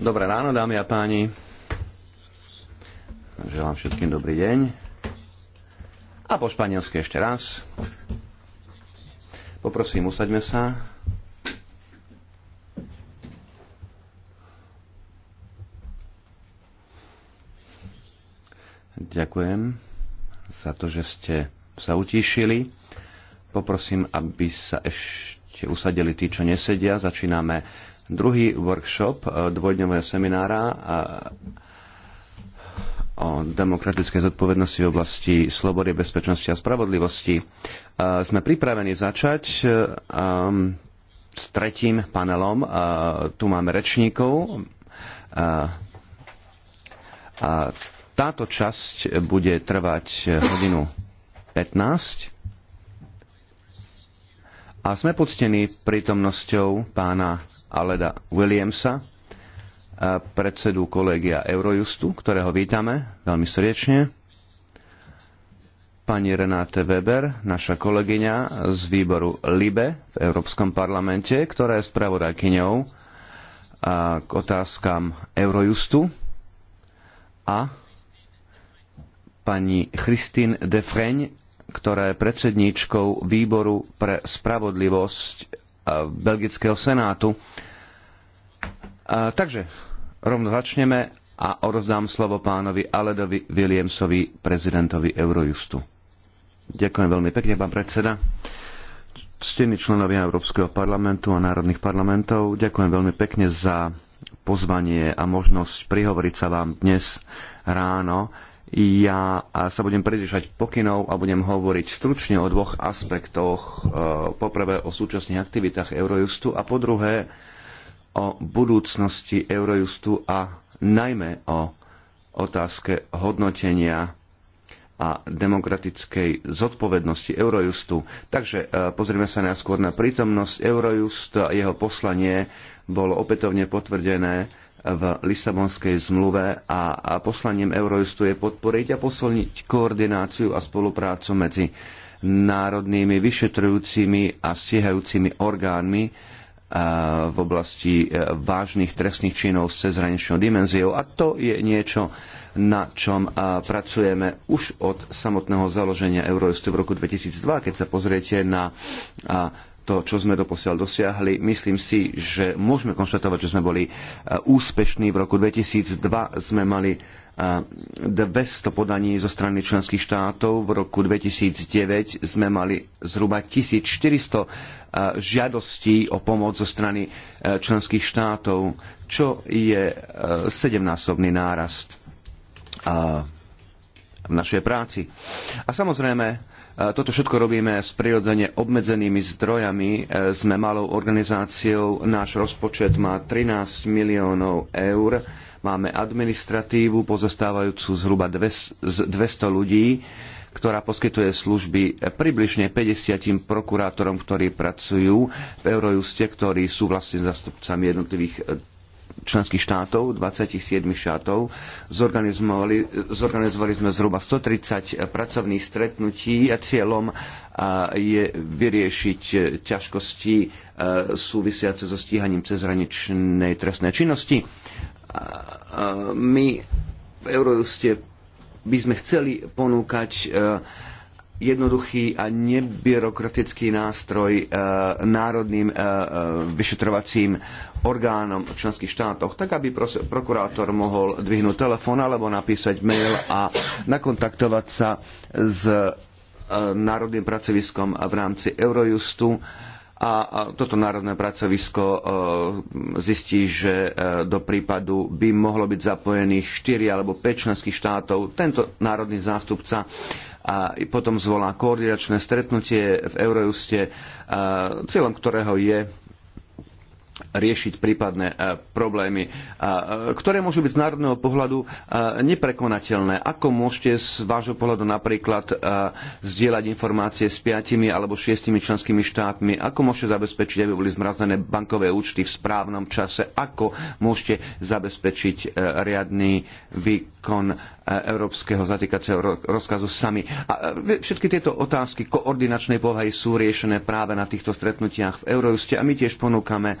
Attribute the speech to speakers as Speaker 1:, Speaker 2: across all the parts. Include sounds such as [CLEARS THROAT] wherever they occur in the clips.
Speaker 1: Dobré ráno, dámy a páni. Želám všetkým dobrý deň. A po španielsky ešte raz. Poprosím, usaďme sa. Ďakujem za to, že ste sa utíšili. Poprosím, aby sa ešte opäť usadili tí, čo nesedia. Začíname druhý workshop e, dvojdňového seminára e, o demokratickej zodpovednosti v oblasti slobody, bezpečnosti a spravodlivosti. E, sme pripravení začať s tretím panelom. Tu máme rečníkov. táto časť bude trvať hodinu 15. A sme poctení prítomnosťou pána Aleda Williamsa, eh, predsedu kolegia Eurojustu, ktorého vítame veľmi srdečne. Pani Renáte Weber, naša kolegyňa z výboru LIBE v Európskom parlamente, ktorá je spravodajkyňou eh, k otázkam Eurojustu. A pani Christine Defreň, ktorá je predsedníčkou výboru pre spravodlivosť eh, Belgického senátu. Takže rovno začneme a odozdám slovo pánovi Aledovi Williamsovi, prezidentovi Eurojustu. Ďakujem veľmi pekne, pán predseda. Ctení členovia Európskeho parlamentu a národných parlamentov, ďakujem veľmi pekne za pozvanie a možnosť prihovoriť sa vám dnes ráno ja sa budem pridržať pokynov a budem hovoriť stručne o dvoch aspektoch. E, poprvé o súčasných aktivitách Eurojustu a po druhé o budúcnosti Eurojustu a najmä o otázke hodnotenia a demokratickej zodpovednosti Eurojustu. Takže e, pozrieme sa najskôr na prítomnosť Eurojust. Jeho poslanie bolo opätovne potvrdené v Lisabonskej zmluve a, poslaním Eurojustu je podporiť a posilniť koordináciu a spoluprácu medzi národnými vyšetrujúcimi a stiehajúcimi orgánmi e, v oblasti e, vážnych trestných činov s cezhraničnou dimenziou. A to je niečo, na čom e, pracujeme už od samotného založenia Eurojustu v roku 2002. Keď sa pozriete na to, čo sme doposiaľ dosiahli. Myslím si, že môžeme konštatovať, že sme boli e, úspešní. V roku 2002 sme mali 200 e, podaní zo strany členských štátov. V roku 2009 sme mali zhruba 1400 e, žiadostí o pomoc zo strany členských štátov, čo je sedemnásobný nárast v našej práci. A samozrejme, toto všetko robíme s prirodzene obmedzenými zdrojami. E, sme malou organizáciou, náš rozpočet má 13 miliónov eur, máme administratívu pozostávajúcu zhruba 200 ľudí, ktorá poskytuje služby približne 50 prokurátorom, ktorí pracujú v Eurojuste, ktorí sú vlastne zastupcami jednotlivých e, členských štátov, 27 štátov. Zorganizovali, zorganizovali sme zhruba 130 pracovných stretnutí a cieľom je vyriešiť ťažkosti e, súvisiace so stíhaním cezhraničnej trestnej činnosti. My v Eurojuste by sme chceli ponúkať e, jednoduchý a nebyrokratický nástroj e, národným e, e, vyšetrovacím orgánom v členských štátoch, tak aby prokurátor mohol dvihnúť telefón alebo napísať mail a nakontaktovať sa s národným pracoviskom v rámci Eurojustu a toto národné pracovisko zistí, že do prípadu by mohlo byť zapojených 4 alebo 5 členských štátov. Tento národný zástupca a potom zvolá koordinačné stretnutie v Eurojuste, cieľom ktorého je riešiť prípadné problémy, ktoré môžu byť z národného pohľadu neprekonateľné. Ako môžete z vášho pohľadu napríklad zdieľať informácie s piatimi alebo šiestimi členskými štátmi? Ako môžete zabezpečiť, aby boli zmrazené bankové účty v správnom čase? Ako môžete zabezpečiť e, riadny výkon E, európskeho zatýkacieho rozkazu sami. A e, všetky tieto otázky koordinačnej povahy sú riešené práve na týchto stretnutiach v Eurojuste a my tiež ponúkame e,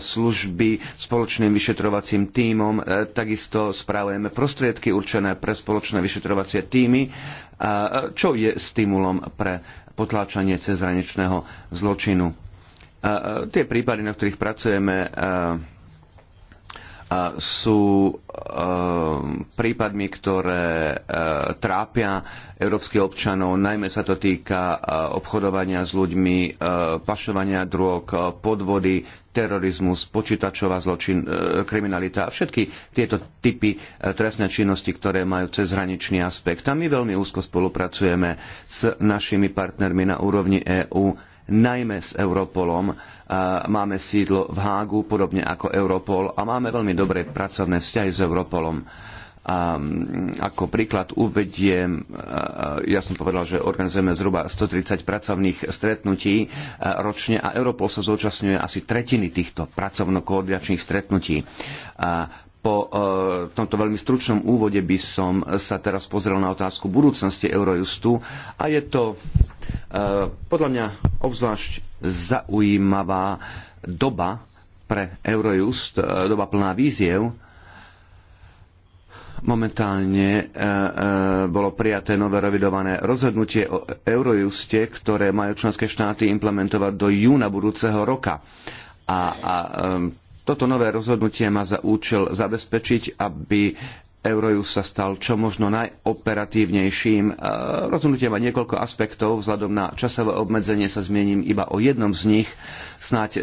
Speaker 1: služby spoločným vyšetrovacím tímom, takisto správujeme prostriedky určené pre spoločné vyšetrovacie týmy, čo je stimulom pre potláčanie cezhraničného zločinu. Tie prípady, na ktorých pracujeme, sú ehm, prípadmi, ktoré ehm, trápia európskych občanov. Najmä sa to týka ehm, obchodovania s ľuďmi, pašovania drog, podvody, terorizmus, počítačová zločin, kriminalita a všetky tieto typy trestnej činnosti, ktoré majú cezhraničný aspekt. A my veľmi úzko spolupracujeme s našimi partnermi na úrovni EÚ, najmä s Europolom máme sídlo v Hágu, podobne ako Europol a máme veľmi dobré pracovné vzťahy s Europolom. A mm, ako príklad uvediem, ja som povedal, že organizujeme zhruba 130 pracovných stretnutí ročne a Europol sa zúčastňuje asi tretiny týchto pracovno-koordinačných stretnutí. A po e, tomto veľmi stručnom úvode by som sa teraz pozrel na otázku budúcnosti Eurojustu a je to e, podľa mňa obzvlášť zaujímavá doba pre Eurojust, e, doba plná víziev. Momentálne e, e, bolo prijaté nové revidované rozhodnutie o Eurojuste, ktoré majú členské štáty implementovať do júna budúceho roka. A, a toto nové rozhodnutie má za účel zabezpečiť, aby Eurojust sa stal čo možno najoperatívnejším. E, rozhodnutie má niekoľko aspektov, vzhľadom na časové obmedzenie sa zmiením iba o jednom z nich. Snáď e,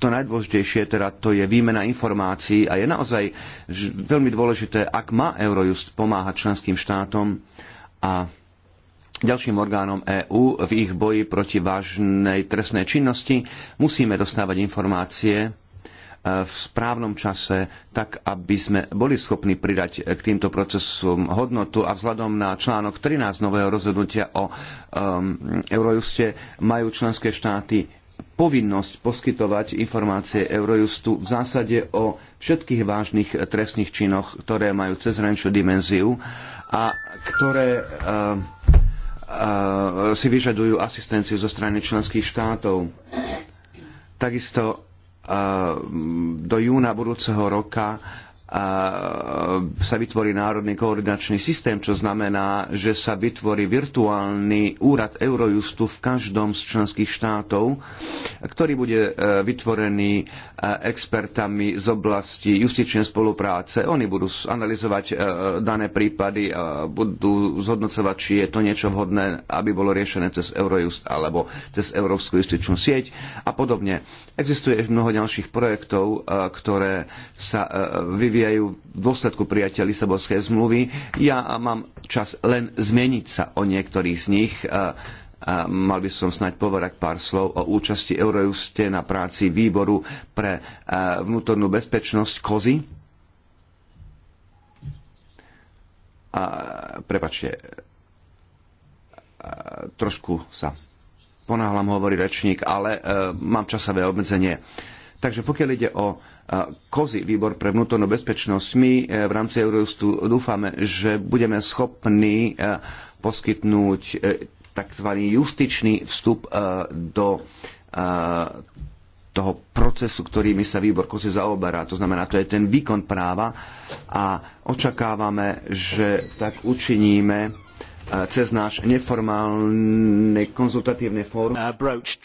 Speaker 1: to najdôležitejšie teda to je výmena informácií a je naozaj veľmi dôležité, ak má Eurojust pomáhať členským štátom a ďalším orgánom EÚ v ich boji proti vážnej trestnej činnosti, musíme dostávať informácie E, v správnom čase, tak aby sme boli schopní pridať k týmto procesom hodnotu a vzhľadom na článok 13 nového rozhodnutia o um, Eurojuste majú členské štáty povinnosť poskytovať informácie Eurojustu v zásade o všetkých vážnych trestných činoch, ktoré majú cezhraničnú dimenziu a ktoré uh, si vyžadujú asistenciu zo strany členských štátov. Takisto do júna budúceho roka E, sa vytvorí národný koordinačný systém, čo znamená, že sa vytvorí virtuálny úrad Eurojustu v každom z členských štátov, ktorý bude e, vytvorený e, expertami z oblasti justičnej spolupráce. Oni budú analyzovať dané prípady a budú zhodnocovať, či je to niečo vhodné, aby bolo riešené cez Eurojust alebo cez Európsku justičnú sieť a podobne. Existuje mnoho ďalších projektov, ktoré sa vyvíjajú odvíjajú v dôsledku prijatia Lisabonskej zmluvy. Ja mám čas len zmeniť sa o niektorých z nich. A mal by som snáď povedať pár slov o účasti Eurojuste na práci výboru pre vnútornú bezpečnosť kozy. A, prepačte, trošku sa ponáhlam, hovorí rečník, ale e, mám časové obmedzenie. Takže pokiaľ ide o Kozy, výbor pre vnútornú bezpečnosť. My e, v rámci Eurostu dúfame, že budeme schopní e, poskytnúť e, tzv. justičný vstup do toho procesu, ktorými sa výbor kozy zaoberá. To znamená, to je ten výkon práva a očakávame, že tak učiníme cez náš neformálne konzultatívne fórum.
Speaker 2: Uh,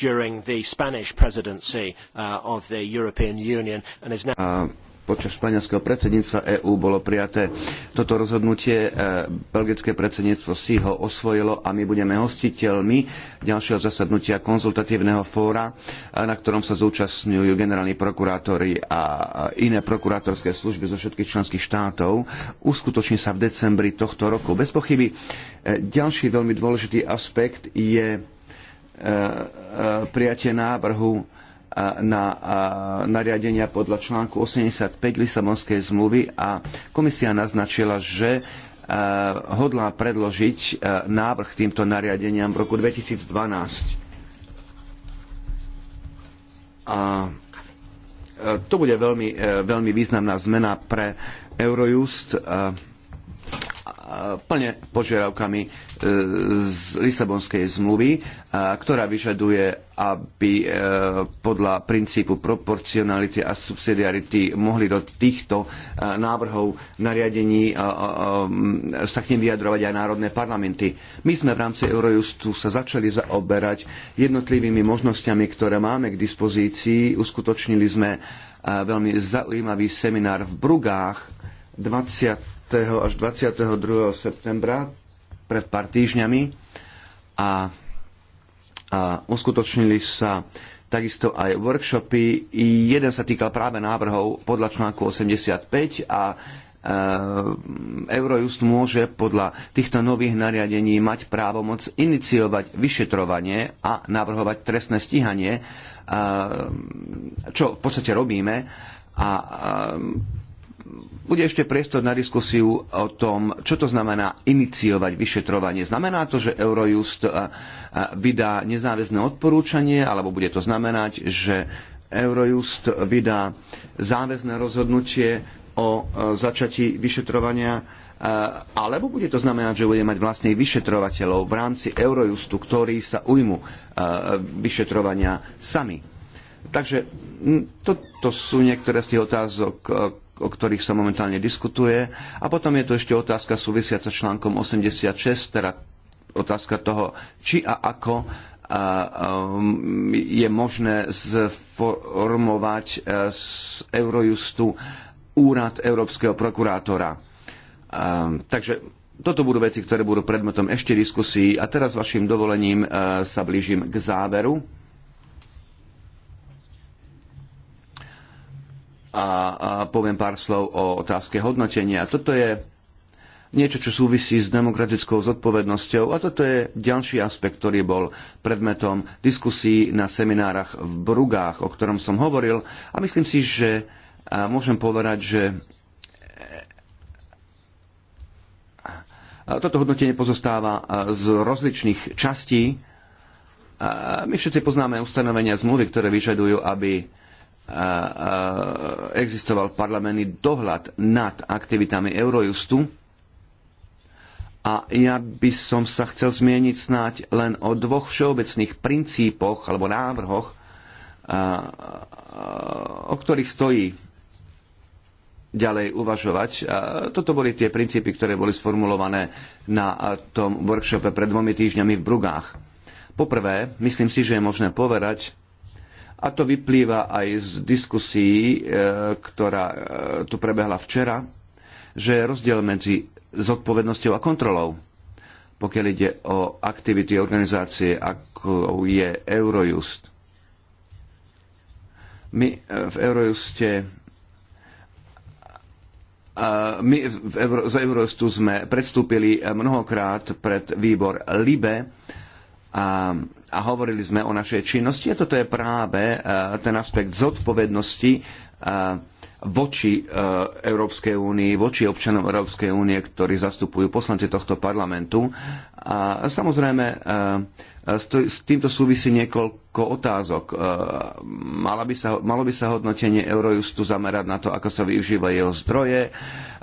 Speaker 2: during the Spanish
Speaker 1: presidency uh, of the European Union and is now... Uh, počas španielského predsedníctva EÚ bolo prijaté. Toto rozhodnutie e, belgické predsedníctvo si ho osvojilo a my budeme hostiteľmi ďalšieho zasadnutia konzultatívneho fóra, e, na ktorom sa zúčastňujú generálni prokurátori a iné prokurátorské služby zo všetkých členských štátov. Uskutoční sa v decembri tohto roku. Bez pochyby e, ďalší veľmi dôležitý aspekt je prijatie návrhu na nariadenia podľa článku 85 Lisabonskej zmluvy a komisia naznačila, že e, hodlá predložiť e, návrh týmto nariadeniam v roku 2012. A e, to bude veľmi, veľmi významná zmena pre Eurojust plne požiadavkami e, z Lisabonskej zmluvy, ktorá vyžaduje, aby e, podľa princípu proporcionality a subsidiarity mohli do týchto e, návrhov nariadení sa k nim vyjadrovať aj národné parlamenty. My sme v rámci Eurojustu sa začali zaoberať jednotlivými možnosťami, ktoré máme k dispozícii. Uskutočnili sme veľmi zaujímavý seminár v Brugách 20 až 22. septembra pred pár týždňami a, a uskutočnili sa takisto aj workshopy. Jeden sa týkal práve návrhov podľa článku 85 a e, Eurojust môže podľa týchto nových nariadení mať právo moc iniciovať vyšetrovanie a navrhovať trestné stíhanie, e, čo v podstate robíme. A e, bude ešte priestor na diskusiu o tom, čo to znamená iniciovať vyšetrovanie. Znamená to, že Eurojust vydá nezáväzné odporúčanie, alebo bude to znamenať, že Eurojust vydá záväzné rozhodnutie o začatí vyšetrovania, alebo bude to znamenať, že bude mať vlastne vyšetrovateľov v rámci Eurojustu, ktorí sa ujmu vyšetrovania sami. Takže toto sú niektoré z tých otázok, o ktorých sa momentálne diskutuje. A potom je to ešte otázka súvisiaca článkom 86, teda otázka toho, či a ako je možné zformovať e, z Eurojustu úrad Európskeho prokurátora. E, takže toto budú veci, ktoré budú predmetom ešte diskusí a teraz vašim dovolením e, sa blížim k záveru a, a poviem pár slov o otázke hodnotenia. Toto je niečo, čo súvisí s demokratickou zodpovednosťou a toto je ďalší aspekt, ktorý bol predmetom diskusí na seminárach v Brugách, o ktorom som hovoril a myslím si, že môžem povedať, že toto hodnotenie pozostáva z rozličných častí. a My všetci poznáme ustanovenia zmluvy, ktoré vyžadujú, aby existoval parlamentný dohľad nad aktivitami Eurojustu. A ja by som sa chcel zmieniť snáď len o dvoch všeobecných princípoch alebo návrhoch, o ktorých stojí ďalej uvažovať. Toto boli tie princípy, ktoré boli sformulované na tom workshope pred dvomi týždňami v Brugách. Poprvé, myslím si, že je možné povedať, a to vyplýva aj z diskusí, e, ktorá e, tu prebehla včera, že je rozdiel medzi zodpovednosťou a kontrolou. Pokiaľ ide o aktivity organizácie, ako je Eurojust. My e, v Eurojuste my v Euro, z Eurostu sme predstúpili mnohokrát pred výbor LIBE a a hovorili sme o našej činnosti a toto je práve e, ten aspekt zodpovednosti e, voči e, Európskej únii, voči občanom Európskej únie, ktorí zastupujú poslanci tohto parlamentu. A samozrejme, s týmto súvisí niekoľko otázok. E, malo by sa, malo by sa hodnotenie Eurojustu zamerať na to, ako sa využívajú jeho zdroje,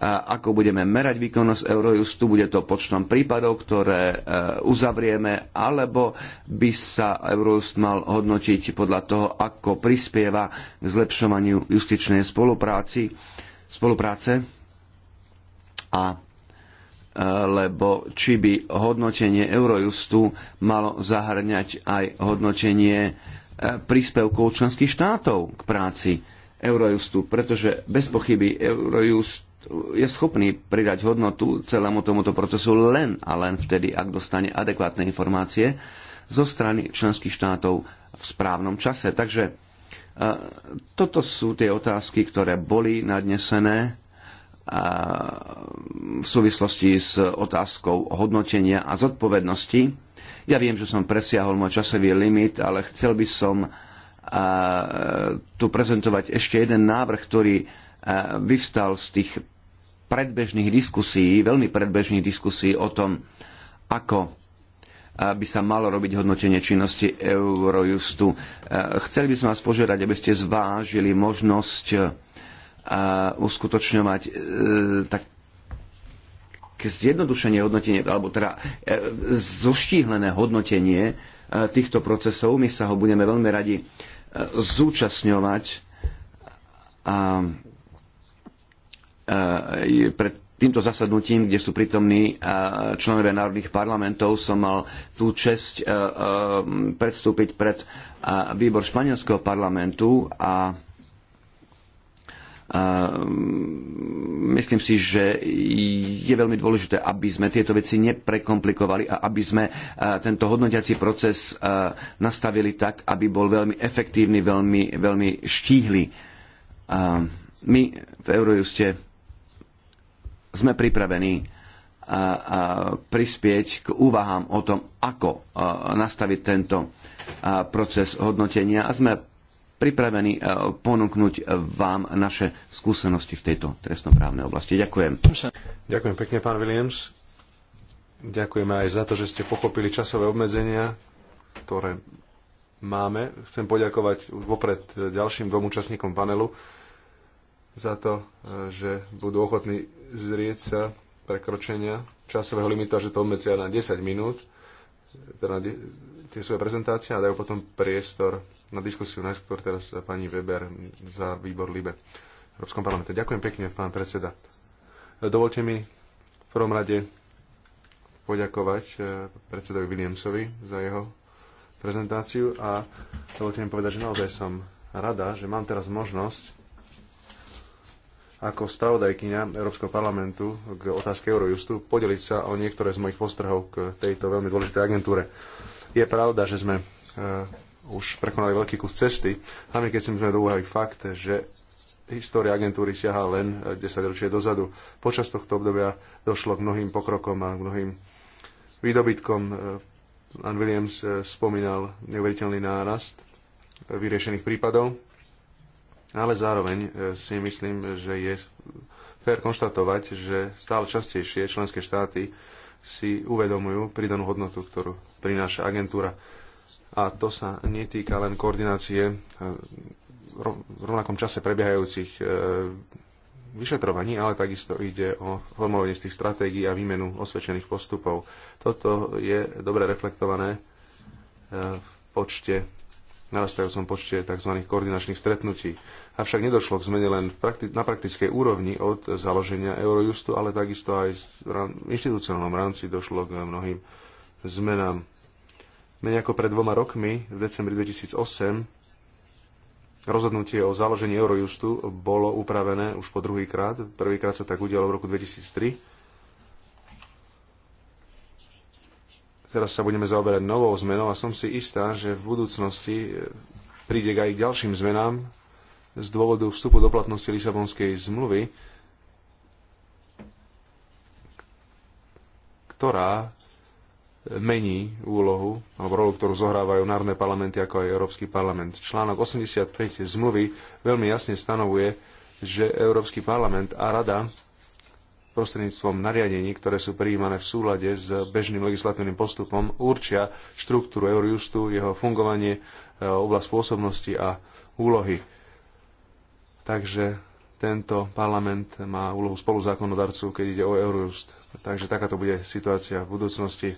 Speaker 1: ako budeme merať výkonnosť Eurojustu, bude to počtom prípadov, ktoré e, uzavrieme, alebo by sa Eurojust mal hodnotiť podľa toho, ako prispieva k zlepšovaniu justičnej spolupráci, spolupráce a lebo či by hodnotenie Eurojustu malo zahrňať aj hodnotenie e, príspevkov členských štátov k práci Eurojustu, pretože bez pochyby Eurojust je schopný pridať hodnotu celému tomuto procesu len a len vtedy, ak dostane adekvátne informácie zo strany členských štátov v správnom čase. Takže e, toto sú tie otázky, ktoré boli nadnesené v súvislosti s otázkou hodnotenia a zodpovednosti. Ja viem, že som presiahol môj časový limit, ale chcel by som tu prezentovať ešte jeden návrh, ktorý vyvstal z tých predbežných diskusí, veľmi predbežných diskusí o tom, ako by sa malo robiť hodnotenie činnosti Eurojustu. Chceli by som vás požiadať, aby ste zvážili možnosť a uskutočňovať e, tak zjednodušenie hodnotenie, alebo teda e, zoštíhlené hodnotenie e, týchto procesov. My sa ho budeme veľmi radi e, zúčastňovať a e, pred týmto zasadnutím, kde sú prítomní e, členovia národných parlamentov, som mal tú čest e, e, predstúpiť pred výbor španielského parlamentu a Mm, myslím si, že je veľmi dôležité, aby sme tieto veci neprekomplikovali a aby sme tento hodnotiaci proces nastavili tak, aby bol veľmi efektívny, veľmi, veľmi štíhly. My v Eurojuste sme pripravení prispieť k úvahám o tom, ako nastaviť tento proces hodnotenia a sme pripravení e, ponúknuť vám naše skúsenosti v tejto trestnoprávnej oblasti. Ďakujem.
Speaker 3: Ďakujem pekne, pán Williams. Ďakujeme aj za to, že ste pochopili časové obmedzenia, ktoré máme. Chcem poďakovať už vopred ďalším dvom účastníkom panelu za to, e, že budú ochotní zrieť sa prekročenia časového limita, že to obmedzia na 10 minút, teda tie svoje prezentácie a dajú potom priestor na diskusiu najskôr teraz pani Weber za výbor LIBE v Európskom parlamente. Ďakujem pekne, pán predseda. Dovolte mi v prvom rade poďakovať eh, predsedovi Williamsovi za jeho prezentáciu a dovolte mi povedať, že naozaj som rada, že mám teraz možnosť ako spravodajkyňa Európskeho parlamentu k otázke Eurojustu podeliť sa o niektoré z mojich postrhov k tejto veľmi dôležitej agentúre. Je pravda, že sme eh, už prekonali veľký kus cesty, hlavne keď si musíme do fakt, že história agentúry siaha len 10 eh, ročie dozadu. Počas tohto obdobia došlo k mnohým pokrokom a k mnohým výdobytkom. Ann eh, Williams eh, spomínal neuveriteľný nárast vyriešených prípadov, ale zároveň si myslím, že je fér konštatovať, že stále častejšie členské štáty si uvedomujú pridanú hodnotu, ktorú prináša agentúra a to sa netýka len koordinácie e, v rovnakom čase prebiehajúcich e, vyšetrovaní, ale takisto ide o formovanie z tých stratégií a výmenu osvedčených postupov. Toto je dobre reflektované e, v počte narastajúcom počte tzv. koordinačných stretnutí. Avšak nedošlo k zmene len na praktickej úrovni od založenia Eurojustu, ale takisto aj v inštitucionálnom rámci došlo k mnohým zmenám Menej ako pred dvoma rokmi, v decembri 2008, rozhodnutie o založení Eurojustu bolo upravené už po druhý krát. Prvýkrát sa tak udialo v roku 2003. Teraz sa budeme zaoberať novou zmenou a som si istá, že v budúcnosti eh, príde aj k ďalším zmenám z dôvodu vstupu do platnosti Lisabonskej zmluvy, ktorá mení úlohu alebo rolu, ktorú zohrávajú národné parlamenty ako aj Európsky parlament. Článok 85 zmluvy veľmi jasne stanovuje, že Európsky parlament a Rada prostredníctvom nariadení, ktoré sú prijímané v súlade s bežným legislatívnym postupom, určia štruktúru Eurojustu, jeho fungovanie, e, oblasť pôsobnosti a úlohy. Takže tento parlament má úlohu spoluzákonodarcu, keď ide o Eurojust. Takže takáto bude situácia v budúcnosti.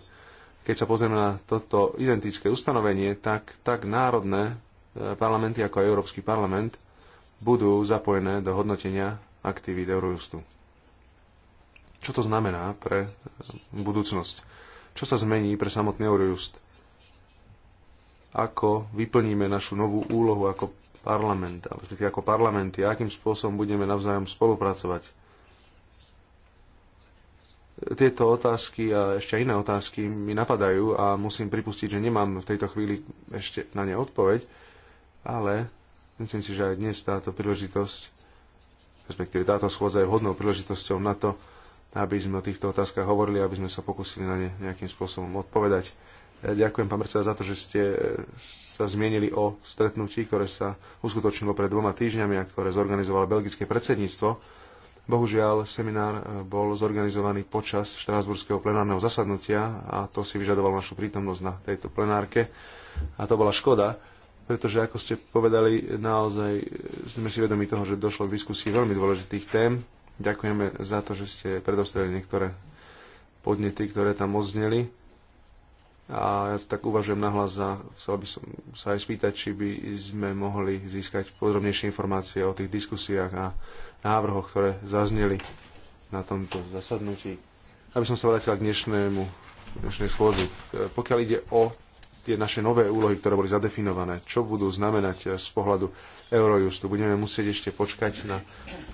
Speaker 3: Keď sa pozrieme na toto identické ustanovenie, tak, tak národné e, parlamenty ako aj Európsky parlament budú zapojené do hodnotenia aktivít Eurojustu. Čo to znamená pre e, budúcnosť? Čo sa zmení pre samotný Eurojust? Ako vyplníme našu novú úlohu ako parlament, ale ako parlamenty akým spôsobom budeme navzájom spolupracovať? tieto otázky a ešte iné otázky mi napadajú a musím pripustiť, že nemám v tejto chvíli ešte na ne odpoveď, ale myslím si, že aj dnes táto príležitosť, respektíve táto schôdza je vhodnou príležitosťou na to, aby sme o týchto otázkach hovorili, aby sme sa pokúsili na ne nejakým spôsobom odpovedať. Ja ďakujem, pán predseda, za to, že ste e, sa zmienili o stretnutí, ktoré sa uskutočnilo pred dvoma týždňami a ktoré zorganizovalo belgické predsedníctvo Bohužiaľ, seminár eh, bol zorganizovaný počas štrásburského plenárneho zasadnutia a to si vyžadovalo našu prítomnosť na tejto plenárke. A to bola škoda, pretože, ako ste povedali, naozaj eh, sme si vedomi toho, že došlo k diskusii veľmi dôležitých tém. Ďakujeme za to, že ste predostreli niektoré podnety, ktoré tam ozneli a ja to tak uvažujem nahlas a chcel by som sa aj spýtať, či by sme mohli získať podrobnejšie informácie o tých diskusiách a návrhoch, ktoré zazneli na tomto zasadnutí. Aby som sa vrátil k dnešnému, dnešnej schôdzi. Pokiaľ ide o tie naše nové úlohy, ktoré boli zadefinované, čo budú znamenať z pohľadu Eurojustu. Budeme musieť ešte počkať na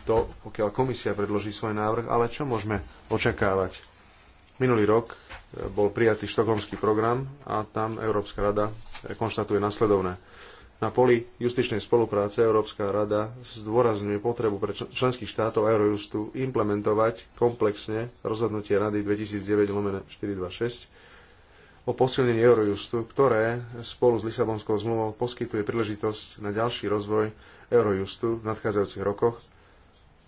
Speaker 3: to, pokiaľ komisia predloží svoj návrh, ale čo môžeme očakávať. Minulý rok bol prijatý štokholmský program a tam Európska rada konštatuje nasledovné. Na poli justičnej spolupráce Európska rada zdôrazňuje potrebu pre členských štátov Eurojustu implementovať komplexne rozhodnutie Rady 2009-426 o posilnení Eurojustu, ktoré spolu s Lisabonskou zmluvou poskytuje príležitosť na ďalší rozvoj Eurojustu v nadchádzajúcich rokoch,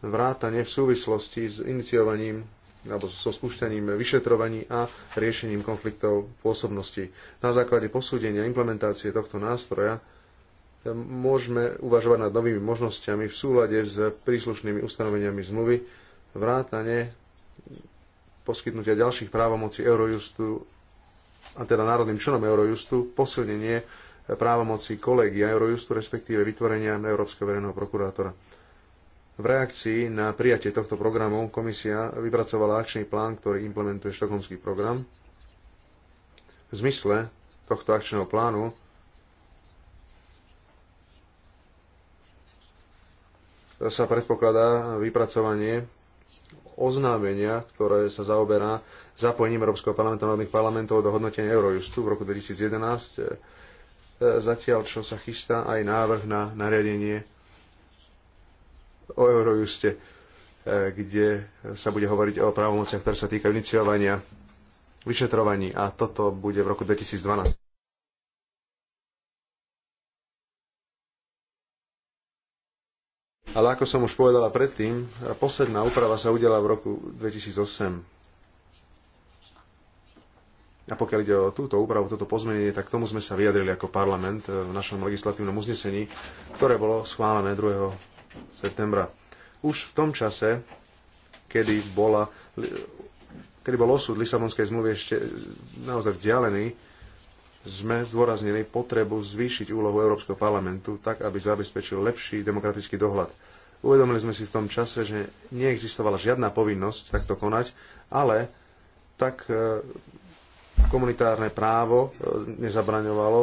Speaker 3: vrátane v súvislosti s iniciovaním alebo so spúšťaním vyšetrovaní a riešením konfliktov pôsobnosti. Na základe posúdenia implementácie tohto nástroja e, môžeme uvažovať nad novými možnosťami v súlade s príslušnými ustanoveniami zmluvy, vrátane poskytnutia ďalších právomocí Eurojustu, a teda národným členom Eurojustu, posilnenie právomocí kolegia Eurojustu, respektíve vytvorenia Európskeho verejného prokurátora. V reakcii na prijatie tohto programu komisia vypracovala akčný plán, ktorý implementuje štokholmský program. V zmysle tohto akčného plánu sa predpokladá vypracovanie oznámenia, ktoré sa zaoberá zapojením Európskeho parlamentu a národných parlamentov do hodnotenia Eurojustu v roku 2011, zatiaľ čo sa chystá aj návrh na nariadenie o Eurojuste, e, kde sa bude hovoriť o právomociach, ktoré sa týkajú iniciovania, vyšetrovaní a toto bude v roku 2012. Ale ako som už povedala predtým, posledná úprava sa udela v roku 2008. A pokiaľ ide o túto úpravu, toto pozmenenie, tak tomu sme sa vyjadrili ako parlament e, v našom legislatívnom uznesení, ktoré bolo schválené 2 septembra. Už v tom čase, kedy, bola, kedy bol osud Lisabonskej zmluvy ešte e, naozaj vzdialený, sme zdôraznili potrebu zvýšiť úlohu Európskeho parlamentu tak, aby zabezpečil lepší demokratický dohľad. Uvedomili sme si v tom čase, že neexistovala žiadna povinnosť takto konať, ale tak e, komunitárne právo e, nezabraňovalo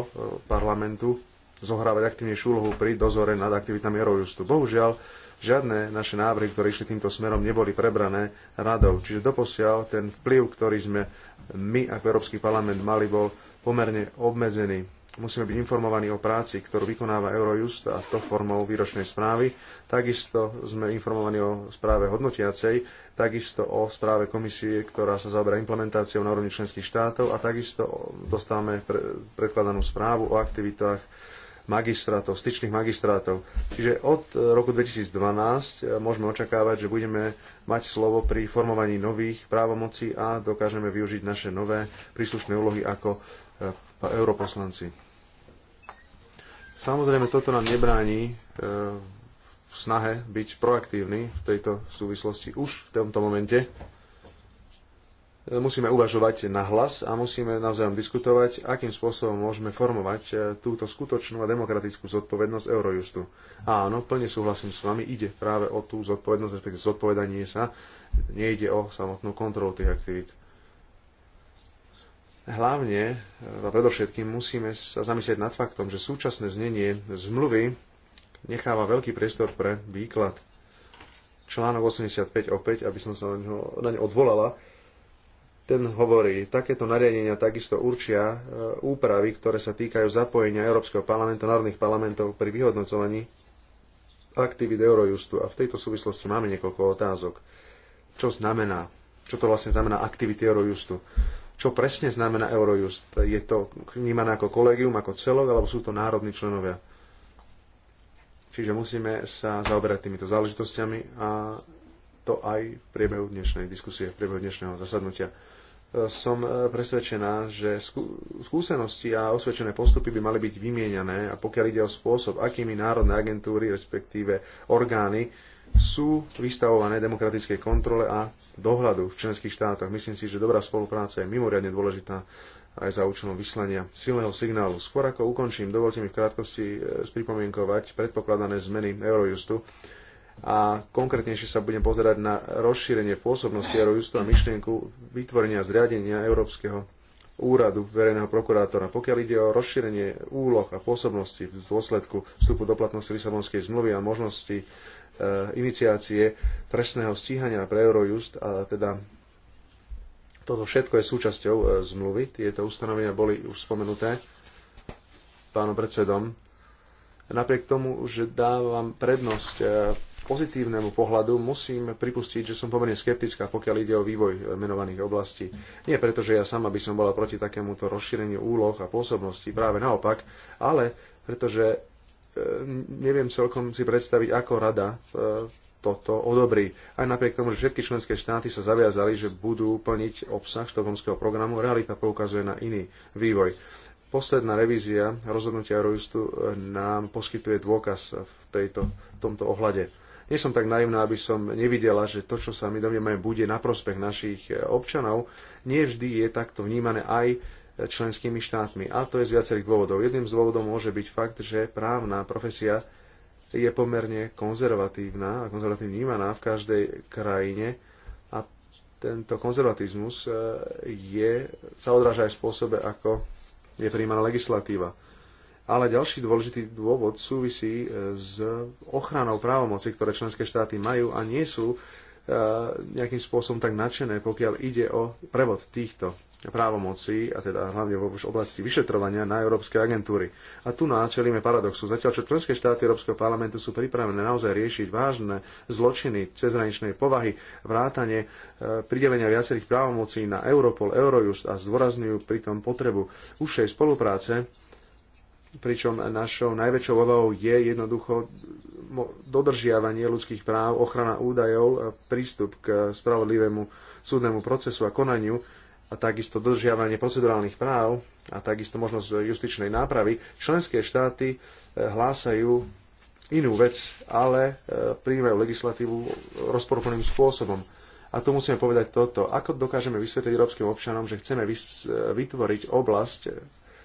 Speaker 3: parlamentu zohrávať aktívnejšiu úlohu pri dozore nad aktivitami Eurojustu. Bohužiaľ, žiadne naše návrhy, ktoré išli týmto smerom, neboli prebrané radou. Čiže doposiaľ ten vplyv, ktorý sme my ako Európsky parlament mali, bol pomerne obmedzený. Musíme byť informovaní o práci, ktorú vykonáva Eurojust a to formou výročnej správy. Takisto sme informovaní o správe hodnotiacej, takisto o správe komisie, ktorá sa zaoberá implementáciou na úrovni členských štátov a takisto dostávame predkladanú správu o aktivitách magistrátov, styčných magistrátov. Čiže od e, roku 2012 e, môžeme očakávať, že budeme mať slovo pri formovaní nových právomocí a dokážeme využiť naše nové príslušné úlohy ako e, europoslanci. Samozrejme, toto nám nebráni v snahe byť proaktívny v tejto súvislosti už v tomto momente musíme uvažovať na hlas a musíme navzájom diskutovať, akým spôsobom môžeme formovať e, túto skutočnú a demokratickú zodpovednosť Eurojustu. Áno, plne súhlasím s vami, ide práve o tú zodpovednosť, respektíve zodpovedanie sa, nejde o samotnú kontrolu tých aktivít. Hlavne e, a predovšetkým musíme sa zamyslieť nad faktom, že súčasné znenie zmluvy necháva veľký priestor pre výklad. Článok 85 opäť, aby som sa na ňo, na ňo odvolala, ten hovorí, takéto nariadenia takisto určia e, úpravy, ktoré sa týkajú zapojenia Európskeho parlamentu, národných parlamentov pri vyhodnocovaní aktivít Eurojustu. A v tejto súvislosti máme niekoľko otázok. Čo znamená, čo to vlastne znamená aktivity Eurojustu? Čo presne znamená Eurojust? Je to vnímané ako kolegium, ako celok, alebo sú to národní členovia? Čiže musíme sa zaoberať týmito záležitostiami a to aj v priebehu dnešnej diskusie, v priebehu dnešného zasadnutia som e, presvedčená, že skúsenosti a osvedčené postupy by mali byť vymieňané a pokiaľ ide o spôsob, akými národné agentúry, respektíve orgány, sú vystavované demokratickej kontrole a dohľadu v členských štátoch. Myslím si, že dobrá spolupráca je mimoriadne dôležitá aj za účelom vyslania silného signálu. Skôr ako ukončím, dovolte mi v krátkosti e, spripomienkovať predpokladané zmeny Eurojustu a konkrétnejšie sa budem pozerať na rozšírenie pôsobnosti Eurojustu a myšlienku vytvorenia zriadenia Európskeho úradu verejného prokurátora. Pokiaľ ide o rozšírenie úloh a pôsobnosti v dôsledku vstupu do platnosti Lisabonskej zmluvy a možnosti e, iniciácie trestného stíhania pre Eurojust, a teda toto všetko je súčasťou e, zmluvy. Tieto ustanovenia boli už spomenuté pánom predsedom. Napriek tomu, že dávam prednosť e, pozitívnemu pohľadu musím pripustiť, že som pomerne skeptická, pokiaľ ide o vývoj e, menovaných oblastí. Nie preto, že ja sama by som bola proti takémuto rozšíreniu úloh a pôsobností, práve naopak, ale pretože e, neviem celkom si predstaviť, ako rada e, toto odobrí. Aj napriek tomu, že všetky členské štáty sa zaviazali, že budú plniť obsah štokholmského programu, realita poukazuje na iný vývoj. Posledná revízia rozhodnutia Eurojustu nám poskytuje dôkaz v tejto, tomto ohľade nie som tak naivná, aby som nevidela, že to, čo sa my domnievame, bude na prospech našich e, občanov, nie vždy je takto vnímané aj e, členskými štátmi. A to je z viacerých dôvodov. Jedným z dôvodov môže byť fakt, že právna profesia je pomerne konzervatívna a konzervatívne vnímaná v každej krajine a tento konzervatizmus e, je, sa odráža aj v spôsobe, ako je príjmaná legislatíva ale ďalší dôležitý dôvod súvisí e, s ochranou právomoci, ktoré členské štáty majú a nie sú e, nejakým spôsobom tak nadšené, pokiaľ ide o prevod týchto právomocí, a teda hlavne v oblasti vyšetrovania na európske agentúry. A tu náčelíme paradoxu. Zatiaľ, čo členské štáty Európskeho parlamentu sú pripravené naozaj riešiť vážne zločiny cezhraničnej povahy, vrátanie e, pridelenia viacerých právomocí na Europol, Eurojust a zdôrazňujú pritom potrebu užšej spolupráce pričom našou najväčšou obavou je jednoducho dodržiavanie ľudských práv, ochrana údajov, prístup k spravodlivému súdnemu procesu a konaniu a takisto dodržiavanie procedurálnych práv a takisto možnosť justičnej nápravy. Členské štáty e, hlásajú inú vec, ale e, prijímajú legislatívu rozporúplným spôsobom. A tu musíme povedať toto. Ako dokážeme vysvetliť európskym občanom, že chceme vytvoriť oblasť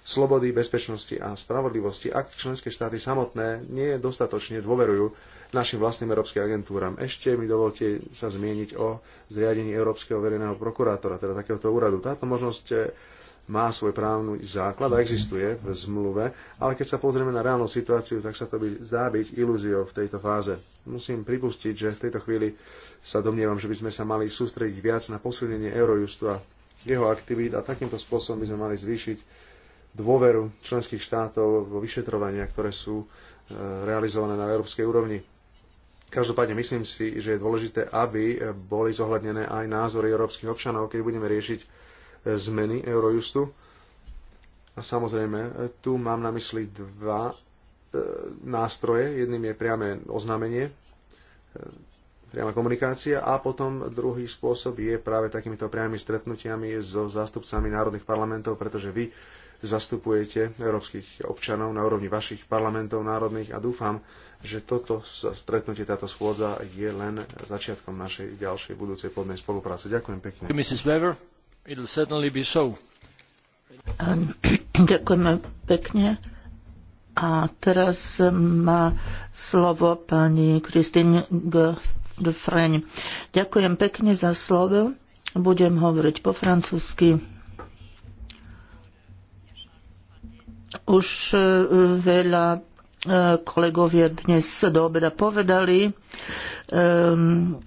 Speaker 3: slobody, bezpečnosti a spravodlivosti, ak členské štáty samotné nie dostatočne dôverujú našim vlastným európskym agentúram. Ešte mi dovolte sa zmieniť o zriadení Európskeho verejného prokurátora, teda takéhoto úradu. Táto možnosť eh, má svoj právny základ a existuje v zmluve, ale keď sa pozrieme na reálnu situáciu, tak sa to by, zdá byť ilúziou v tejto fáze. Musím pripustiť, že v tejto chvíli sa domnievam, že by sme sa mali sústrediť viac na posilnenie Eurojustu a jeho aktivít a takýmto spôsobom by sme mali zvýšiť dôveru členských štátov vo vyšetrovania, ktoré sú e, realizované na európskej úrovni. Každopádne myslím si, že je dôležité, aby boli zohľadnené aj názory európskych občanov, keď budeme riešiť e, zmeny Eurojustu. A samozrejme, tu mám na mysli dva e, nástroje. Jedným je priame oznámenie, priama komunikácia a potom druhý spôsob je práve takýmito priamými stretnutiami so zástupcami národných parlamentov, pretože vy zastupujete európskych občanov na úrovni vašich parlamentov národných a dúfam, že toto stretnutie, táto schôdza je len začiatkom našej ďalšej budúcej podnej spolupráce. Ďakujem pekne. Mrs.
Speaker 2: Weber, it'll certainly be so. [CLEARS THROAT]
Speaker 4: Ďakujeme pekne. A teraz má slovo pani Christine Gefreň. Ďakujem pekne za slovo. Budem hovoriť po francúzsky. Už e, veľa e, kolegovia dnes do obeda povedali. Um,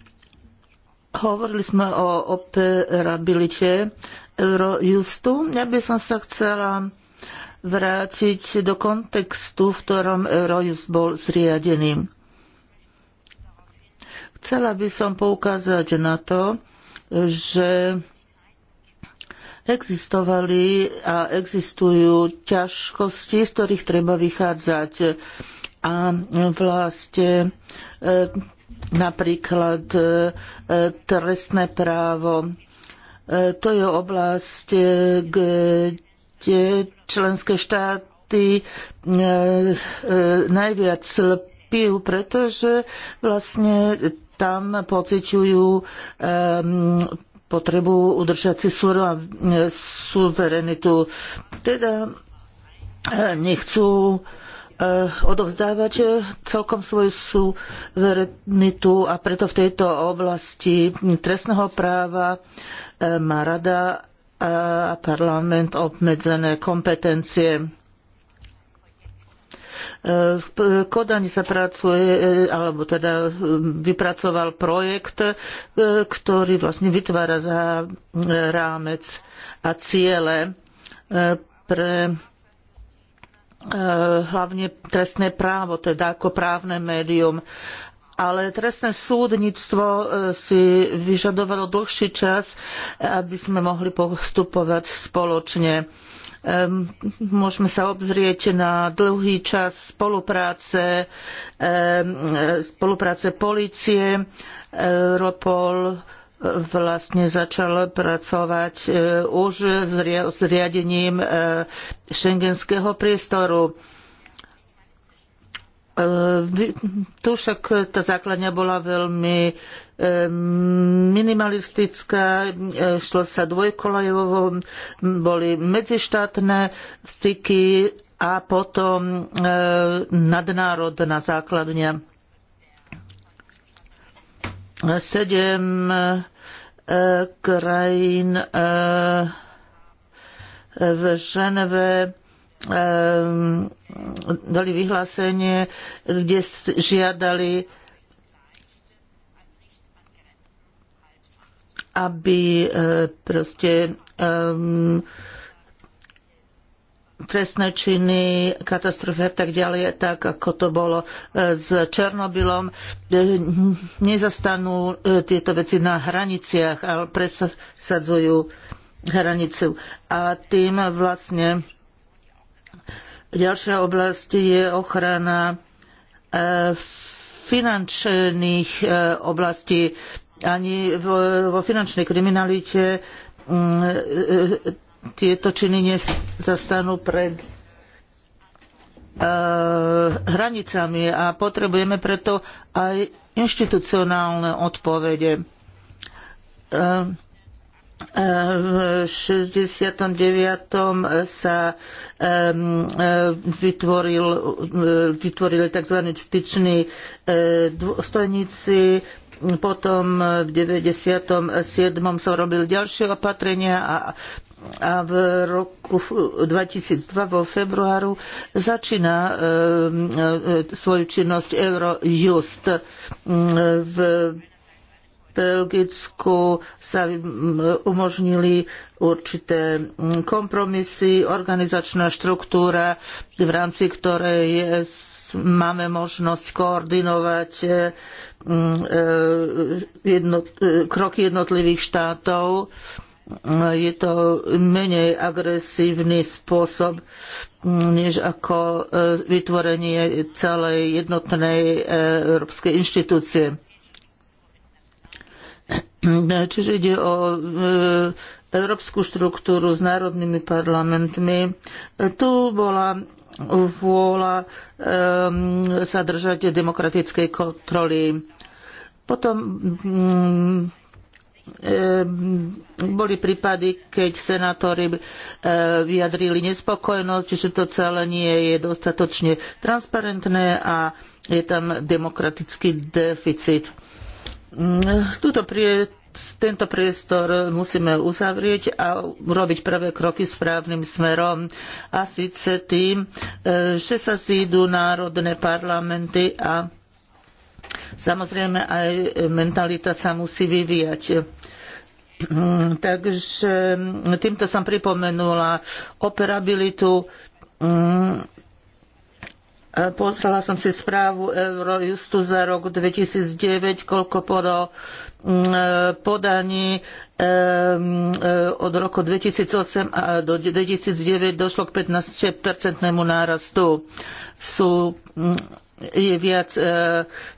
Speaker 4: hovorili sme o operabilite Eurojustu. Ja by som sa chcela vrátiť do kontextu, v ktorom Eurojust bol zriadený. Chcela by som poukázať na to, že Existovali a existujú ťažkosti, z ktorých treba vychádzať. A vlastne e, napríklad e, trestné právo. E, to je oblasť, kde členské štáty najviac slpijú, pretože vlastne tam pociťujú potrebu udržať si e, suverenitu. Teda e, nechcú e, odovzdávať celkom svoju suverenitu a preto v tejto oblasti trestného práva má rada a parlament obmedzené kompetencie. V Kodani sa pracuje, e, alebo teda e, vypracoval projekt, e, ktorý vlastne vytvára za rámec a ciele pre hlavne trestné právo, teda ako právne médium ale trestné súdnictvo si vyžadovalo dlhší čas, aby sme mohli postupovať spoločne. Môžeme sa obzrieť na dlhý čas spolupráce, spolupráce policie, Europol, eh, vlastne začal pracovať eh, už s riadením eh, šengenského priestoru. Tu však tá základňa bola veľmi minimalistická, e, šlo sa dvojkolajovo, boli medzištátne styky a potom e, nadnárodná základňa. Sedem e, krajín v Ženeve Ehm, dali vyhlásenie, kde žiadali aby e, proste ehm, trestné činy, katastrofy a tak ďalej, tak ako to bolo e, s Černobylom, e, nezastanú tieto veci na hraniciach, ale presadzujú hranicu. A tým vlastne Ďalšia oblasť je ochrana e, finančných e, oblastí. Ani vo finančnej kriminalite mm, e, tieto činy nezastanú pred hranicami a potrebujeme preto aj inštitucionálne odpovede v 69. sa vytvoril, vytvorili tzv. styční eh, dôstojníci, potom v 97. sa robili ďalšie opatrenia a a v roku 2002 vo februáru začína svoju činnosť Eurojust. v Belgicku sa umožnili určité kompromisy, organizačná štruktúra, v rámci ktorej máme možnosť koordinovať e, e, e, kroky jednotlivých štátov je to menej agresívny spôsob, než ako vytvorenie celej jednotnej európskej inštitúcie. Mm, Čiže ide o e, európsku štruktúru s národnými parlamentmi. Tu bola vôľa e, sa držať demokratickej kontroly. Potom mm, e, boli prípady, keď senátori vyjadrili nespokojnosť, že to celé nie je dostatočne transparentné a je tam demokratický deficit. Mm, Tuto prie, tento priestor musíme uzavrieť a urobiť prvé kroky správnym smerom. A síce tým, e, že sa zídu národné parlamenty a samozrejme aj mentalita sa musí vyvíjať. Mm, takže mm, týmto som pripomenula operabilitu mm, E, Pozrela som si správu Eurojustu za rok 2009, koľko podal mm, e, podaní e, mm, od roku 2008 a do 2009 došlo k 15-percentnému nárastu. Sú, mm, je viac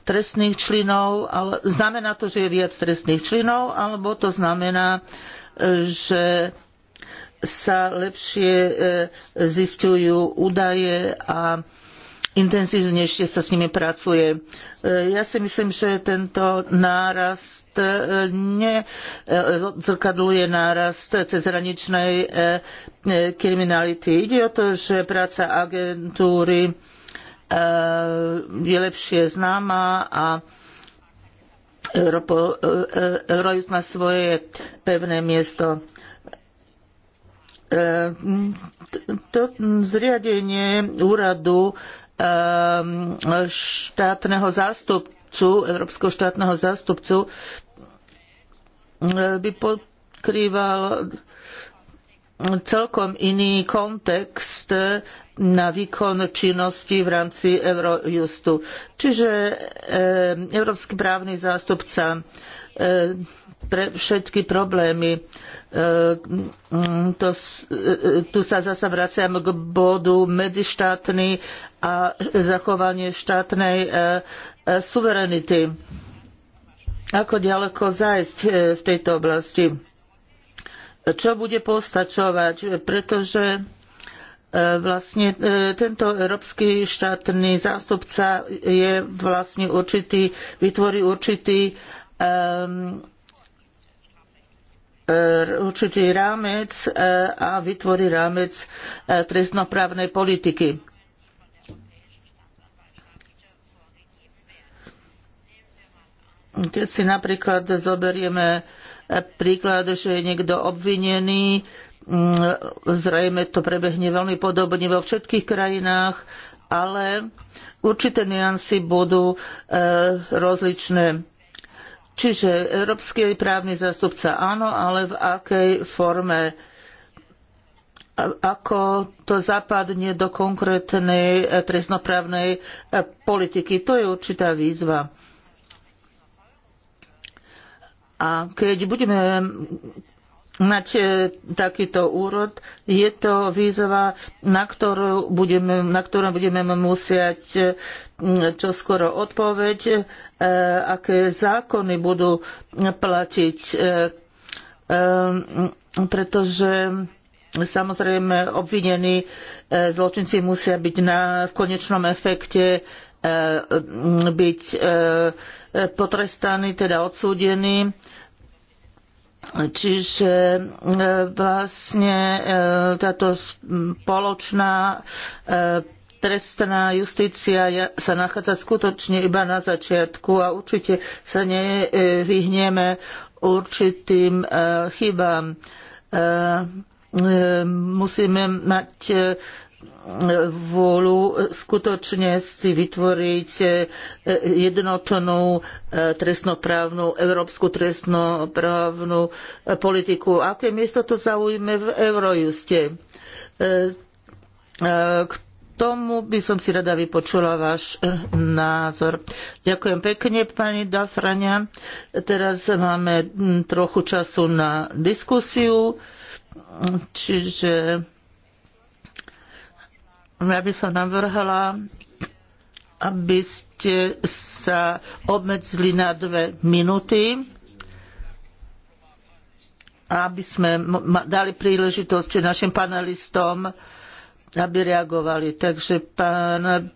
Speaker 4: trestných činov, ale znamená to, že je viac trestných činov, alebo to znamená, že sa lepšie zisťujú údaje a intenzívnejšie sa s nimi pracuje. E, ja si myslím, že tento nárast e, nezrkadluje e, nárast cezhraničnej kriminality. Ide o to, že práca agentúry je lepšie známa a Eurojust má svoje pevné miesto to zriadenie úradu Um, štátneho zástupcu, európskeho štátneho zástupcu um, by pokrýval celkom iný kontext na výkon činnosti v rámci Eurojustu. Čiže um, európsky právny zástupca pre všetky problémy Ehm, mm, to, e, e, tu sa zasa vraciam k bodu medzištátny a zachovanie štátnej e, suverenity. Ako ďaleko zájsť v tejto oblasti? Čo bude postačovať? Pretože vlastne tento európsky štátny zástupca je vlastne určitý, vytvorí určitý um, určitý rámec e, a vytvorí rámec e, trestnoprávnej politiky. Keď si napríklad zoberieme e, príklad, že je niekto obvinený, mm, zrejme to prebehne veľmi podobne vo všetkých krajinách, ale určité nuancy budú rozličné Čiže európsky právny zástupca áno, ale v akej forme ako to zapadne do konkrétnej eh, trestnoprávnej eh, politiky. To je určitá výzva. A keď budeme mať e, takýto úrod. Je to výzva, na ktorú budeme, na ktorú budeme musieť e, čoskoro odpoveď, e, aké zákony budú platiť, pretože samozrejme obvinení zločinci musia byť na, v konečnom efekte byť potrestaní, teda odsúdení Čiže e, vlastne e, táto spoločná e, trestná justícia sa nachádza skutočne iba na začiatku a určite sa nevyhneme určitým chybám. Musíme mať vôľu skutočne si vytvoriť e, jednotnú e, trestnoprávnu, európsku trestnoprávnu e, politiku. Aké miesto to zaujme v Eurojuste? K tomu by som si rada vypočula váš názor. Ďakujem pekne, pani Dafrania. Teraz máme trochu času na diskusiu, čiže ja by som navrhla, aby ste sa obmedzili na dve minúty, aby sme dali príležitosť našim panelistom, aby reagovali. Takže pán e,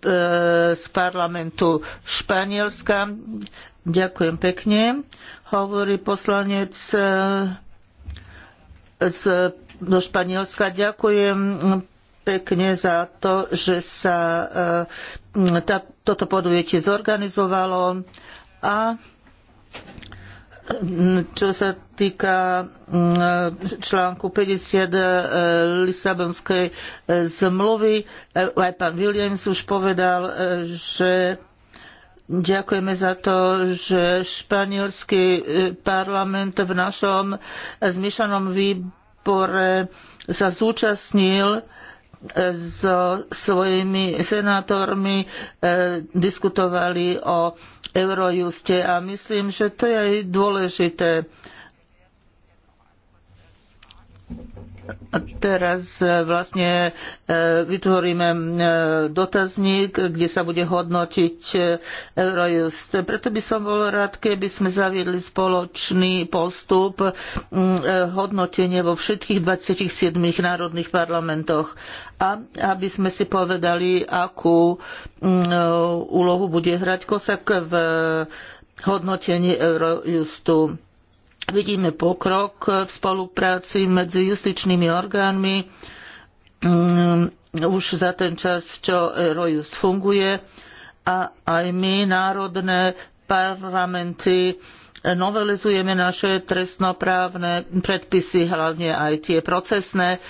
Speaker 4: z parlamentu Španielska, ďakujem pekne, hovorí poslanec e, z do Španielska. Ďakujem pekne za to, že sa e, toto podujatie zorganizovalo a e, čo sa týka e, článku 50 Lisabonskej zmluvy, aj pán Williams už povedal, že Ďakujeme za to, že španielský parlament v našom zmiešanom výbore sa zúčastnil so svojimi senátormi e, diskutovali o Eurojuste a myslím, že to je aj dôležité Teraz e, vlastne e, vytvoríme e, dotazník, kde sa bude hodnotiť Eurojust. Preto by som bol rád, keby sme zaviedli spoločný postup hodnotenie vo všetkých 27 národných parlamentoch a aby sme si povedali, akú úlohu bude hrať Kosak v hodnotení Eurojustu Vidíme pokrok v spolupráci medzi justičnými orgánmi mm, už za ten čas, čo Eurojust funguje a aj my, národné parlamenty, novelizujeme naše trestnoprávne predpisy, hlavne aj tie procesné,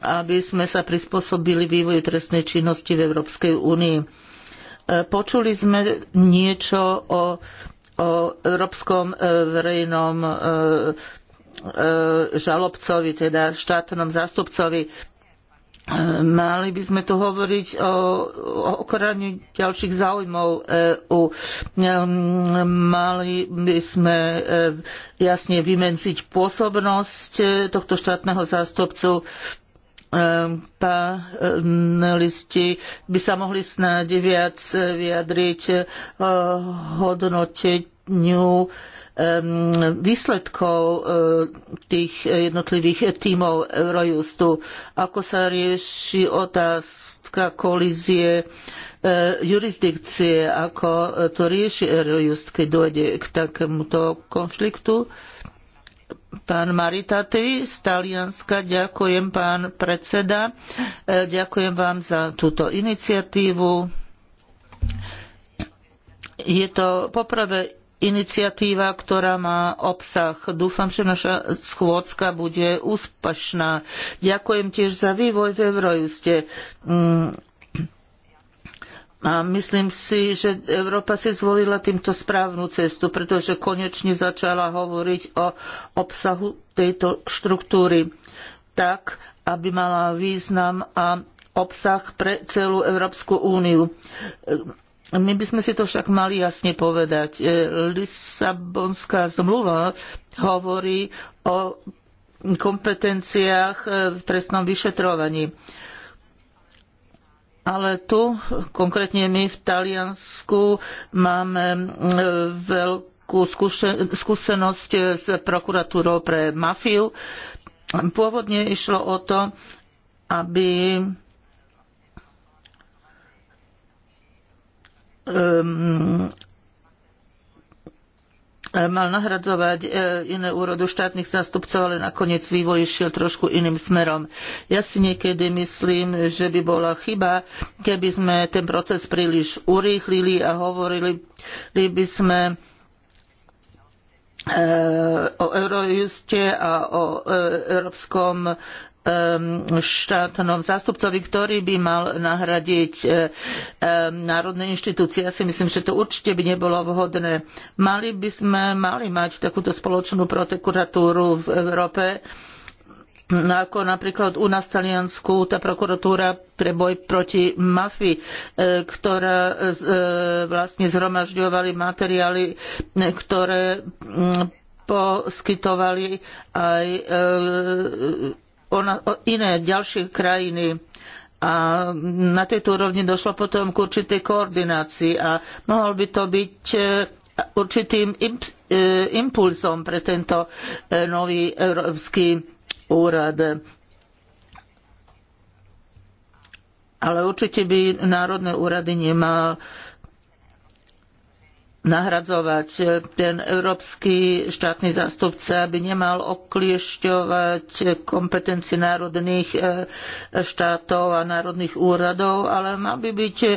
Speaker 4: aby sme sa prispôsobili vývoju trestnej činnosti v Európskej únii. E, počuli sme niečo o o Európskom e, verejnom e, e, žalobcovi, teda štátnom zástupcovi. Mali by sme tu hovoriť o okrani ďalších záujmov EÚ. Mali by sme jasne vymedziť pôsobnosť tohto štátneho zástupcu panelisti ehm, ehm, by sa mohli snáď viac eh, vyjadriť eh, hodnoteniu ehm, výsledkov eh, tých jednotlivých tímov Eurojustu. Ako sa rieši otázka kolízie jurisdikcie, ako to rieši Eurojust, keď dojde k takémuto konfliktu? Pán Maritati z Talianska, ďakujem pán predseda, e, ďakujem vám za túto iniciatívu. Je to poprvé iniciatíva, ktorá má obsah. Dúfam, že naša schôdzka bude úspešná. Ďakujem tiež za vývoj v Eurojuste. Mm, a myslím si, že Európa si zvolila týmto správnu cestu, pretože konečne začala hovoriť o obsahu tejto štruktúry tak, aby mala význam a obsah pre celú Európsku úniu. My by sme si to však mali jasne povedať. Lisabonská zmluva hovorí o kompetenciách v trestnom vyšetrovaní ale tu, konkrétne my v Taliansku, máme e, veľkú skúsenosť s prokuratúrou pre mafiu. Pôvodne išlo o to, aby mal nahradzovať e, iné úrodu štátnych zástupcov, ale nakoniec vývoj išiel trošku iným smerom. Ja si niekedy myslím, že by bola chyba, keby sme ten proces príliš urýchlili a hovorili by sme e, o Eurojuste a o e, Európskom Um, štátnom zástupcovi, ktorý by mal nahradiť um, národné inštitúcie. Ja si myslím, že to určite by nebolo vhodné. Mali by sme mali mať takúto spoločnú protekuratúru v Európe, no ako napríklad u nás v Taliansku tá prokuratúra pre boj proti mafii, e, ktorá e, vlastne zhromažďovali materiály, e, ktoré mm, poskytovali aj iné ďalšie krajiny. A na tejto úrovni došlo potom k určitej koordinácii a mohol by to byť e, určitým e, impulzom pre tento e, nový európsky úrad. Ale určite by národné úrady nemal nahradzovať. Ten európsky štátny zástupca by nemal okliešťovať kompetencie národných e, štátov a národných úradov, ale mal by byť e,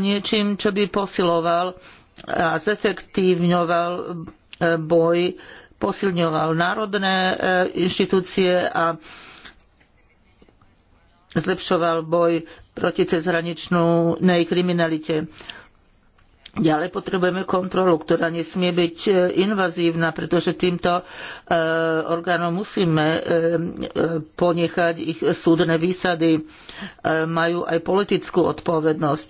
Speaker 4: niečím, čo by posiloval a zefektívňoval e, boj, posilňoval národné inštitúcie a zlepšoval boj proti cezhraničnej kriminalite. Ďalej potrebujeme kontrolu, ktorá nesmie byť e, invazívna, pretože týmto e, orgánom musíme e, ponechať ich súdne výsady. Majú aj politickú odpovednosť.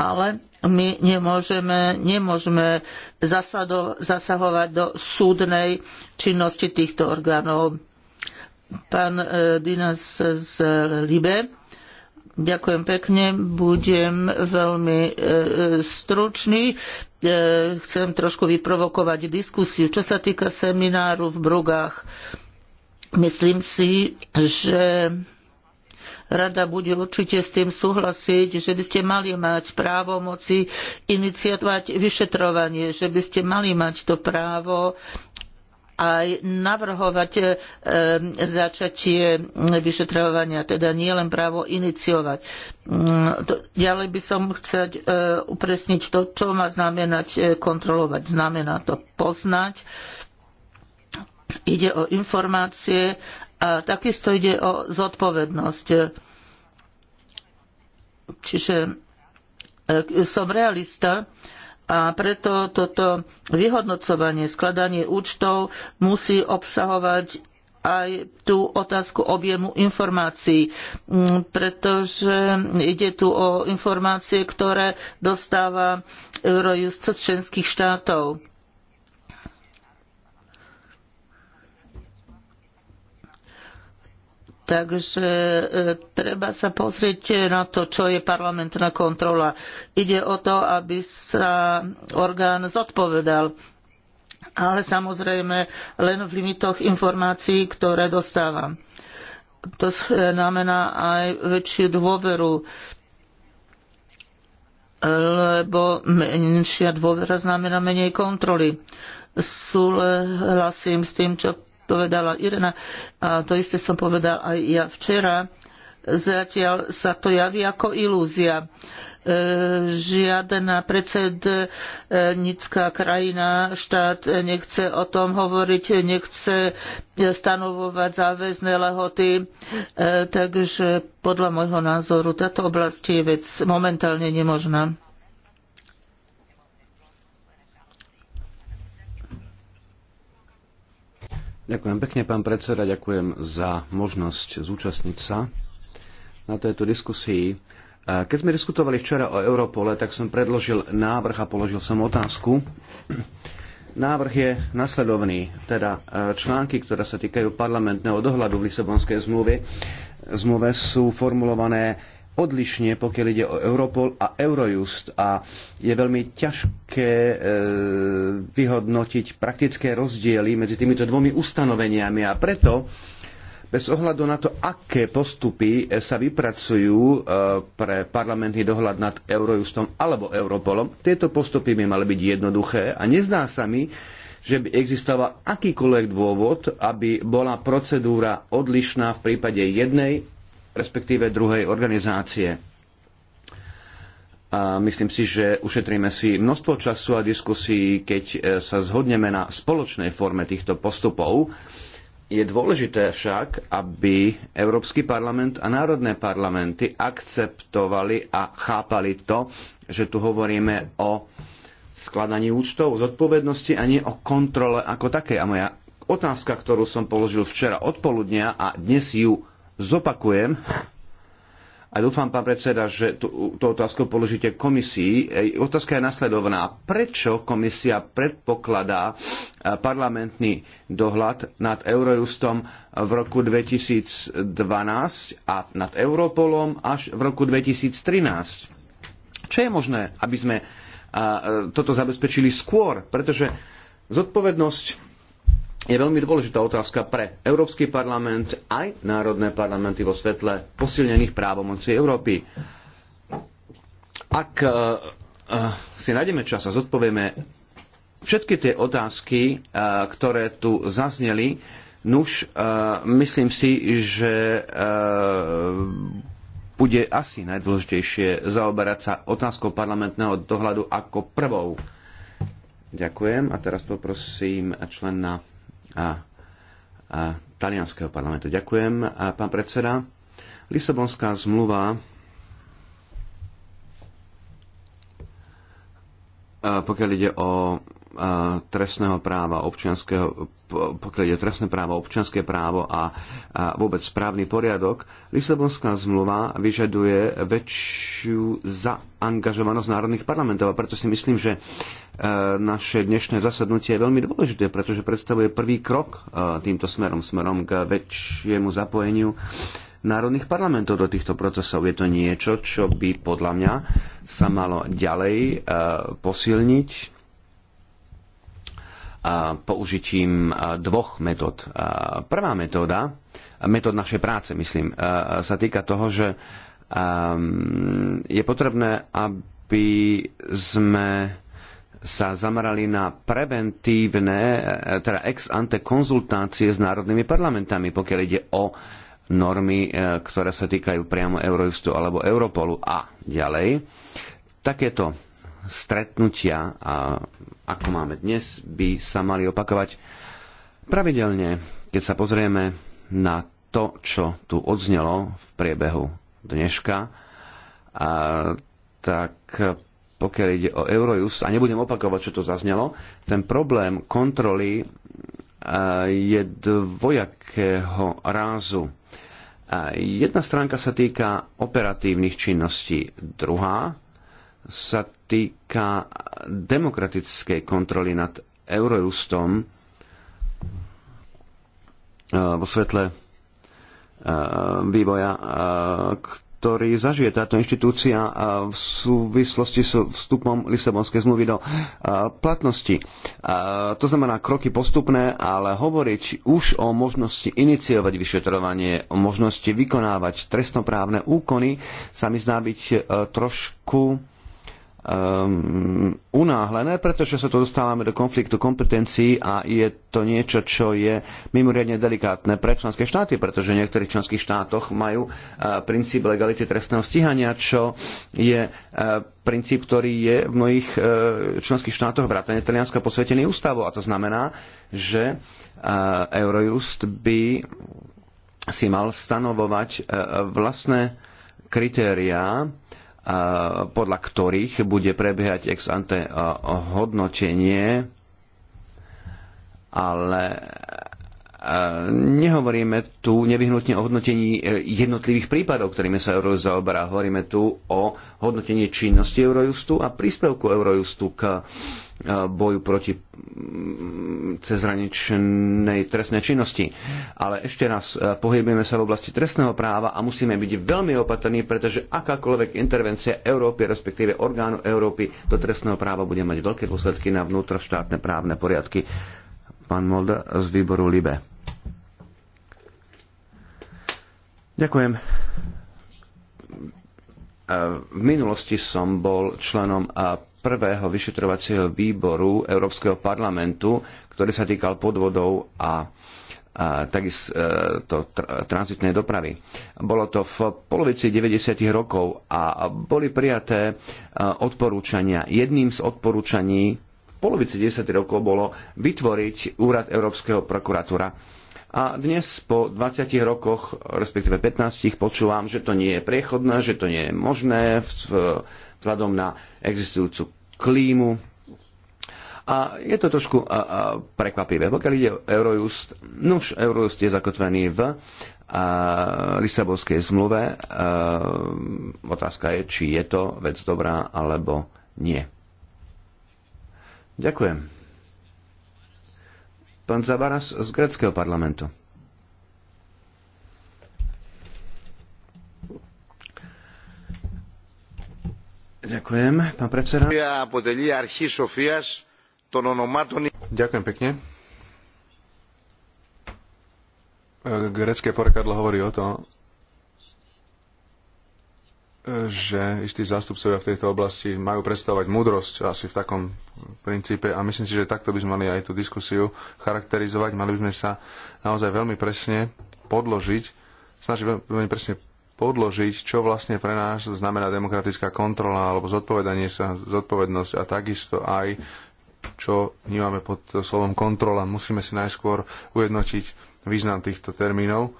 Speaker 4: Ale my nemôžeme, nemôžeme zasado, zasahovať do súdnej činnosti týchto orgánov. Pán Dinas z Libe Ďakujem pekne, budem veľmi e, e, stručný. E, chcem trošku vyprovokovať diskusiu. Čo sa týka semináru v Brugách, myslím si, že rada bude určite s tým súhlasiť, že by ste mali mať právo moci iniciovať vyšetrovanie, že by ste mali mať to právo aj navrhovať e, začatie vyšetrovania, teda nie len právo iniciovať. Mm, ďalej by som chcel e, upresniť to, čo má znamenať e, kontrolovať. Znamená to poznať, ide o informácie a takisto ide o zodpovednosť. Čiže som realista, a preto toto vyhodnocovanie, skladanie účtov musí obsahovať aj tú otázku objemu informácií, mm, pretože ide tu o informácie, ktoré dostáva Eurojust z členských štátov. Takže e, treba sa pozrieť na to, čo je parlamentná kontrola. Ide o to, aby sa orgán zodpovedal ale samozrejme len v limitoch informácií, ktoré dostávam. To znamená aj väčšiu dôveru, lebo menšia dôvera znamená menej kontroly. Súhlasím s tým, čo povedala Irena a to isté som povedal aj ja včera. Zatiaľ sa to javí ako ilúzia e, žiadna predsednická krajina, štát nechce o tom hovoriť, nechce stanovovať záväzné lehoty. E, takže podľa môjho názoru táto oblasť je vec momentálne nemožná.
Speaker 1: Ďakujem pekne, pán predseda, ďakujem za možnosť zúčastniť sa na tejto diskusii. Keď sme diskutovali včera o Europole, tak som predložil návrh a položil som otázku. Návrh je nasledovný, teda e, články, ktoré sa týkajú parlamentného dohľadu v Lisabonskej zmluve, zmluve sú formulované odlišne, pokiaľ ide o Europol a Eurojust a je veľmi ťažké e, vyhodnotiť praktické rozdiely medzi týmito dvomi ustanoveniami a preto bez ohľadu na to, aké postupy e, sa vypracujú e, pre parlamentný dohľad nad Eurojustom alebo Europolom, tieto postupy by mali byť jednoduché a nezdá sa mi, že by existoval akýkoľvek dôvod, aby bola procedúra odlišná v prípade jednej respektíve druhej organizácie. A myslím si, že ušetríme si množstvo času a diskusí, keď e, sa zhodneme na spoločnej forme týchto postupov. Je dôležité však, aby Európsky parlament a národné parlamenty akceptovali a chápali to, že tu hovoríme o skladaní účtov, zodpovednosti a nie o kontrole ako také. A moja otázka, ktorú som položil včera odpoludnia a dnes ju zopakujem a dúfam, pán predseda, že tú, otázku položíte komisii. Otázka je nasledovná. Prečo komisia predpokladá e, parlamentný dohľad nad Eurojustom v roku 2012 a nad Europolom až v roku 2013? Čo je možné, aby sme e, toto zabezpečili skôr? Pretože zodpovednosť je veľmi dôležitá otázka pre Európsky parlament aj národné parlamenty vo svetle posilnených právomocí Európy. Ak eh, eh, si nájdeme čas a zodpovieme všetky tie otázky, eh, ktoré tu zazneli, nuž, myslím si, že bude asi najdôležitejšie zaoberať sa otázkou parlamentného dohľadu ako prvou. Ďakujem a teraz poprosím člena a, a talianského parlamentu. Ďakujem, a pán predseda. Lisabonská zmluva e, pokiaľ ide o trestného práva občianského, pokiaľ ide trestné právo, občianské právo a, a vôbec správny poriadok, Lisabonská zmluva vyžaduje väčšiu zaangažovanosť národných parlamentov a preto si myslím, že e, naše dnešné zasadnutie je veľmi dôležité, pretože predstavuje prvý krok e, týmto smerom, smerom k väčšiemu zapojeniu národných parlamentov do týchto procesov. Je to niečo, čo by podľa mňa sa malo ďalej e, posilniť použitím dvoch metód. Prvá metóda, metód našej práce, myslím, sa týka toho, že je potrebné, aby sme sa zamerali na preventívne, e, e, teda ex ante konzultácie s národnými parlamentami, pokiaľ ide o normy, e, ktoré sa týkajú priamo Eurojustu alebo Europolu a ďalej. Takéto stretnutia, a ako máme dnes, by sa mali opakovať pravidelne, keď sa pozrieme na to, čo tu odznelo v priebehu dneška, a, tak pokiaľ ide o Eurojus a nebudem opakovať, čo to zaznelo, ten problém kontroly e, je dvojakého rázu. E, jedna stránka sa týka operatívnych činností, druhá sa týka demokratickej kontroly nad Eurojustom e, vo svetle e, vývoja, e, ktorý zažije táto inštitúcia v súvislosti s vstupom Lisabonskej zmluvy do platnosti. To znamená kroky postupné, ale hovoriť už o možnosti iniciovať vyšetrovanie, o možnosti vykonávať trestnoprávne úkony sa mi zdá byť trošku um, unáhlené, pretože sa tu dostávame do konfliktu kompetencií a je to niečo, čo je mimoriadne delikátne pre členské štáty, pretože v niektorých členských štátoch majú uh, princíp legality trestného stíhania, čo je uh, princíp, ktorý je v mnohých uh, členských štátoch vrátane Talianska posvetený ústavou. A to znamená, že uh, Eurojust by si mal stanovovať uh, vlastné kritériá, podľa ktorých bude prebiehať ex ante hodnotenie, ale nehovoríme tu nevyhnutne o hodnotení e, jednotlivých prípadov, ktorými sa Eurojust zaoberá. Hovoríme tu o hodnotení činnosti Eurojustu a príspevku Eurojustu k e, boju proti mm, cezhraničnej trestnej činnosti. Ale ešte raz, e, pohybujeme sa v oblasti trestného práva a musíme byť veľmi opatrní, pretože akákoľvek intervencia Európy, respektíve orgánu Európy do trestného práva bude mať veľké dôsledky na vnútroštátne právne poriadky. Pán Molda z výboru Libe. Ďakujem. V minulosti som bol členom prvého vyšetrovacieho výboru Európskeho parlamentu, ktorý sa týkal podvodov a a takisto e, tranzitnej dopravy. Bolo to v polovici 90. rokov a boli prijaté e, odporúčania. Jedným z odporúčaní v polovici 10. rokov bolo vytvoriť úrad Európskeho prokuratúra a dnes po 20 rokoch, respektíve 15, počúvam, že to nie je priechodné, že to nie je možné vzhľadom na existujúcu klímu. A je to trošku a, a, prekvapivé. Pokiaľ ide o Eurojust, nuž Eurojust je zakotvený v a, Lisabonskej zmluve. A, otázka je, či je to vec dobrá alebo nie. Ďakujem. Pán Zabaras z greckého parlamentu. Ďakujem, pán predseda.
Speaker 3: Ďakujem pekne. Grecké porekadlo hovorí o tom, že istí zástupcovia v tejto oblasti majú predstavovať múdrosť asi v takom princípe a myslím si, že takto by sme mali aj tú diskusiu charakterizovať. Mali by sme sa naozaj veľmi presne podložiť, snažiť veľmi presne podložiť, čo vlastne pre nás znamená demokratická kontrola alebo zodpovedanie sa, zodpovednosť a takisto aj čo vnímame pod slovom kontrola. Musíme si najskôr ujednotiť význam týchto termínov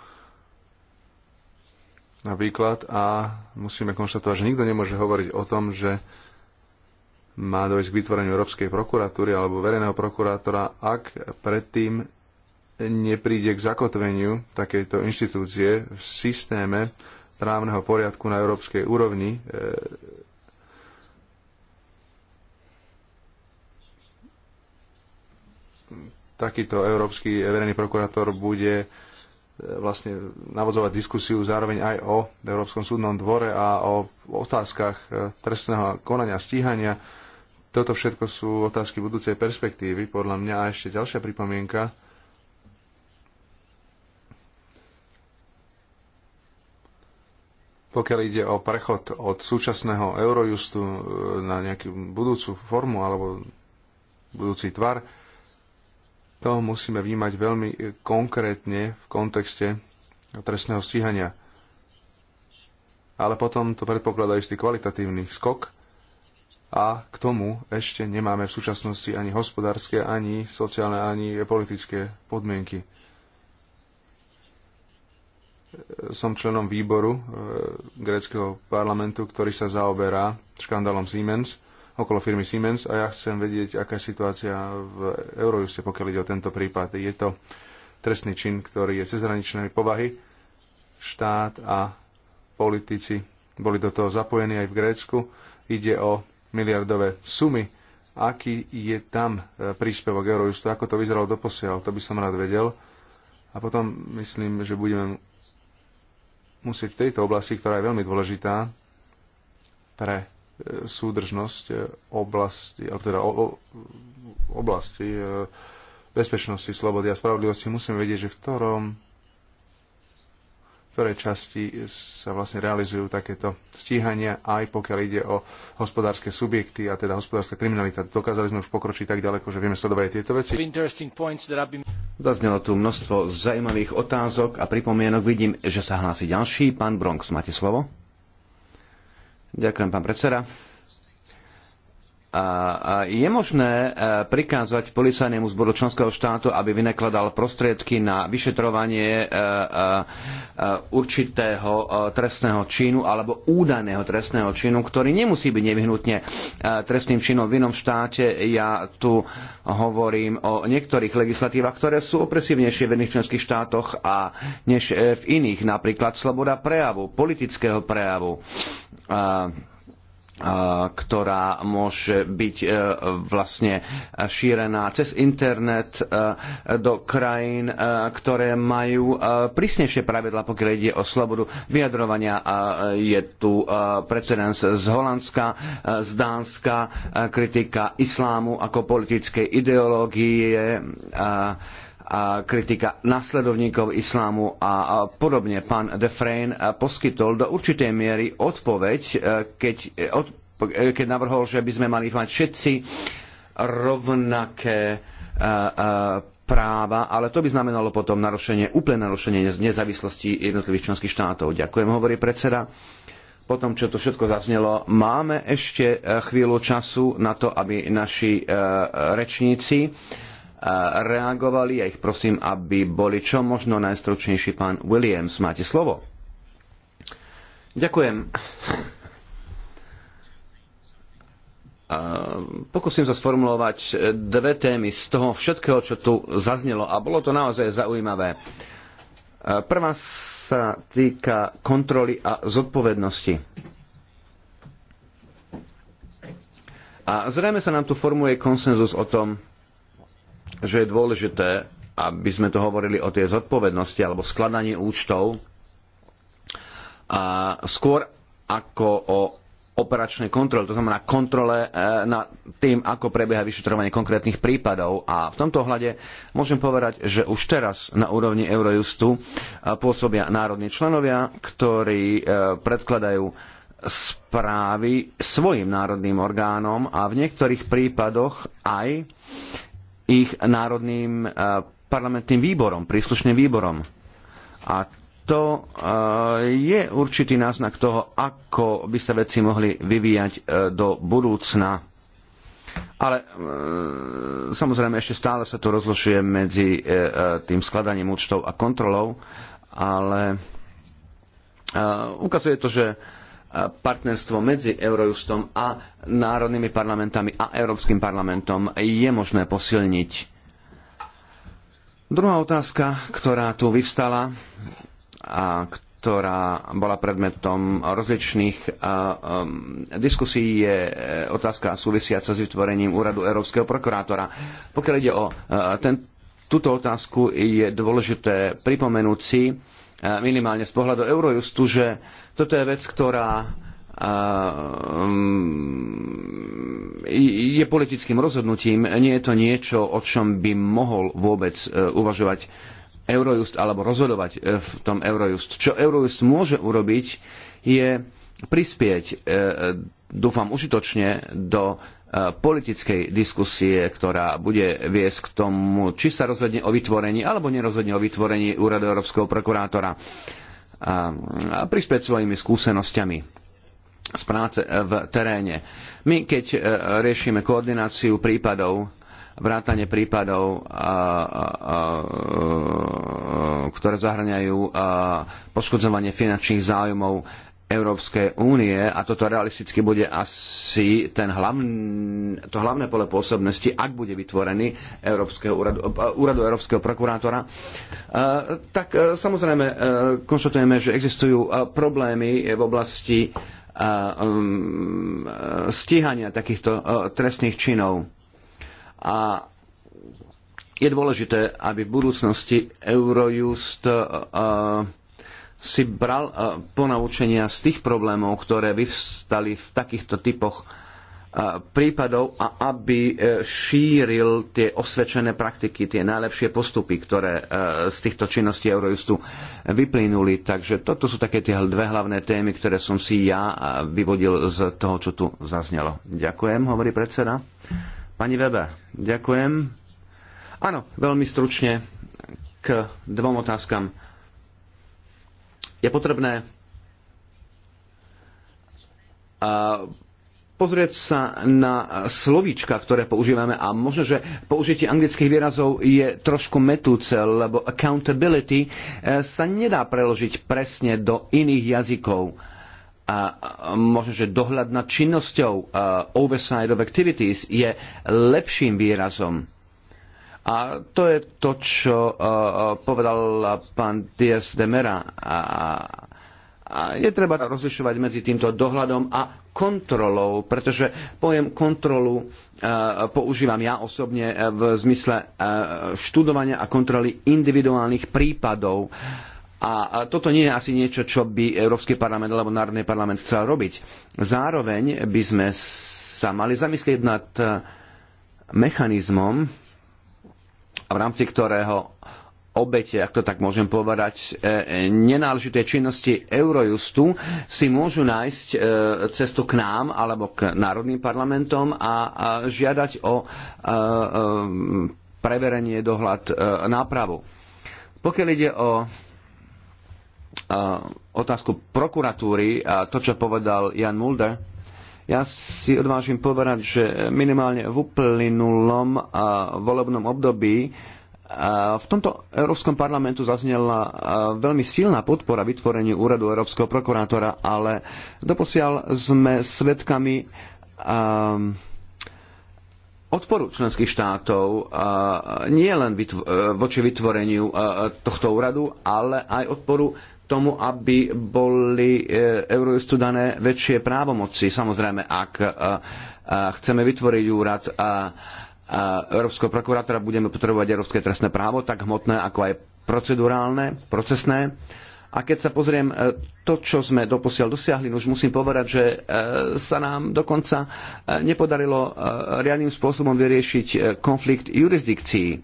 Speaker 3: na výklad a musíme konštatovať, že nikto nemôže hovoriť o tom, že má dojsť k vytvoreniu Európskej prokuratúry alebo verejného prokurátora, ak predtým nepríde k zakotveniu takejto inštitúcie v systéme právneho poriadku na európskej úrovni. E, takýto európsky verejný prokurátor bude vlastne navodzovať diskusiu zároveň aj o Európskom súdnom dvore a o otázkach e, trestného konania, stíhania. Toto všetko sú otázky budúcej perspektívy, podľa mňa. A ešte ďalšia pripomienka. Pokiaľ ide o prechod od súčasného Eurojustu e, na nejakú budúcu formu alebo budúci tvar, to musíme vnímať veľmi e, konkrétne v kontexte trestného stíhania. Ale potom to predpokladá istý kvalitatívny skok a k tomu ešte nemáme v súčasnosti ani hospodárske, ani sociálne, ani politické podmienky e, som členom výboru e, gréckého parlamentu, ktorý sa zaoberá škandálom Siemens okolo firmy Siemens a ja chcem vedieť, aká je situácia v Eurojuste, pokiaľ ide o tento prípad. Je to trestný čin, ktorý je cezhraničnej povahy. Štát a politici boli do toho zapojení aj v Grécku. Ide o miliardové sumy. Aký je tam e, príspevok Eurojustu? Ako to vyzeralo doposiaľ? To by som rád vedel. A potom myslím, že budeme musieť v tejto oblasti, ktorá je veľmi dôležitá pre súdržnosť eh, oblasti, ale teda oblasti eh, bezpečnosti, slobody a spravodlivosti, musíme vedieť, že v ktorom v ktorej časti sa vlastne realizujú takéto stíhania, aj pokiaľ ide o hospodárske subjekty a teda hospodárska kriminalita. Dokázali sme už pokročiť tak ďaleko, že vieme sledovať aj tieto veci. Zaznelo tu množstvo
Speaker 1: zaujímavých otázok a pripomienok. Vidím, že sa hlási ďalší. Pán Bronx, máte slovo? Ďakujem, pán predseda je možné e, prikázať policajnému zboru členského štátu, aby vynakladal prostriedky na vyšetrovanie e, e, určitého trestného činu alebo údajného trestného činu, ktorý nemusí byť nevyhnutne trestným činom v inom štáte. Ja tu hovorím o niektorých legislatívach, ktoré sú opresívnejšie v iných členských štátoch a než v iných, napríklad sloboda prejavu, politického prejavu ktorá môže byť e, vlastne šírená cez internet e, do krajín, e, ktoré majú prísnejšie pravidla, pokiaľ ide o slobodu vyjadrovania. Je tu precedens z Holandska, z Dánska, kritika islámu ako politickej ideológie a kritika nasledovníkov islámu a podobne. Pán Defrain eh, poskytol do určitej miery odpoveď, eh, keď, eh, od, keď navrhol, že by sme mali mať všetci rovnaké práva, ale to by znamenalo potom narušenie, úplné narušenie nezávislosti jednotlivých členských štátov. Ďakujem, hovorí predseda. Po tom, čo to všetko zaznelo, máme ešte chvíľu času na to, aby naši rečníci reagovali. Ja ich prosím, aby boli čo možno najstručnejší. Pán Williams, máte slovo. Ďakujem. Pokúsim sa sformulovať dve témy z toho všetkého, čo tu zaznelo a bolo to naozaj zaujímavé. Prvá sa týka kontroly a zodpovednosti. A zrejme sa nám tu formuje konsenzus o tom, že je dôležité, aby sme to hovorili o tej zodpovednosti alebo skladaní účtov a skôr ako o operačnej kontrole, to znamená kontrole e, nad tým, ako prebieha vyšetrovanie konkrétnych prípadov. A v tomto ohľade môžem povedať, že už teraz na úrovni Eurojustu e, pôsobia národní členovia, ktorí e, predkladajú správy svojim národným orgánom a v niektorých prípadoch aj ich národným e, parlamentným výborom, príslušným výborom. A to e, je určitý náznak toho, ako by sa veci mohli vyvíjať e, do budúcna. Ale samozrejme ešte stále sa to rozlošuje medzi tým skladaním účtov a kontrolou, ale ukazuje to, že partnerstvo medzi Eurojustom a národnými parlamentami a Európskym parlamentom je možné posilniť. Druhá otázka, ktorá tu vyvstala a ktorá bola predmetom rozličných diskusí, je e, otázka súvisiaca s vytvorením úradu Európskeho prokurátora. Pokiaľ ide o ten, túto otázku, je dôležité pripomenúť si minimálne z pohľadu Eurojustu, že toto je vec, ktorá mm, je politickým rozhodnutím. Nie je to niečo, o čom by mohol vôbec e, uvažovať Eurojust alebo rozhodovať e, v tom Eurojust. Čo Eurojust môže urobiť, je prispieť, e, dúfam, užitočne do politickej diskusie, ktorá bude viesť k tomu, či sa rozhodne o vytvorení alebo nerozhodne o vytvorení úradu Európskeho prokurátora a prispieť svojimi skúsenosťami z práce e, v teréne. My, keď e, riešime koordináciu prípadov, vrátanie prípadov, e, ktoré zahŕňajú, poškodzovanie finančných záujmov Európskej únie a toto realisticky bude asi ten hlavný, to hlavné pole pôsobnosti, ak bude vytvorený Európskeho úradu, úradu Európskeho prokurátora, e, tak e, samozrejme e, konštatujeme, že existujú problémy v oblasti stíhania takýchto trestných činov. A je dôležité, aby v budúcnosti Eurojust uh, si bral eh, ponaučenia z tých problémov, ktoré vystali v takýchto typoch eh, prípadov a aby eh, šíril tie osvedčené praktiky, tie najlepšie postupy, ktoré z týchto činností Eurojustu vyplynuli. Takže toto sú také tie dve hlavné témy, ktoré som si ja vyvodil z toho, čo tu zaznelo. Ďakujem, hovorí predseda. Pani Weber, ďakujem. Áno, veľmi stručne k dvom otázkam je potrebné pozrieť sa na slovíčka, ktoré používame a možno, že použitie anglických výrazov je trošku metúce, lebo accountability e, sa nedá preložiť presne do iných jazykov. A možno, že dohľad nad činnosťou, e, oversight of activities, je lepším výrazom a to je to, čo e, e, povedal pán Dias de Mera. A je treba rozlišovať medzi týmto dohľadom a kontrolou, pretože pojem kontrolu e, používam ja osobne v zmysle študovania a kontroly individuálnych prípadov. A toto nie je asi niečo, čo by Európsky parlament alebo Národný parlament chcel robiť. Zároveň by sme sa mali zamyslieť nad mechanizmom, v rámci ktorého obete, ak to tak môžem povedať, e, e, nenáležité činnosti Eurojustu si môžu nájsť e, cestu k nám alebo k národným parlamentom a žiadať o preverenie, dohľad, nápravu. Pokiaľ ide o otázku prokuratúry a to, čo povedal Jan Mulder, ja si odvážim povedať, že minimálne v uplynulom volebnom období v tomto Európskom parlamentu zaznela veľmi silná podpora vytvoreniu úradu Európskeho prokurátora, ale doposiaľ sme svedkami odporu členských štátov nie len voči vytvoreniu tohto úradu, ale aj odporu tomu, aby boli e, Eurojustu dané väčšie právomoci. Samozrejme, ak e, e, chceme vytvoriť úrad Európskeho prokurátora, budeme potrebovať Európske trestné právo, tak hmotné, ako aj procedurálne, procesné. A keď sa pozriem to, čo sme doposiaľ dosiahli, no už musím povedať, že sa nám dokonca nepodarilo riadnym spôsobom vyriešiť konflikt jurisdikcií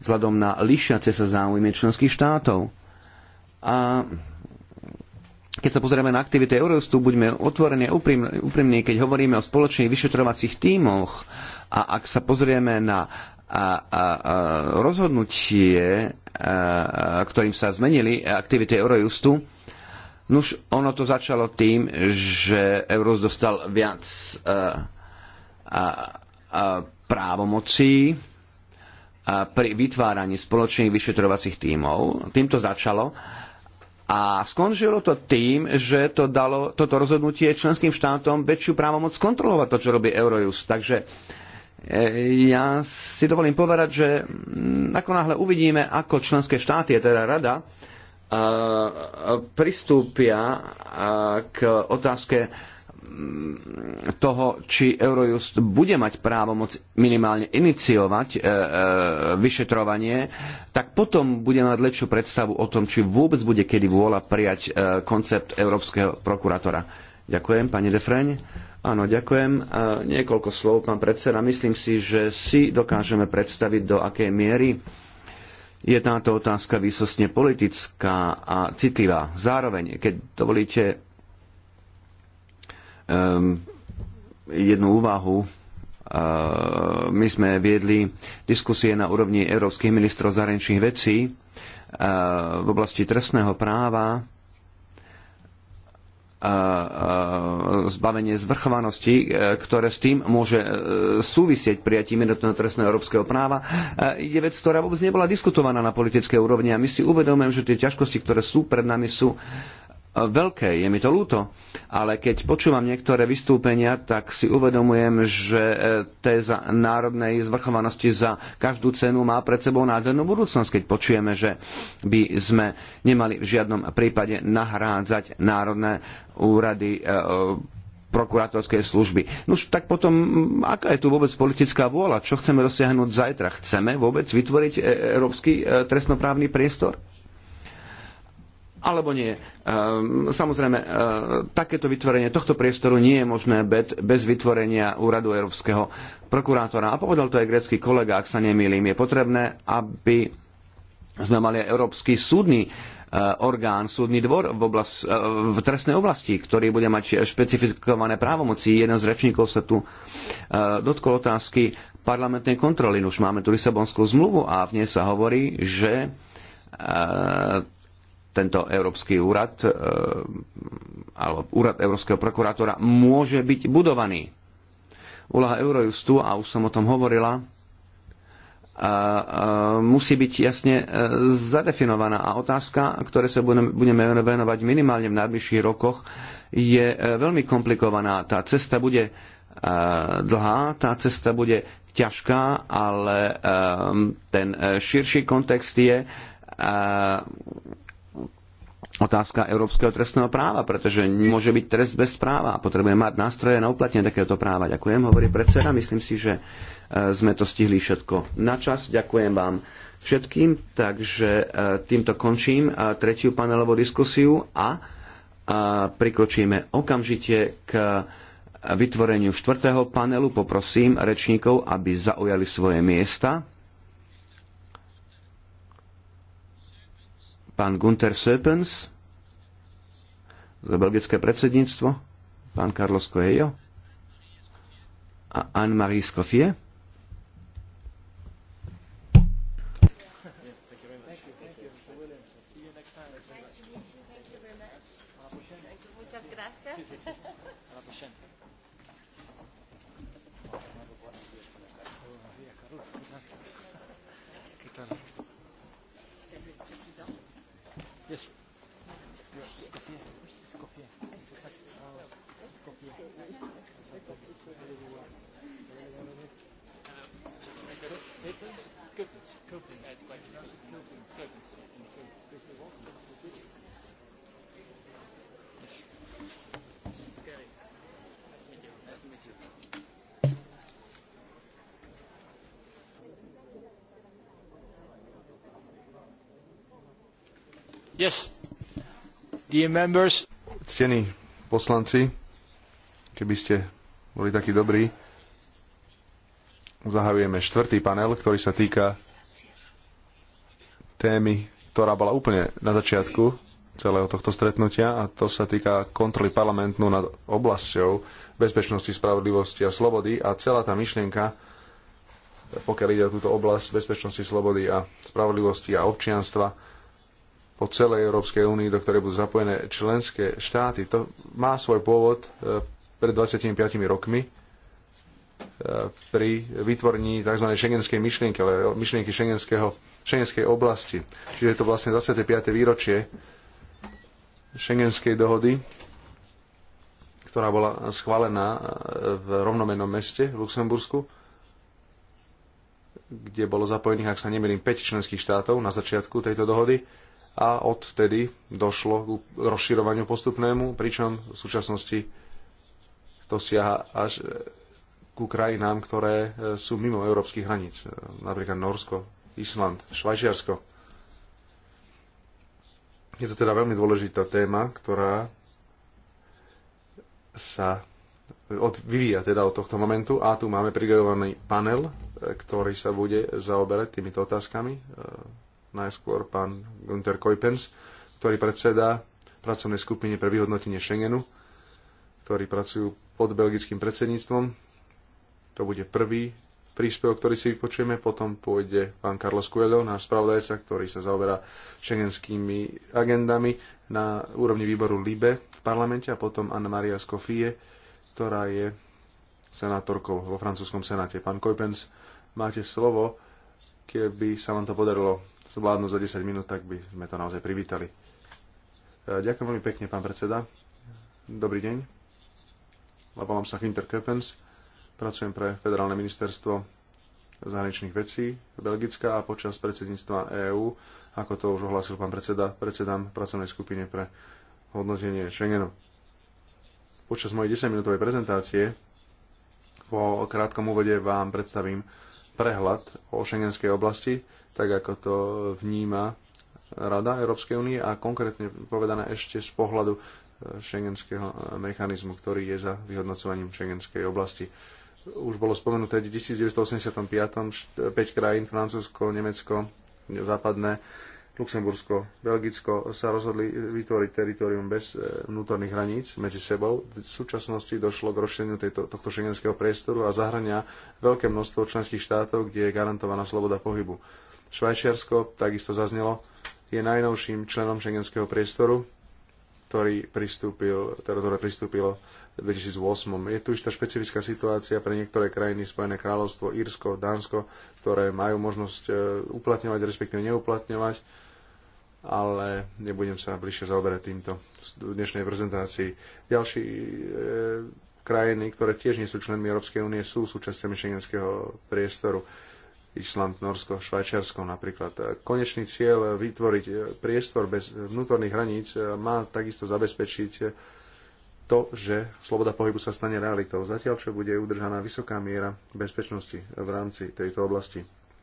Speaker 1: vzhľadom na lišiace sa záujmy členských štátov. A keď sa pozrieme na aktivity Eurostu, buďme otvorení a úprimní, keď hovoríme o spoločných vyšetrovacích tímoch a ak sa pozrieme na a, a, a rozhodnutie, a, e, a, ktorým sa zmenili aktivity Eurojustu, nuž ono to začalo tým, že Eurojust dostal viac a, e, a, a právomocí a e, pri vytváraní spoločných vyšetrovacích tímov. Týmto začalo a skončilo to tým, že to dalo toto rozhodnutie členským štátom väčšiu právomoc kontrolovať to, čo robí Eurojust. Takže e, ja si dovolím povedať, že mm, ako náhle uvidíme, ako členské štáty, je teda rada, e, e, pristúpia k otázke Mm, toho, či Eurojust bude mať právo moc minimálne iniciovať e, e, vyšetrovanie, tak potom bude mať lepšiu predstavu o tom, či vôbec bude kedy vôľa prijať e, koncept európskeho prokurátora. Ďakujem, pani Defreň. Áno, ďakujem. Niekoľko slov, pán predseda. Myslím si, že si dokážeme predstaviť, do akej miery je táto otázka výsostne politická a citlivá. Zároveň, keď dovolíte, Ehm, jednu úvahu. Ehm, my sme viedli diskusie na úrovni európskych ministrov zahraničných vecí ehm, v oblasti trestného práva zbavenie zvrchovanosti, ktoré s tým môže súvisieť prijatím jednotného trestného európskeho práva, je vec, ktorá vôbec nebola diskutovaná na politickej úrovni a my si uvedomujeme, že tie ťažkosti, ktoré sú pred nami, sú veľké, je mi to ľúto, ale keď počúvam niektoré vystúpenia, tak si uvedomujem, že e, téza národnej zvrchovanosti za každú cenu má pred sebou nádhernú budúcnosť, keď počujeme, že by sme nemali v žiadnom prípade nahrádzať národné úrady e, prokurátorskej služby. No už tak potom, aká je tu vôbec politická vôľa? Čo chceme dosiahnuť zajtra? Chceme vôbec vytvoriť e, európsky trestnoprávny priestor? alebo nie. Ehm, samozrejme, ehm, takéto vytvorenie tohto priestoru nie je možné bez vytvorenia úradu európskeho prokurátora. A povedal to aj grecký kolega, ak sa nemýlim. Je potrebné, aby sme mali aj Európsky súdny ehm, orgán, súdny dvor v, oblast, v trestnej oblasti, ktorý bude mať špecifikované právomoci. Jeden z rečníkov sa tu dotkol otázky parlamentnej kontroly. Už máme tu Lisabonskú zmluvu a v nej sa hovorí, že tento Európsky úrad e, alebo úrad Európskeho prokurátora môže byť budovaný. Úloha Eurojustu, a už som o tom hovorila, e, e, musí byť jasne zadefinovaná. A otázka, ktoré sa budeme venovať minimálne v najbližších rokoch, je veľmi komplikovaná. Tá cesta bude dlhá, tá cesta bude ťažká, ale ten širší kontext je otázka európskeho trestného práva, pretože nemôže byť trest bez práva. a Potrebujeme mať nástroje na uplatnenie takéhoto práva. Ďakujem, hovorí predseda. Myslím si, že e, sme to stihli všetko na čas. Ďakujem vám všetkým, takže e, týmto končím e, tretiu panelovú diskusiu a prikročíme okamžite k vytvoreniu štvrtého panelu. Poprosím rečníkov, aby zaujali svoje miesta. Pán Gunter Söpens, za belgické predsedníctvo, pán Carlos Coelho a Anne-Marie Scoffier.
Speaker 3: Ctení poslanci, keby ste boli takí dobrí, zahajujeme štvrtý panel, ktorý sa týka témy, ktorá bola úplne na začiatku celého tohto stretnutia a to sa týka kontroly parlamentnú nad oblasťou bezpečnosti, spravodlivosti a slobody a celá tá myšlienka, pokiaľ ide o túto oblasť bezpečnosti, slobody a spravodlivosti a občianstva, po celej Európskej únii, do ktorej budú zapojené členské štáty. To má svoj pôvod e, pred 25 rokmi e, pri vytvorení tzv. šengenskej myšlienky, ale myšlienky šengenskej oblasti. Čiže je to vlastne 25. výročie šengenskej dohody, ktorá bola schválená e, v rovnomenom meste v Luxembursku, kde bolo zapojených, ak sa nemýlim, 5 členských štátov na začiatku tejto dohody a odtedy došlo k rozširovaniu postupnému, pričom v súčasnosti to siaha až e, ku krajinám, ktoré e, sú mimo európskych hraníc, e, napríklad Norsko, Island, Švajčiarsko. Je to teda veľmi dôležitá téma, ktorá sa od, vyvíja teda od tohto momentu a tu máme prigajovaný panel, ktorý sa bude zaoberať týmito otázkami Najskôr pán Günther Kojpens, ktorý predsedá pracovnej skupine pre vyhodnotenie Schengenu, ktorí pracujú pod belgickým predsedníctvom. To bude prvý príspevok, ktorý si vypočujeme. Potom pôjde pán Carlos Coelho, náš spravodajca, ktorý sa zaoberá šengenskými agendami na úrovni výboru LIBE v parlamente a potom Anna Maria Scofie, ktorá je senátorkou vo francúzskom senáte. Pán Kojpens, máte slovo, keby sa vám to podarilo zvládnu za 10 minút, tak by sme to naozaj privítali. E, ďakujem veľmi pekne, pán predseda. Dobrý deň. Volám sa Hinter Köpens. Pracujem pre Federálne ministerstvo zahraničných vecí Belgická a počas predsedníctva EÚ, ako to už ohlásil pán predseda, predsedám pracovnej skupine pre hodnotenie Schengenu. Počas mojej 10-minútovej prezentácie po krátkom úvode vám predstavím prehľad o šengenskej oblasti, tak ako to vníma Rada Európskej únie a konkrétne povedané ešte z pohľadu e, šengenského e, mechanizmu, ktorý je za vyhodnocovaním šengenskej oblasti. Už bolo spomenuté v 1985 5 krajín, Francúzsko, Nemecko, západné Luxembursko, Belgicko sa rozhodli vytvoriť teritorium bez e, vnútorných hraníc medzi sebou. V súčasnosti došlo k rozšíreniu tohto šengenského priestoru a zahrania veľké množstvo členských štátov, kde je garantovaná sloboda pohybu. Švajčiarsko, takisto zaznelo, je najnovším členom šengenského priestoru ktorý pristúpil, teda ktoré pristúpilo v 2008. Je tu ešte špecifická situácia pre niektoré krajiny, Spojené kráľovstvo, Írsko, Dánsko, ktoré majú možnosť e, uplatňovať, respektíve neuplatňovať, ale nebudem sa bližšie zaoberať týmto v dnešnej prezentácii. Ďalší e, krajiny, ktoré tiež nie sú členmi Európskej únie, sú súčasťami šengenského priestoru Island, Norsko, Švajčiarsko napríklad. Konečný cieľ vytvoriť priestor bez vnútorných hraníc má takisto zabezpečiť to, že sloboda pohybu sa stane realitou. Zatiaľ, čo bude udržaná vysoká miera bezpečnosti v rámci tejto oblasti.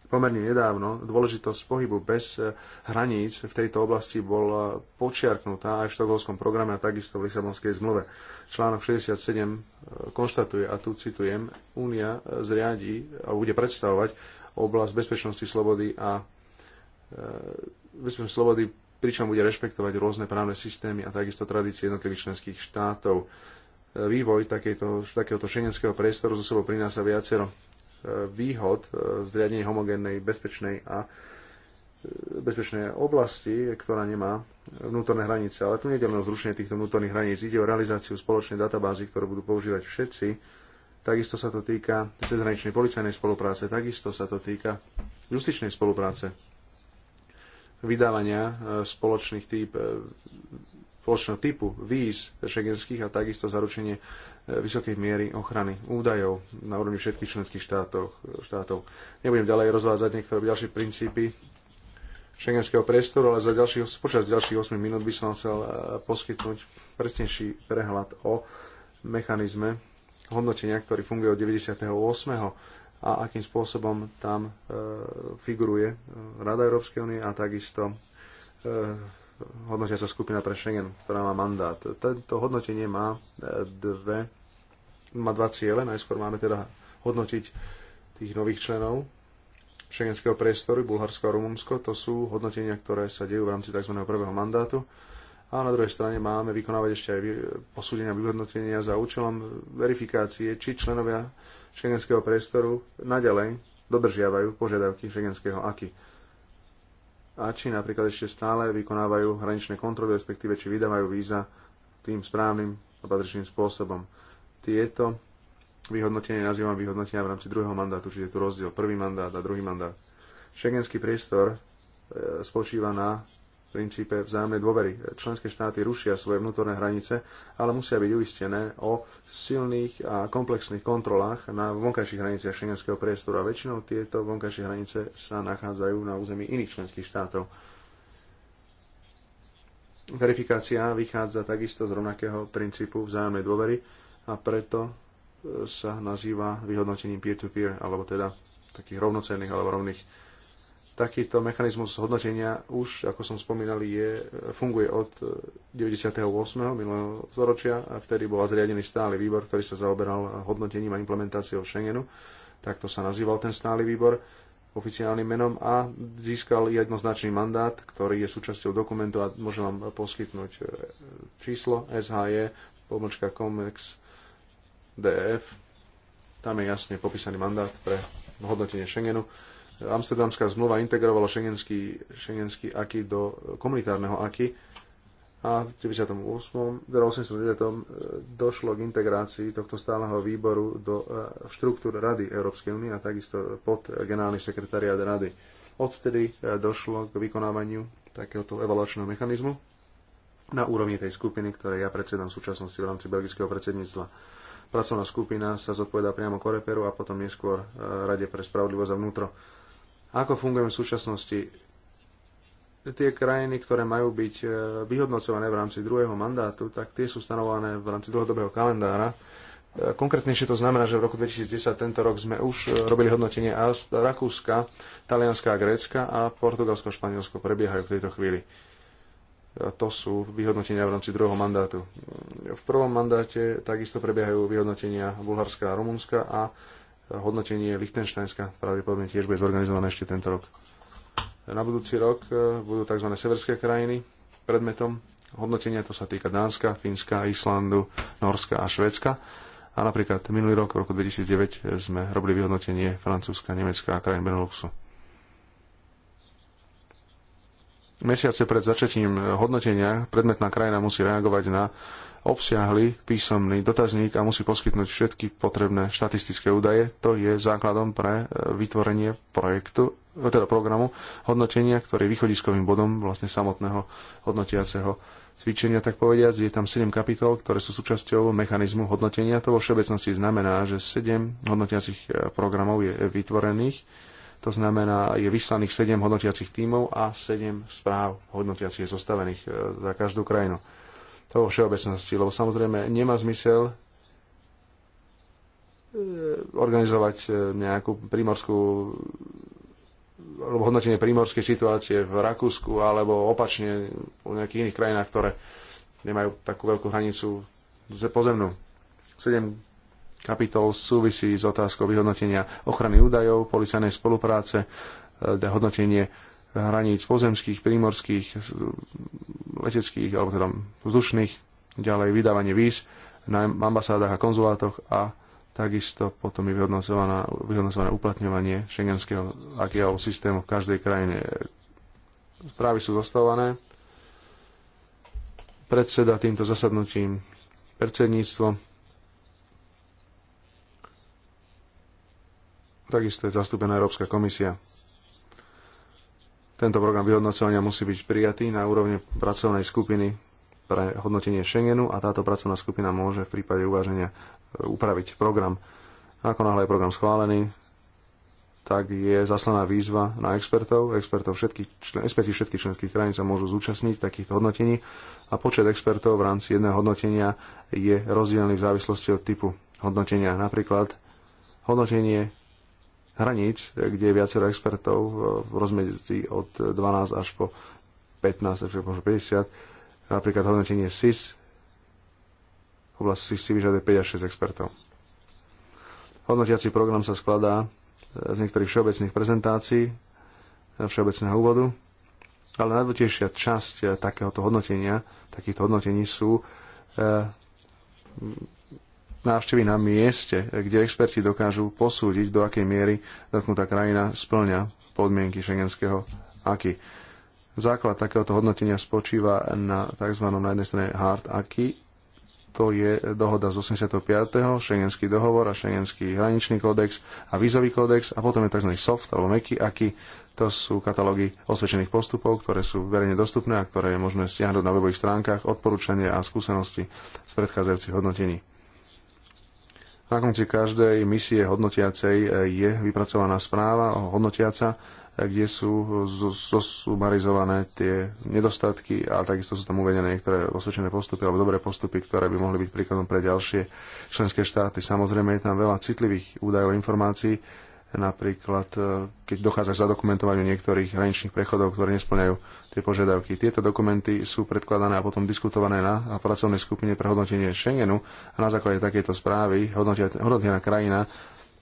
Speaker 3: Pomerne nedávno dôležitosť pohybu bez hraníc v tejto oblasti bola počiarknutá aj v štokholskom programe a takisto v Lisabonskej zmluve. Článok 67 eh, konštatuje, a tu citujem, Únia zriadi a bude predstavovať oblasť bezpečnosti, slobody a e, bezpečnosti slobody, pričom bude rešpektovať rôzne právne systémy a takisto tradície jednotlivých členských štátov. E, vývoj takéto takéhoto šengenského priestoru zo sebou prináša viacero e, výhod zriadenie homogénnej, bezpečnej a bezpečnej oblasti, ktorá nemá vnútorné hranice. Ale tu nie je len o zrušenie týchto vnútorných hraníc, ide o realizáciu spoločnej databázy, ktorú budú používať všetci Takisto sa to týka cezhraničnej policajnej spolupráce, takisto sa to týka justičnej spolupráce, vydávania e, spoločných typ, e, spoločného typu víz šegenských a takisto zaručenie e, vysokej miery ochrany údajov na úrovni všetkých členských štátov. štátov. Nebudem ďalej rozvádzať niektoré ďalšie princípy šengenského priestoru, ale za ďalších, počas ďalších 8 minút by som chcel poskytnúť presnejší prehľad o mechanizme hodnotenia, ktorý funguje od 98. a akým spôsobom tam e, figuruje e, Rada Európskej únie a takisto e, hodnotia sa skupina pre Schengen, ktorá má mandát. Tento hodnotenie má dve, má dva ciele. Najskôr máme teda hodnotiť tých nových členov šengenského priestoru, Bulharsko a Rumunsko. To sú hodnotenia, ktoré sa dejú v rámci tzv. prvého mandátu a na druhej strane máme vykonávať ešte aj posúdenia vyhodnotenia za účelom verifikácie, či členovia šengenského priestoru naďalej dodržiavajú požiadavky šengenského aky. A či napríklad ešte stále vykonávajú hraničné kontroly, respektíve či vydávajú víza tým správnym a patričným spôsobom. Tieto vyhodnotenie nazývam vyhodnotenia v rámci druhého mandátu, čiže je tu rozdiel prvý mandát a druhý mandát. Šengenský priestor e, spočíva na princípe vzájomnej dôvery. Členské štáty rušia svoje vnútorné hranice, ale musia byť uistené o silných a komplexných kontrolách na vonkajších hraniciach šengenského priestoru a väčšinou tieto vonkajšie hranice sa nachádzajú na území iných členských štátov. Verifikácia vychádza takisto z rovnakého princípu vzájomnej dôvery a preto e, sa nazýva vyhodnotením peer-to-peer, -peer, alebo teda takých rovnocenných alebo rovných Takýto mechanizmus hodnotenia už, ako som spomínal, je, funguje od 98. Eh, minulého storočia a vtedy bol zriadený stály výbor, ktorý sa zaoberal hodnotením a implementáciou Schengenu. Takto sa nazýval ten stály výbor oficiálnym menom a získal jednoznačný mandát, ktorý je súčasťou dokumentu a môžem vám poskytnúť eh, číslo SHE, pomlčka COMEX DF. E Tam je jasne popísaný mandát pre hodnotenie Schengenu Amsterdamská zmluva integrovala šengenský, šengenský aký do komunitárneho aky a v 98. teda 89. E, došlo k integrácii tohto stáleho výboru do e, štruktúr Rady Európskej únie a takisto pod generálny sekretariát Rady. Odtedy e, došlo k vykonávaniu takéhoto evaluačného mechanizmu na úrovni tej skupiny, ktoré ja predsedám v súčasnosti v rámci belgického predsedníctva. Pracovná skupina sa zodpovedá priamo Koreperu a potom neskôr Rade pre spravodlivosť a vnútro ako fungujeme v súčasnosti? Tie krajiny, ktoré majú byť e, vyhodnocované v rámci druhého mandátu, tak tie sú stanované v rámci dlhodobého kalendára. E, Konkrétnejšie to znamená, že v roku 2010 tento rok sme už e, robili hodnotenie Rakúska, Talianska a Grécka a Portugalsko a Španielsko prebiehajú v tejto chvíli. To sú vyhodnotenia v rámci druhého mandátu. V prvom mandáte takisto prebiehajú vyhodnotenia Bulharska a Rumunska a hodnotenie Lichtensteinska pravdepodobne tiež bude zorganizované ešte tento rok. Na budúci rok e, budú tzv. severské krajiny predmetom hodnotenia, to sa týka Dánska, Fínska, Islandu, Norska a Švedska. A napríklad minulý rok, v roku 2009, e, sme robili vyhodnotenie Francúzska, Nemecka a krajín Beneluxu. Mesiace pred začatím hodnotenia predmetná krajina musí reagovať na obsiahly písomný dotazník a musí poskytnúť všetky potrebné štatistické údaje. To je základom pre e, vytvorenie projektu, e, teda programu hodnotenia, ktorý je východiskovým bodom vlastne samotného hodnotiaceho cvičenia, tak povediac. Je tam 7 kapitol, ktoré sú súčasťou mechanizmu hodnotenia. To vo všeobecnosti znamená, že 7 hodnotiacich e, programov je vytvorených to znamená, je vyslaných 7 hodnotiacich tímov a 7 správ hodnotiacich zostavených e, za každú krajinu. To vo všeobecnosti, lebo samozrejme nemá zmysel e, organizovať e, nejakú primorskú alebo hodnotenie prímorskej situácie v Rakúsku alebo opačne v nejakých iných krajinách, ktoré nemajú takú veľkú hranicu pozemnú. Sedem kapitol súvisí s otázkou vyhodnotenia ochrany údajov, policajnej spolupráce, e, hodnotenie hraníc pozemských, prímorských, e, leteckých alebo teda vzdušných, ďalej vydávanie víz na ambasádach a konzulátoch a takisto potom je vyhodnocované uplatňovanie šengenského akého systému v každej krajine. Správy sú zostavované. Predseda týmto zasadnutím predsedníctvo Takisto je zastúpená Európska komisia. Tento program vyhodnocovania musí byť prijatý na úrovni pracovnej skupiny pre hodnotenie Schengenu a táto pracovná skupina môže v prípade uváženia e, upraviť program. Ako náhle je program schválený, tak je zaslaná výzva na expertov. Expertov všetkých, experti všetkých členských krajín sa môžu zúčastniť takýchto hodnotení a počet expertov v rámci jedného hodnotenia je rozdielný v závislosti od typu hodnotenia. Napríklad hodnotenie hraníc, kde je viacero expertov e, v rozmedzi od 12 až po 15, takže možno 50. Napríklad hodnotenie SIS, oblasti SIS si vyžaduje 5 až 6 expertov. Hodnotiaci program sa skladá e, z niektorých všeobecných prezentácií, e, všeobecného úvodu, ale najdôležitejšia časť takéhoto hodnotenia, takýchto hodnotení sú návštevy na mieste, kde experti dokážu posúdiť, do akej miery dotknutá krajina splňa podmienky šengenského aky. Základ takéhoto hodnotenia spočíva na tzv. na jednej strane hard aky, to je dohoda z 85. šengenský dohovor a šengenský hraničný kódex a vízový kódex a potom je tzv. soft alebo meký aky. To sú katalógy osvedčených postupov, ktoré sú verejne dostupné a ktoré je možné stiahnuť na webových stránkach, odporúčania a skúsenosti z predchádzajúcich hodnotení. Na konci každej misie hodnotiacej e, je vypracovaná správa hodnotiaca, e, kde sú zosumarizované tie nedostatky a takisto sú tam uvedené niektoré osvedčené postupy alebo dobré postupy, ktoré by mohli byť príkladom pre ďalšie členské štáty. Samozrejme je tam veľa citlivých údajov informácií, Napríklad, e, keď dochádza k zadokumentovaniu niektorých hraničných prechodov, ktoré nesplňajú tie požiadavky. Tieto dokumenty sú predkladané a potom diskutované na pracovnej skupine pre hodnotenie Schengenu a na základe takejto správy hodnotená krajina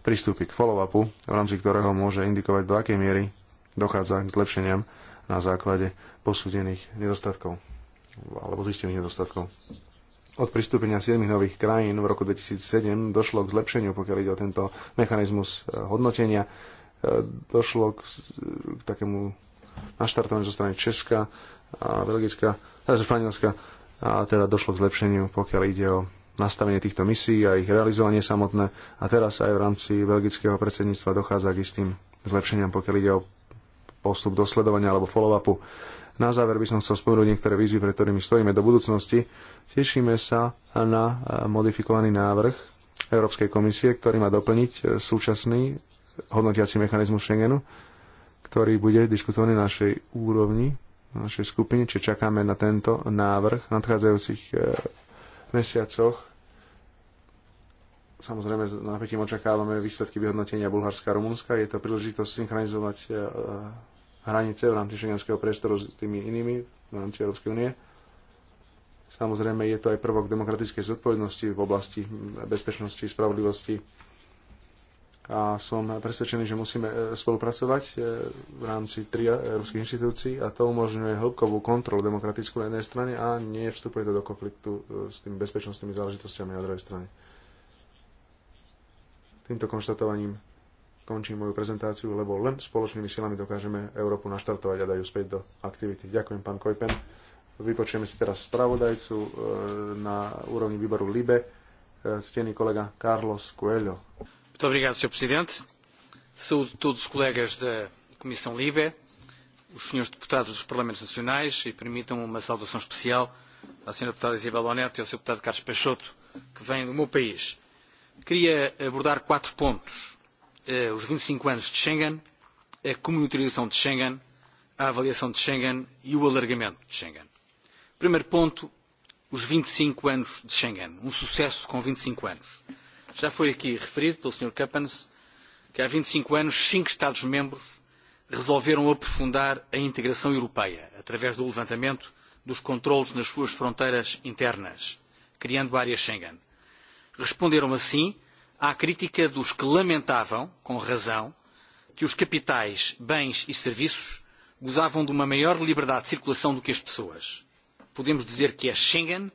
Speaker 3: pristúpi k follow-upu, v rámci ktorého môže indikovať, do akej miery dochádza k zlepšeniam na základe posúdených nedostatkov alebo zistených nedostatkov od pristúpenia 7 nových krajín v roku 2007 došlo k zlepšeniu, pokiaľ ide o tento mechanizmus e, hodnotenia. E, došlo k, e, k takému naštartovaniu zo strany Česka a Belgická, teda Španielska a teda došlo k zlepšeniu, pokiaľ ide o nastavenie týchto misií a ich realizovanie samotné. A teraz aj v rámci belgického predsedníctva dochádza k istým zlepšeniam, pokiaľ ide o postup dosledovania alebo follow-upu na záver by som chcel spomenúť niektoré výzvy, pre ktorými stojíme do budúcnosti. Tešíme sa na e, modifikovaný návrh Európskej komisie, ktorý má doplniť e, súčasný hodnotiaci mechanizmus Schengenu, ktorý bude diskutovaný na našej úrovni, na našej skupine, či čakáme na tento návrh v nadchádzajúcich e, mesiacoch samozrejme s napätím očakávame výsledky vyhodnotenia Bulharska a Rumunska. Je to príležitosť synchronizovať hranice v rámci šengenského priestoru s tými inými v rámci Európskej únie. Samozrejme, je to aj prvok demokratickej zodpovednosti v oblasti bezpečnosti, spravodlivosti. A som presvedčený, že musíme e, spolupracovať e, v rámci tri európskych inštitúcií a to umožňuje hĺbkovú kontrolu demokratickú na jednej strane a nie vstupuje to do konfliktu e, s tými bezpečnostnými záležitostiami na druhej strane. Týmto konštatovaním končím moju prezentáciu, lebo len spoločnými silami dokážeme Európu naštartovať a dajú späť do aktivity. Ďakujem, pán Kojpen. Vypočujeme si teraz spravodajcu e, na úrovni výboru LIBE, e, ctený kolega Carlos Coelho.
Speaker 2: Muito obrigado, Sr. Presidente. Saúdo todos os colegas da Comissão LIBE, os senhores deputados dos Parlamentos Nacionais e permitam uma saudação especial à senhora deputada Isabel Oneto e ao Sr. deputado Carlos Peixoto, que vem do meu país. Queria abordar quatro pontos Eh, os vinte e cinco anos de Schengen, a comunitarização de Schengen, a avaliação de Schengen e o alargamento de Schengen. Primeiro ponto, os vinte e cinco anos de Schengen. Um sucesso com vinte e cinco anos. Já foi aqui referido pelo Sr. Kappens que há vinte e cinco anos cinco Estados-membros resolveram aprofundar a integração europeia através do levantamento dos controlos nas suas fronteiras internas, criando a área Schengen. Responderam assim à crítica dos que lamentavam, com razão, que os capitais, bens e serviços gozavam de uma maior liberdade de circulação do que as pessoas. Podemos dizer que é Schengen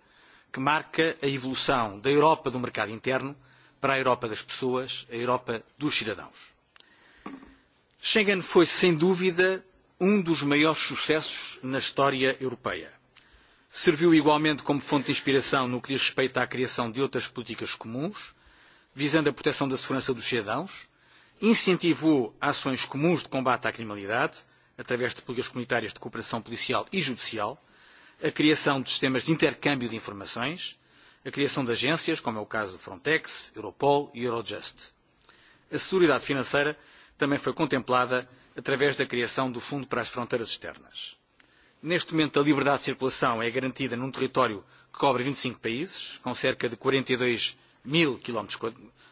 Speaker 2: que marca a evolução da Europa do mercado interno para a Europa das pessoas, a Europa dos cidadãos. Schengen foi, sem dúvida, um dos maiores sucessos na história europeia. Serviu igualmente como fonte de inspiração no que diz respeito à criação de outras políticas comuns, visando a proteção da segurança dos cidadãos, incentivou ações comuns de combate à criminalidade, através de políticas comunitárias de cooperação policial e judicial, a criação de sistemas de intercâmbio de informações, a criação de agências, como é o caso do Frontex, Europol e Eurojust. A seguridade financeira também foi contemplada através da criação do Fundo para as Fronteiras Externas. Neste momento, a liberdade de circulação é garantida num território que cobre 25 e países, com cerca de 42 mil quilómetros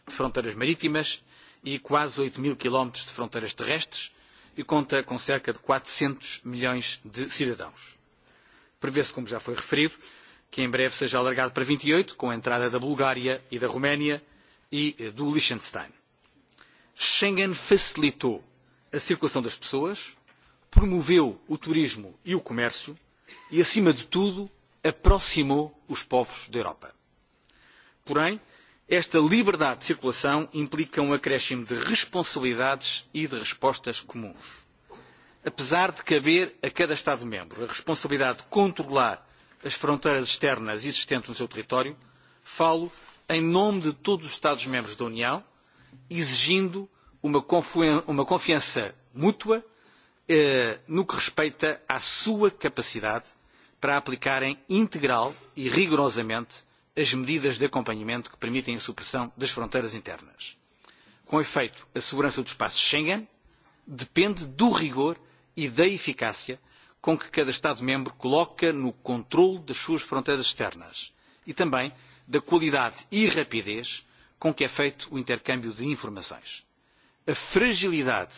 Speaker 2: de fronteiras marítimas e quase oito mil quilómetros de fronteiras terrestres e conta com cerca de quatrocentos milhões de cidadãos. Prevê-se, como já foi referido, que em breve seja alargado para vinte e oito, com a entrada da Bulgária e da Roménia e eh, do Liechtenstein. Schengen facilitou a circulação das pessoas, promoveu o turismo e o comércio e, acima de tudo, aproximou os povos da Europa. Porém, Esta liberdade de circulação implica um acréscimo de responsabilidades e de respostas comuns. Apesar de caber a cada Estado-membro a responsabilidade de controlar as fronteiras externas existentes no seu território, falo em nome de todos os Estados-membros da União, exigindo uma, confiança mútua eh, no que respeita à sua capacidade para aplicarem integral e rigorosamente as medidas de acompanhamento que permitem a supressão das fronteiras internas. Com efeito, a segurança do espaço Schengen depende do rigor e da eficácia com que cada Estado-membro coloca no controle das suas fronteiras externas e também da qualidade e rapidez com que é feito o intercâmbio de informações. A fragilidade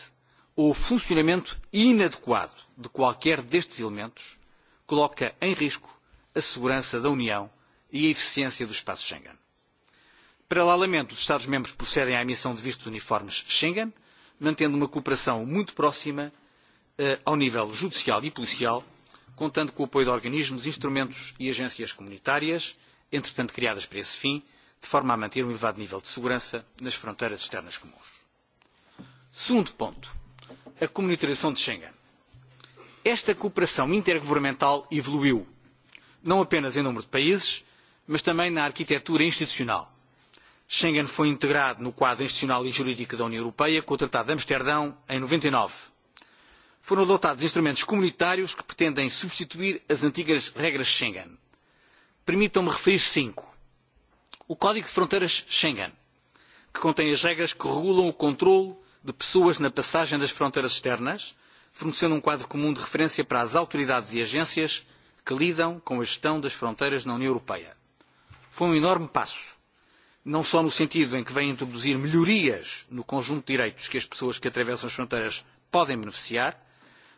Speaker 2: ou o funcionamento inadequado de qualquer destes elementos coloca em risco a segurança da União e a eficiência do espaço Schengen. Paralelamente, os Estados-membros procedem à emissão de vistos uniformes Schengen, mantendo uma cooperação muito próxima eh, ao nível judicial e policial, contando com o apoio de organismos, instrumentos e agências comunitárias, entretanto criadas para esse fim, de forma a manter um elevado nível de segurança nas fronteiras externas comuns. Segundo ponto, a comunitarização de Schengen. Esta cooperação intergovernamental evoluiu, não apenas em número de países, mas também na arquitetura institucional. Schengen foi integrado no quadro institucional e jurídico da União Europeia com o Tratado de Amsterdão em 99. E Foram adotados instrumentos comunitários que pretendem substituir as antigas regras Schengen. Permitam-me referir cinco. O Código de Fronteiras Schengen, que contém as regras que regulam o controle de pessoas na passagem das fronteiras externas, fornecendo um quadro comum de referência para as autoridades e agências que lidam com a gestão das fronteiras na União Europeia foi um enorme passo. Não só no sentido em que vem introduzir melhorias no conjunto de direitos que as pessoas que atravessam as fronteiras podem beneficiar,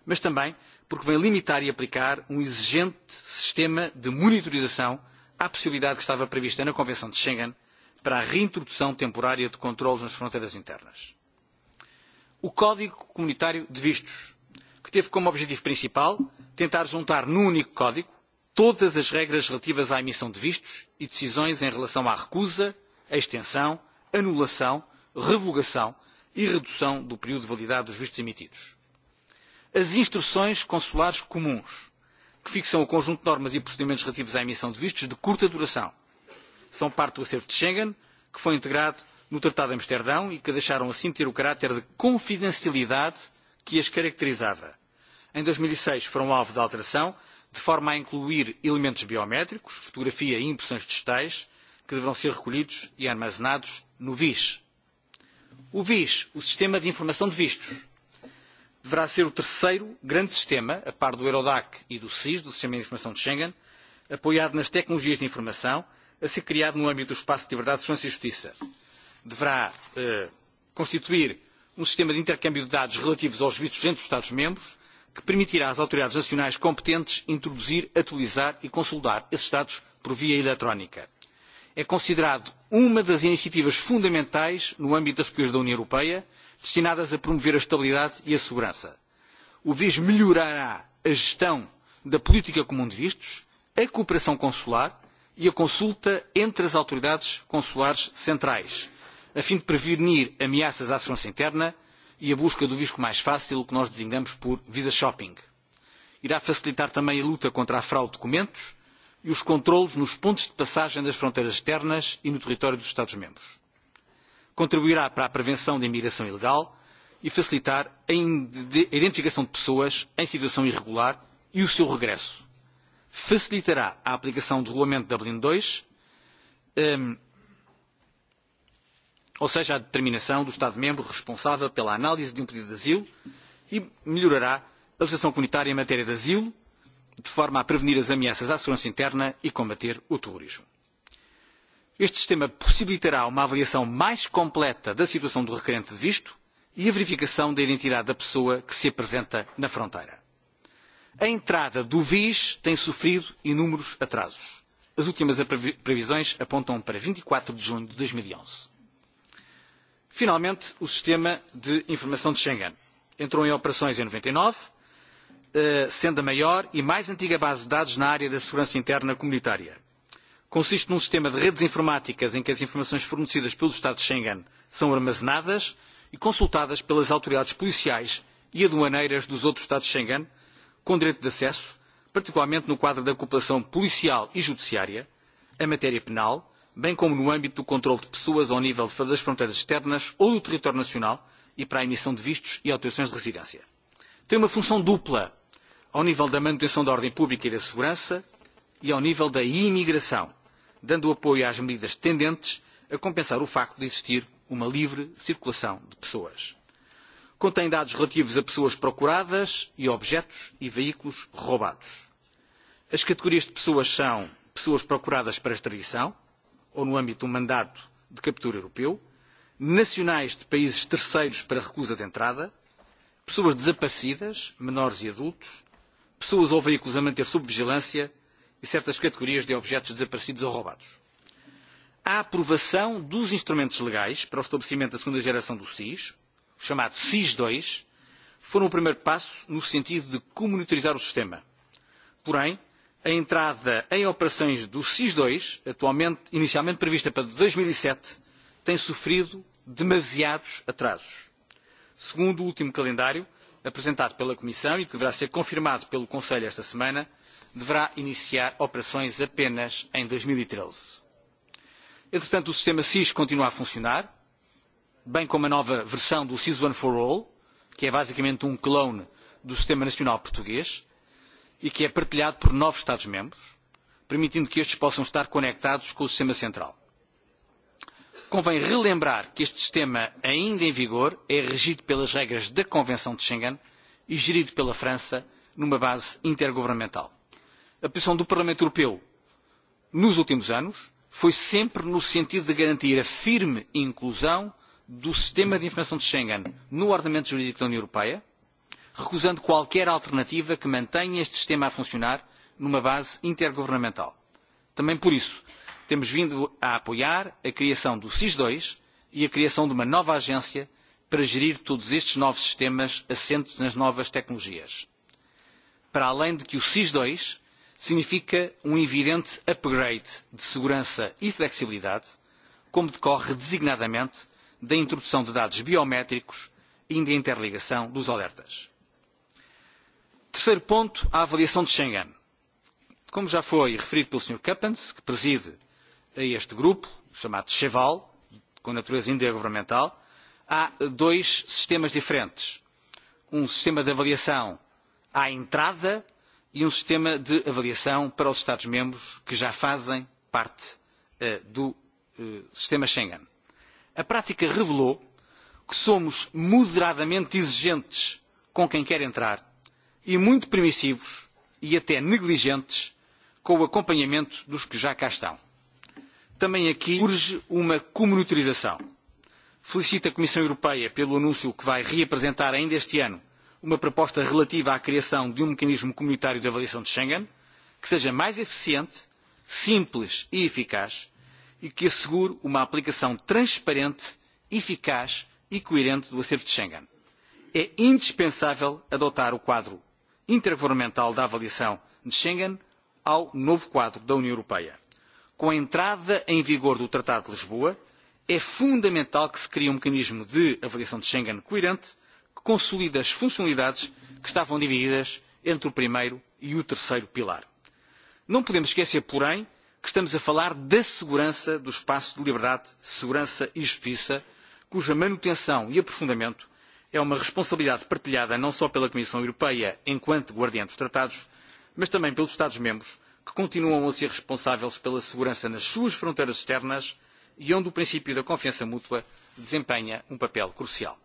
Speaker 2: mas também porque vem limitar e aplicar um exigente sistema de monitorização à possibilidade que estava prevista na Convenção de Schengen para a reintrodução temporária de controlos nas fronteiras internas. O Código Comunitário de Vistos, que teve como objetivo principal tentar juntar num único código todas as regras relativas à emissão de vistos e decisões em relação à recusa, à extensão, anulação, revogação e redução do período de validade dos vistos emitidos. As instruções consulares comuns, que fixam o conjunto de normas e procedimentos relativos à emissão de vistos de curta duração, são parte do acervo de Schengen, que foi integrado no Tratado de Amsterdão e que deixaram assim ter o caráter de confidencialidade que as caracterizava. Em dois mil e seis foram alvo de alteração de forma a incluir elementos biométricos, fotografia e impressões digitais, que deverão ser recolhidos e armazenados no VIS. O VIS, o Sistema de Informação de Vistos, deverá ser o terceiro grande sistema, a par do Eurodac e do SIS, do Sistema de Informação de Schengen, apoiado nas tecnologias de informação, a ser criado no âmbito do espaço de liberdade, segurança e justiça. Deverá eh, constituir um sistema de intercâmbio de dados relativos aos vistos entre os Estados-membros, que permitirá às autoridades nacionais competentes introduzir, atualizar e consolidar esses dados por via eletrónica. É considerado uma das iniciativas fundamentais no âmbito das políticas da União Europeia, destinadas a promover a estabilidade e a segurança. O VIS melhorará a gestão da política comum de vistos, a cooperação consular e a consulta entre as autoridades consulares centrais, a fim de prevenir ameaças à segurança interna e a busca do visco mais fácil, o que nós designamos por Visa Shopping. Irá facilitar também a luta contra a fraude de documentos e os controlos nos pontos de passagem das fronteiras externas e no território dos Estados-membros. Contribuirá para a prevenção da imigração ilegal e facilitar a identificação de pessoas em situação irregular e o seu regresso. Facilitará a aplicação do Regulamento Dublin II, ou seja, a determinação do Estado-membro responsável pela análise de um pedido de asilo e melhorará a legislação comunitária em matéria de asilo, de forma a prevenir as ameaças à segurança interna e combater o terrorismo. Este sistema possibilitará uma avaliação mais completa da situação do requerente de visto e a verificação da identidade da pessoa que se apresenta na fronteira. A entrada do VIS tem sofrido inúmeros atrasos. As últimas previsões apontam para 24 e de junho de 2011. Finalmente, o sistema de informação de Schengen. Entrou em operações em 99, e eh, sendo a maior e mais antiga base de dados na área da segurança interna comunitária. Consiste num sistema de redes informáticas em que as informações fornecidas pelos Estados de Schengen são armazenadas e consultadas pelas autoridades policiais e aduaneiras dos outros Estados de Schengen, com direito de acesso, particularmente no quadro da cooperação policial e judiciária, a matéria penal, bem como no âmbito do controle de pessoas ao nível das fronteiras externas ou do território nacional e para a emissão de vistos e autorizações de residência. Tem uma função dupla ao nível da manutenção da ordem pública e da segurança e ao nível da imigração, dando apoio às medidas tendentes a compensar o facto de existir uma livre circulação de pessoas. Contém dados relativos a pessoas procuradas e objetos e veículos roubados. As categorias de pessoas são pessoas procuradas para extradição, ou no âmbito de um mandato de captura europeu, nacionais de países terceiros para recusa de entrada, pessoas desaparecidas, menores e adultos, pessoas ou veículos a manter sob vigilância e certas categorias de objetos desaparecidos ou roubados. A aprovação dos instrumentos legais para o estabelecimento da segunda geração do SIS, o chamado SIS II, foram o primeiro passo no sentido de comunitarizar o sistema. Porém, a entrada em operações do sis ii inicialmente prevista para dois mil e sete tem sofrido demasiados atrasos. segundo o último calendário apresentado pela comissão e que deverá ser confirmado pelo conselho esta semana deverá iniciar operações apenas em. dois mil e treze entretanto o sistema sis continua a funcionar bem como a nova versão do sis one for all que é basicamente um clone do sistema nacional português e que é partilhado por nove Estados-membros, permitindo que estes possam estar conectados com o sistema central. Convém relembrar que este sistema, ainda em vigor, é regido pelas regras da Convenção de Schengen e gerido pela França numa base intergovernamental. A posição do Parlamento Europeu nos últimos anos foi sempre no sentido de garantir a firme inclusão do sistema de informação de Schengen no ordenamento jurídico da União Europeia, recusando qualquer alternativa que mantenha este sistema a funcionar numa base intergovernamental. Também por isso, temos vindo a apoiar a criação do sis ii e a criação de uma nova agência para gerir todos estes novos sistemas assentes nas novas tecnologias. Para além de que o sis ii significa um evidente upgrade de segurança e flexibilidade, como decorre designadamente da introdução de dados biométricos e da interligação dos alertas. Terceiro ponto, a avaliação de Schengen. Como já foi referido pelo Sr. Kappens, que preside a este grupo, chamado Cheval, com natureza intergovernamental, há dois sistemas diferentes. Um sistema de avaliação à entrada e um sistema de avaliação para os Estados-membros que já fazem parte uh, do uh, sistema Schengen. A prática revelou que somos moderadamente exigentes com quem quer entrar e muito permissivos e até negligentes com o acompanhamento dos que já cá estão. Também aqui urge uma comunitarização. Felicito a Comissão Europeia pelo anúncio que vai reapresentar ainda este ano uma proposta relativa à criação de um mecanismo comunitário de avaliação de Schengen que seja mais eficiente, simples e eficaz e que assegure uma aplicação transparente, eficaz e coerente do acervo de Schengen. É indispensável adotar o quadro intergovernamental da avaliação de Schengen ao novo quadro da União Europeia. Com a entrada em vigor do Tratado de Lisboa, é fundamental que se crie um mecanismo de avaliação de Schengen coerente, que consolida as funcionalidades que estavam divididas entre o primeiro e o terceiro pilar. Não podemos esquecer, porém, que estamos a falar da segurança do espaço de liberdade, segurança e justiça, cuja manutenção e aprofundamento é uma responsabilidade partilhada não só pela Comissão Europeia, enquanto guardiã dos tratados, mas também pelos Estados-membros, que continuam a ser responsáveis pela segurança nas suas fronteiras externas e onde o princípio da confiança mútua desempenha um papel crucial.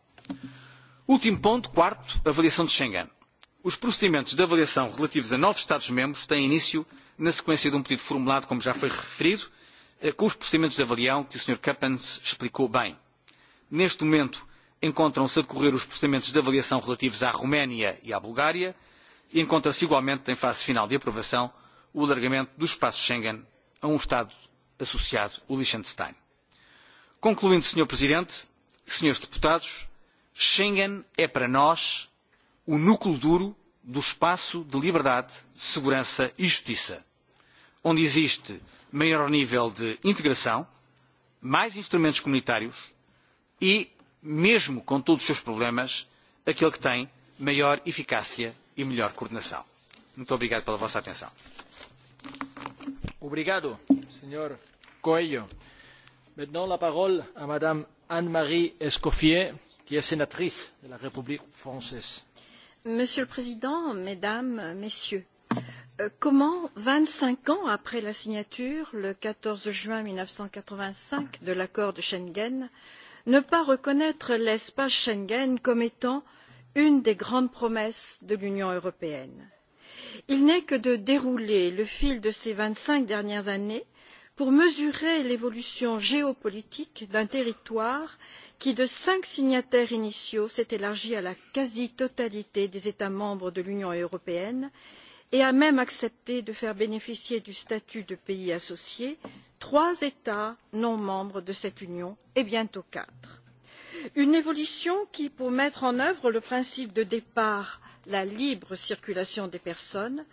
Speaker 2: Último ponto, quarto, avaliação de Schengen. Os procedimentos de avaliação relativos a novos Estados-membros têm início na sequência de um pedido formulado, como já foi referido, eh, com os procedimentos de avaliação que o Sr. Kappens explicou bem. Neste momento, encontram-se a decorrer os procedimentos de avaliação relativos à Roménia e à Bulgária e encontra-se igualmente em fase final de aprovação o alargamento do espaço Schengen a um Estado associado, o Liechtenstein. Concluindo, Sr. Presidente, Srs. Deputados, Schengen é para nós o núcleo duro do espaço de liberdade, segurança e justiça, onde existe maior nível de integração, mais instrumentos comunitários e mesmo com todos os seus problemas, aquele que tem maior eficácia e melhor coordenação. Muito obrigado pela vossa atenção. Obrigado, Sr. Coelho. Maintenant, la parole à Madame
Speaker 5: Anne-Marie Escoffier, qui est sénatrice de la République française. Monsieur le Président, Mesdames, Messieurs, euh, comment 25 ans après la signature le 14 juin 1985, de l'accord de schengen ne pas reconnaître l'espace schengen comme étant une des grandes promesses de l'union européenne. il n'est que de dérouler le fil de ces vingt cinq dernières années pour mesurer l'évolution géopolitique d'un territoire qui de cinq signataires initiaux s'est élargi à la quasi totalité des états membres de l'union européenne et et a même accepté de faire bénéficier du statut de pays associé trois états non membres de cette union et bientôt quatre une évolution qui pour mettre en œuvre le principe de départ la libre circulation des personnes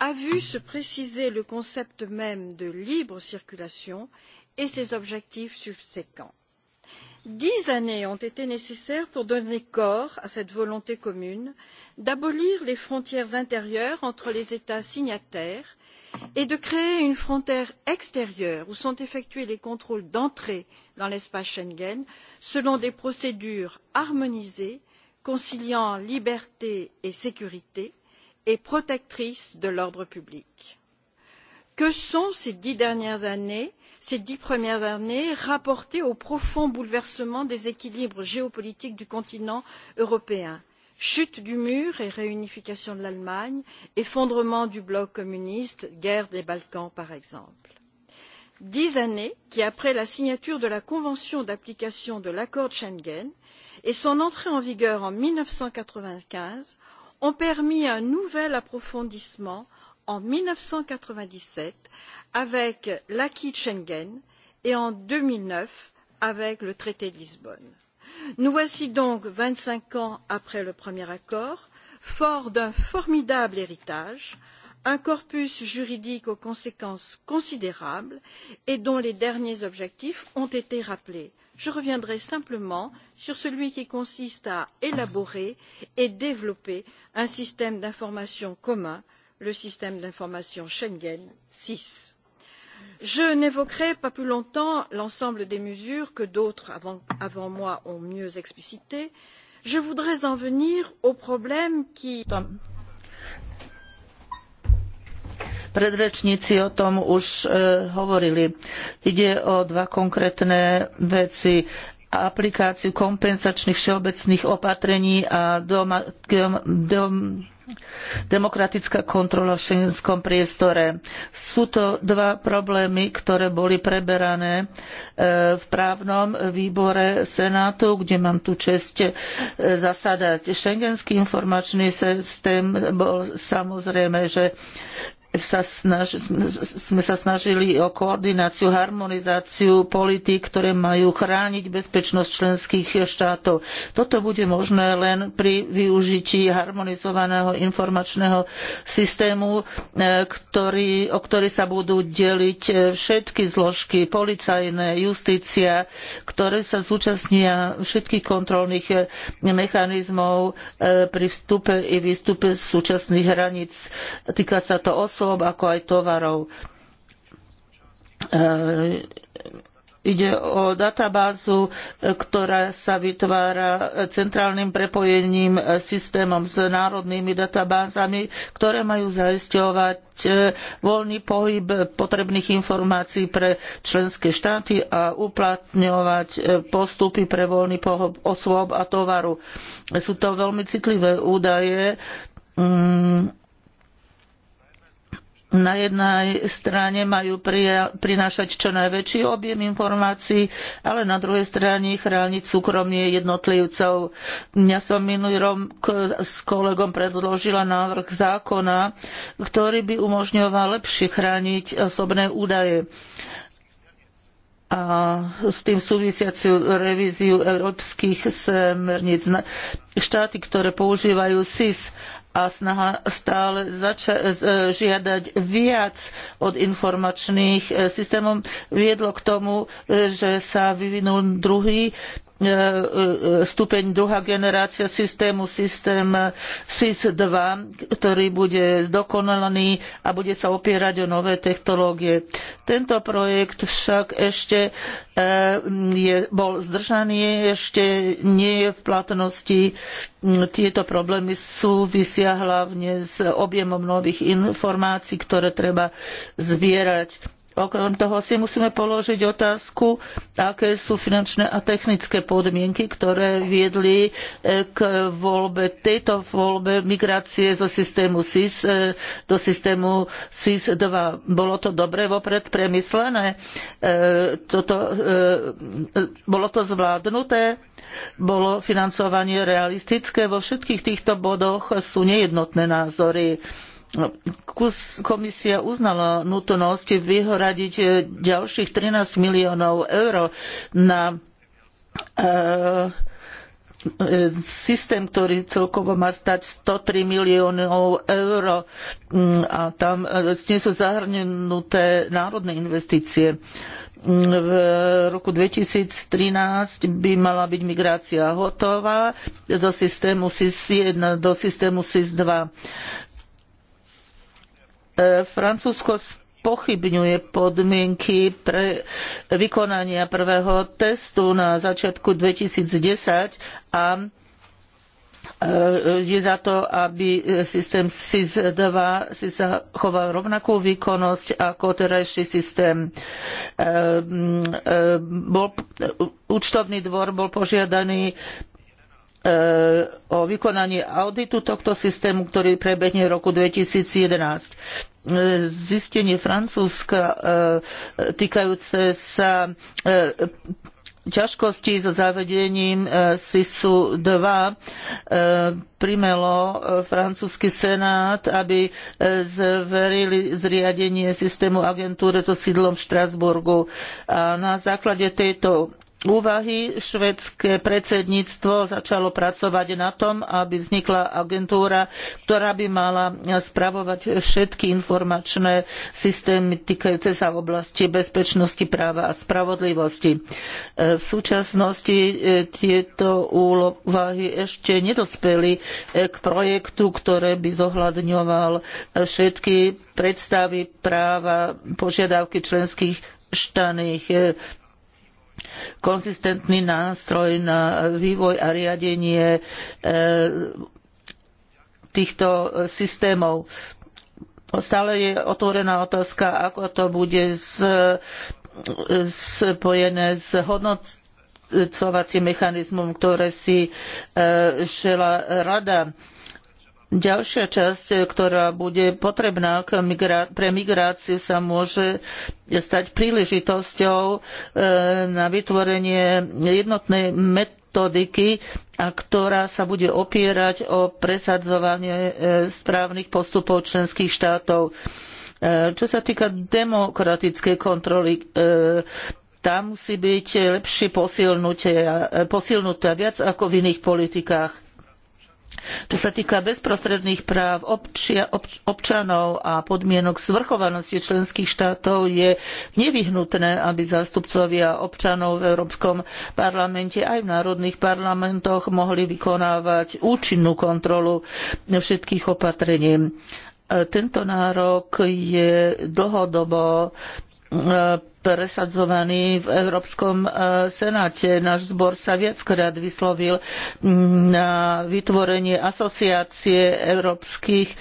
Speaker 5: a vu se préciser le concept même de libre circulation et ses objectifs subséquents dix années ont été nécessaires pour donner corps à cette volonté commune d'abolir les frontières intérieures entre les états signataires et de créer une frontière extérieure où sont effectués les contrôles d'entrée dans l'espace schengen selon des procédures harmonisées conciliant liberté et sécurité et protectrices de l'ordre public que sont ces dix dernières années ces dix premières années rapportées au profond bouleversement des équilibres géopolitiques du continent européen chute du mur et réunification de l'allemagne effondrement du bloc communiste guerre des balkans par exemple? dix années qui après la signature de la convention d'application de l'accord de schengen et son entrée en vigueur en mille neuf cent quatre vingt quinze ont permis un nouvel approfondissement en mille neuf cent quatre vingt dix sept avec l'acquis de schengen et en deux mille neuf avec le traité de lisbonne. nous voici donc vingt cinq ans après le premier accord forts d'un formidable héritage un corpus juridique aux conséquences considérables et dont les derniers objectifs ont été rappelés. je reviendrai simplement sur celui qui consiste à élaborer et développer un système d'information commun le système d'information schengen sis. je n'évoquerai pas plus longtemps l'ensemble des mesures que d'autres avant, moi ont mieux explicitées je voudrais en venir au problème qui
Speaker 4: predrečníci o tom už e, hovorili. Ide o dva konkrétne veci aplikáciu kompenzačných všeobecných opatrení a doma, dom, demokratická kontrola v šengenskom priestore. Sú to dva problémy, ktoré boli preberané e, v právnom výbore Senátu, kde mám tu čest e, zasadať. Šengenský informačný systém bol samozrejme, že sa snaž, sme sa snažili o koordináciu, harmonizáciu politík, ktoré majú chrániť bezpečnosť členských štátov. Toto bude možné len pri využití harmonizovaného informačného systému, e, ktorý, o ktorý sa budú deliť e, všetky zložky, policajné, justícia, ktoré sa zúčastnia všetkých kontrolných e, mechanizmov pri vstupe i výstupe z súčasných hraníc. Týka sa to osôb, osôb, ako aj tovarov. E, ide o databázu, ktorá sa vytvára centrálnym prepojením e, systémom s národnými databázami, ktoré majú zaisťovať e, voľný pohyb potrebných informácií pre členské štáty a uplatňovať postupy pre voľný pohyb osôb a tovaru. Sú to veľmi citlivé údaje mm, na jednej strane majú prinášať čo najväčší objem informácií, ale na druhej strane chrániť súkromie jednotlivcov. Ja som minulý rok s kolegom predložila návrh zákona, ktorý by umožňoval lepšie chrániť osobné údaje a s tým súvisiacu revíziu európskych smerníc. Štáty, ktoré používajú SIS a snaha stále e, žiadať viac od informačných e, systémov viedlo k tomu, e, že sa vyvinul druhý E, e, stupeň druhá generácia systému, systém SIS-2, ktorý bude zdokonalený a bude sa opierať o nové technológie. Tento projekt však ešte e, je, bol zdržaný, ešte nie je v platnosti. Tieto problémy súvisia hlavne s objemom nových informácií, ktoré treba zbierať Okrem toho si musíme položiť otázku, aké sú finančné a technické podmienky, ktoré viedli e, k voľbe, tejto voľbe migrácie zo systému SIS e, do systému SIS-2. Bolo to dobre vopred premyslené? E, toto, bolo to zvládnuté? Bolo financovanie realistické? Vo všetkých týchto bodoch sú nejednotné názory komisia uznala nutnosť vyhradiť e, ďalších 13 miliónov eur na e, e, systém, ktorý celkovo má stať 103 miliónov eur mm, a tam nie sú zahrnuté národné investície. Mm, v roku 2013 by mala byť migrácia hotová zo systému SIS-1 do systému SIS-2. E, Francúzsko pochybňuje podmienky pre vykonania prvého testu na začiatku 2010 a e, je za to, aby systém SIS-2 si zachoval rovnakú výkonnosť ako terajší systém. E, bol, účtovný dvor bol požiadaný Eh, o vykonaní auditu tohto systému, ktorý prebehne v roku 2011. Eh, zistenie Francúzska eh, týkajúce sa ťažkosti so zavedením SISu 2 primelo francúzsky senát, aby zverili zriadenie systému agentúre so sídlom v Štrasburgu. A na základe tejto úvahy. Švedské predsedníctvo začalo pracovať na tom, aby vznikla agentúra, ktorá by mala spravovať všetky informačné systémy týkajúce sa oblasti bezpečnosti práva a spravodlivosti. V súčasnosti e, tieto úvahy ešte nedospeli e, k projektu, ktoré by zohľadňoval všetky predstavy práva, požiadavky členských štaných e, konzistentný nástroj na vývoj a riadenie e, týchto systémov. Stále je otvorená otázka, ako to bude spojené s hodnocovacím mechanizmom, ktoré si e, žela rada Ďalšia časť, ktorá bude potrebná pre migráciu, sa môže stať príležitosťou e, na vytvorenie jednotnej metodiky, a ktorá sa bude opierať o presadzovanie e, správnych postupov členských štátov. E, čo sa týka demokratickej kontroly, tá musí byť lepšie posilnuté, viac ako v iných politikách čo sa týka bezprostredných práv občia, obč, občanov a podmienok svrchovanosti členských štátov, je nevyhnutné, aby zástupcovia občanov v Európskom parlamente aj v národných parlamentoch mohli vykonávať účinnú kontrolu všetkých opatrení. E, tento nárok je dlhodobo E, presadzovaný v Európskom e, senáte. Náš zbor sa viackrát vyslovil mm, na vytvorenie asociácie európskych e,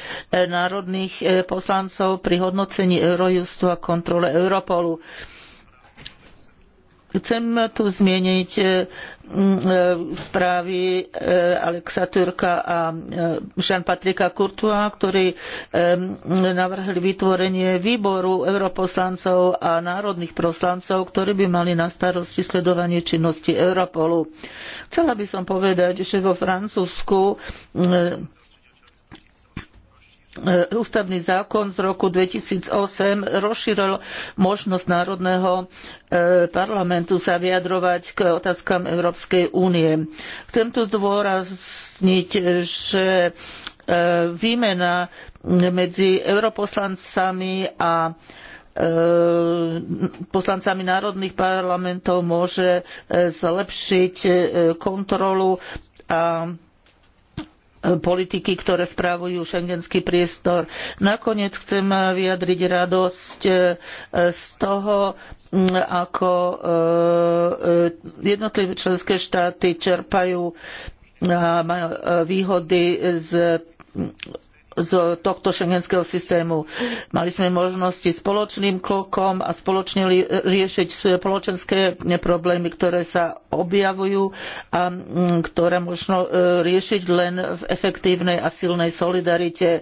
Speaker 4: národných poslancov pri hodnocení Eurojustu a kontrole Europolu. Chcem tu zmieniť e, e, správy e, Alexa Turka a Jean-Patrika Courtois, ktorí navrhli vytvorenie výboru europoslancov a národných poslancov, ktorí by mali na starosti sledovanie činnosti Europolu. Chcela by som povedať, že vo Francúzsku E, ústavný zákon z roku 2008 rozšíril možnosť Národného e, parlamentu sa vyjadrovať k otázkam Európskej únie. Chcem tu zdôrazniť, že e, výmena medzi europoslancami a poslancami národných parlamentov môže zlepšiť kontrolu a E, politiky, ktoré správujú šengenský priestor. Nakoniec chcem vyjadriť radosť e, e, z toho, ako jednotlivé členské štáty čerpajú výhody z z tohto šengenského systému. Mali sme možnosti spoločným krokom a spoločne riešiť spoločenské problémy, ktoré sa objavujú a mm, ktoré možno e, riešiť len v efektívnej a silnej solidarite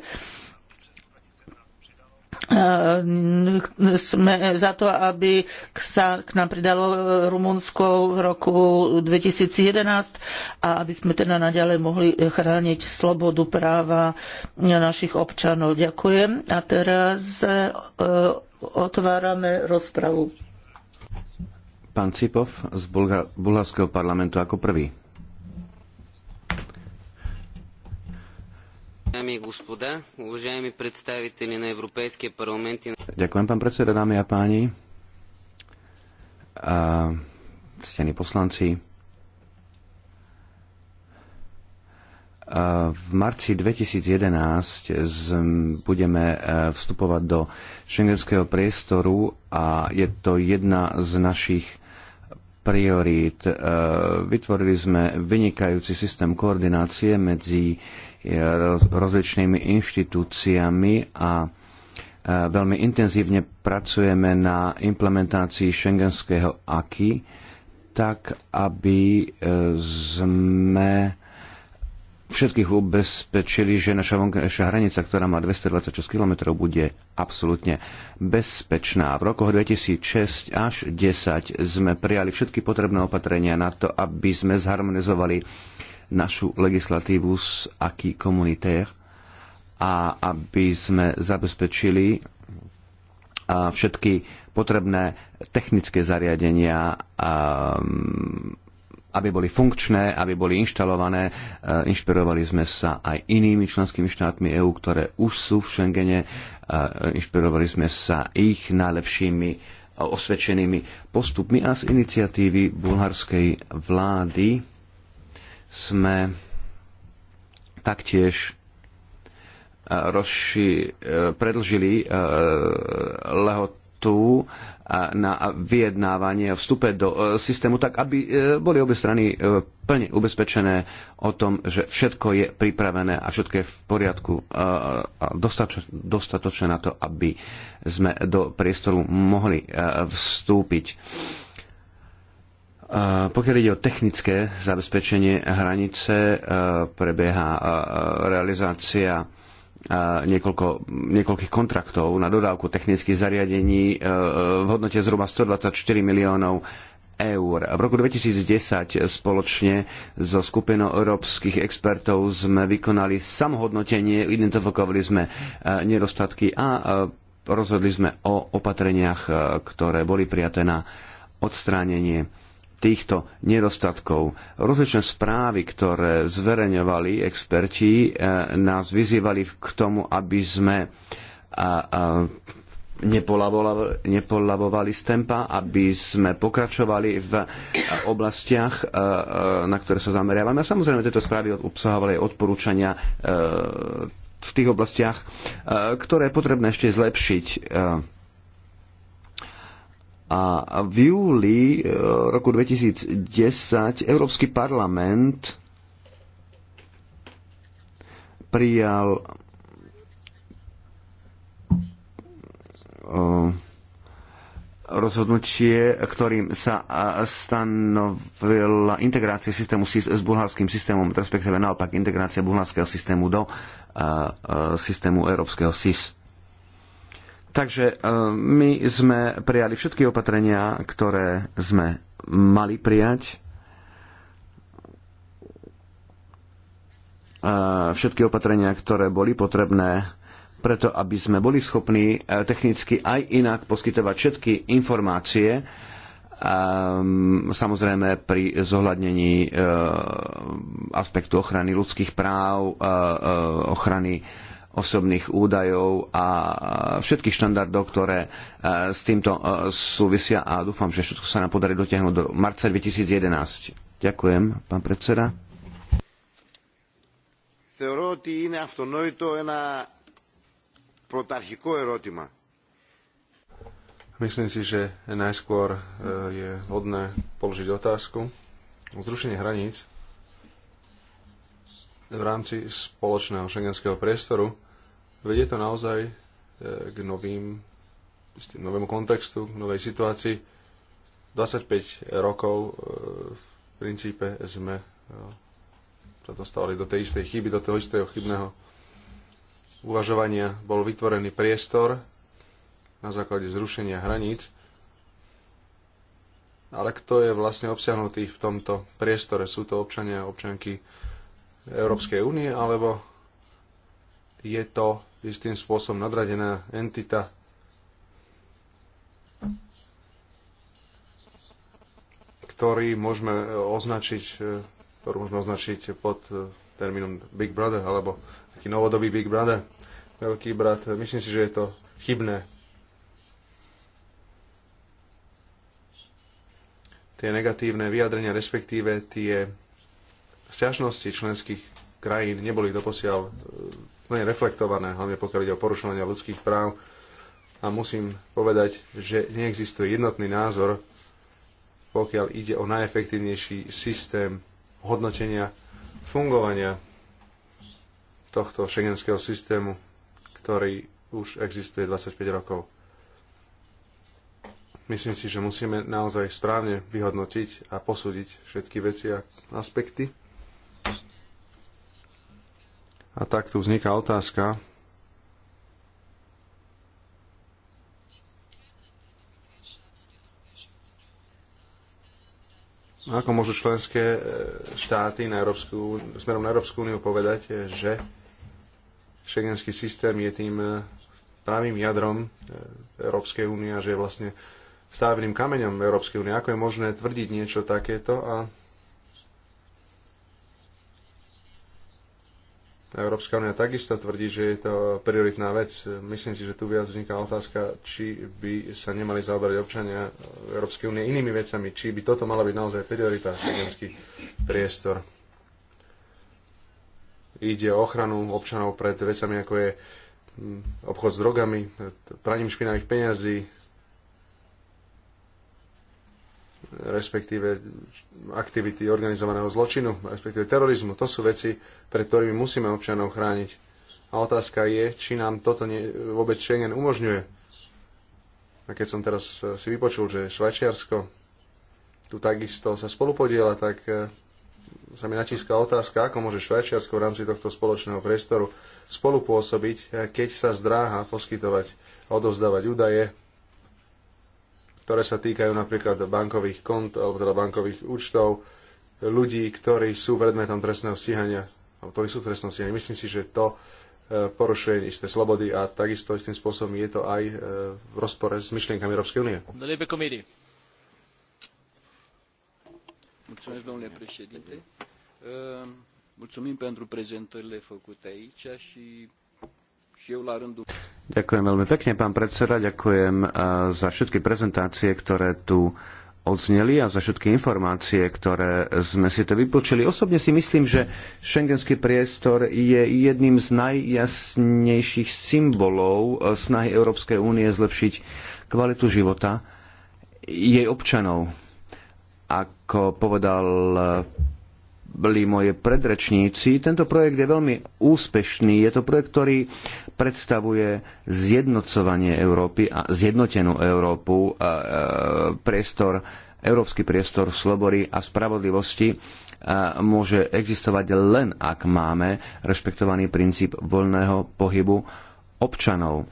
Speaker 4: Ehm, sme za to, aby sa k nám pridalo Rumunsko v roku 2011 a aby sme teda naďalej mohli chrániť slobodu práva našich občanov. Ďakujem. A teraz e, otvárame rozpravu.
Speaker 1: Pán Cipov z Bulharského parlamentu ako prvý. Ďakujem, pán predseda, dámy a páni. A stení poslanci. A v marci 2011 budeme e, vstupovať do šengenského priestoru a je to jedna z našich priorít. E, vytvorili sme vynikajúci systém koordinácie medzi E, rozličnými inštitúciami a e, veľmi intenzívne pracujeme na implementácii šengenského AKI, tak aby e, sme všetkých ubezpečili, že naša vonkajšia hranica, ktorá má 226 km, bude absolútne bezpečná. V rokoch 2006 až 10 sme prijali všetky potrebné opatrenia na to, aby sme zharmonizovali našu legislatívu s aký komunitér a aby sme zabezpečili všetky potrebné technické zariadenia, aby boli funkčné, aby boli inštalované. Inšpirovali sme sa aj inými členskými štátmi EÚ, ktoré už sú v Schengene. Inšpirovali sme sa ich najlepšími osvedčenými postupmi a z iniciatívy bulharskej vlády sme taktiež e, rozši- e, predlžili e, lehotu na vyjednávanie o vstupe do systému, tak aby boli obe strany plne ubezpečené o tom, že všetko je pripravené a všetko je v poriadku a dostatočné na to, aby sme do priestoru mohli vstúpiť pokiaľ ide o technické zabezpečenie hranice, e, prebieha e, e, realizácia niekoľko, niekoľkých kontraktov na dodávku technických zariadení v hodnote zhruba 124 miliónov eur. V roku 2010 spoločne so skupinou európskych expertov sme vykonali samohodnotenie, identifikovali sme nedostatky a rozhodli sme o opatreniach, ktoré boli prijaté na odstránenie týchto nedostatkov. Rozličné správy, ktoré zverejňovali experti, e, nás vyzývali k tomu, aby sme nepolavovali z tempa, aby sme pokračovali v e, oblastiach, e, na ktoré sa zameriavame. A samozrejme, tieto správy obsahovali aj odporúčania v tých oblastiach, ktoré je potrebné ešte zlepšiť a v júli e, roku 2010 Európsky parlament prijal e, rozhodnutie, ktorým sa e, stanovila integrácia systému SIS s bulharským systémom, respektíve naopak integrácia bulharského systému do systému európskeho SIS. Takže e, my sme prijali všetky opatrenia, ktoré sme mali prijať. E, všetky opatrenia, ktoré boli potrebné preto, aby sme boli schopní e, technicky aj inak poskytovať všetky informácie, samozrejme pri zohľadnení aspektu ochrany ľudských práv, ochrany osobných údajov a všetkých štandardov, ktoré e, s týmto e, súvisia a dúfam, že všetko sa nám podarí dotiahnuť do marca 2011. Ďakujem, pán predseda.
Speaker 3: Θεωρώ ότι είναι αυτονόητο
Speaker 1: ένα πρωταρχικό ερώτημα.
Speaker 3: Myslím si, že najskôr e, je vhodné položiť otázku. o Zrušenie hraníc v rámci spoločného šengenského priestoru Vedie to naozaj e, k novým, novému kontextu, k novej situácii. 25 rokov e, v princípe sme e, sa dostali do tej istej chyby, do toho istého chybného uvažovania. Bol vytvorený priestor na základe zrušenia hraníc, ale kto je vlastne obsiahnutý v tomto priestore? Sú to občania a občanky Európskej únie, alebo je to istým spôsobom nadradená entita. ktorý môžeme e, označiť, e, ktorú môžeme označiť pod e, termínom Big Brother, alebo taký novodobý Big Brother, veľký brat. Myslím si, že je to chybné. Tie negatívne vyjadrenia, respektíve tie sťažnosti členských krajín neboli doposiaľ je reflektované, hlavne pokiaľ ide o porušovanie ľudských práv. A musím povedať, že neexistuje jednotný názor, pokiaľ ide o najefektívnejší systém hodnotenia fungovania tohto šengenského systému, ktorý už existuje 25 rokov. Myslím si, že musíme naozaj správne vyhodnotiť a posúdiť všetky veci a aspekty a tak tu vzniká otázka, Ako môžu členské e, štáty na Európsku, smerom na Európsku úniu povedať, e, že šengenský systém je tým e, právým jadrom Európskej únie a že je vlastne stávným kameňom Európskej únie. Ako je možné tvrdiť niečo takéto a Európska únia takisto tvrdí, že je to prioritná vec. Myslím si, že tu viac vzniká otázka, či by sa nemali zaoberať občania Európskej únie inými vecami, či by toto mala byť naozaj priorita šengenský priestor. Ide o ochranu občanov pred vecami, ako je hm, obchod s drogami, praním špinavých peňazí, respektíve aktivity organizovaného zločinu, respektíve terorizmu. To sú veci, pred ktorými musíme občanov chrániť. A otázka je, či nám toto nie, vôbec Schengen umožňuje. A keď som teraz eh, si vypočul, že Švajčiarsko tu takisto sa spolupodiela, tak eh, sa mi natíska otázka, ako môže Švajčiarsko v rámci tohto spoločného priestoru spolupôsobiť, eh, keď sa zdráha poskytovať a odovzdávať údaje ktoré sa týkajú napríklad bankových kont, alebo teda bankových účtov, ľudí, ktorí sú predmetom trestného stíhania, alebo ktorí sú trestného stíhania. Myslím si, že to e, porušuje isté slobody a takisto istým spôsobom je to aj e, v rozpore s myšlienkami Európskej
Speaker 5: únie.
Speaker 2: Ehm, mulțumim pentru prezentările făcute aici și
Speaker 3: Ďakujem
Speaker 1: veľmi pekne, pán predseda. Ďakujem eh, za všetky prezentácie, ktoré tu odzneli a za všetky informácie, ktoré sme si to vypočuli. Osobne si myslím, že šengenský priestor je jedným z najjasnejších symbolov eh, snahy Európskej únie zlepšiť kvalitu života jej občanov. Ako povedal eh, boli moje predrečníci. Tento projekt je veľmi úspešný. Je to projekt, ktorý predstavuje zjednocovanie Európy a zjednotenú Európu, a, e, e, priestor, európsky priestor slobody a spravodlivosti e, môže existovať len ak máme rešpektovaný princíp voľného pohybu občanov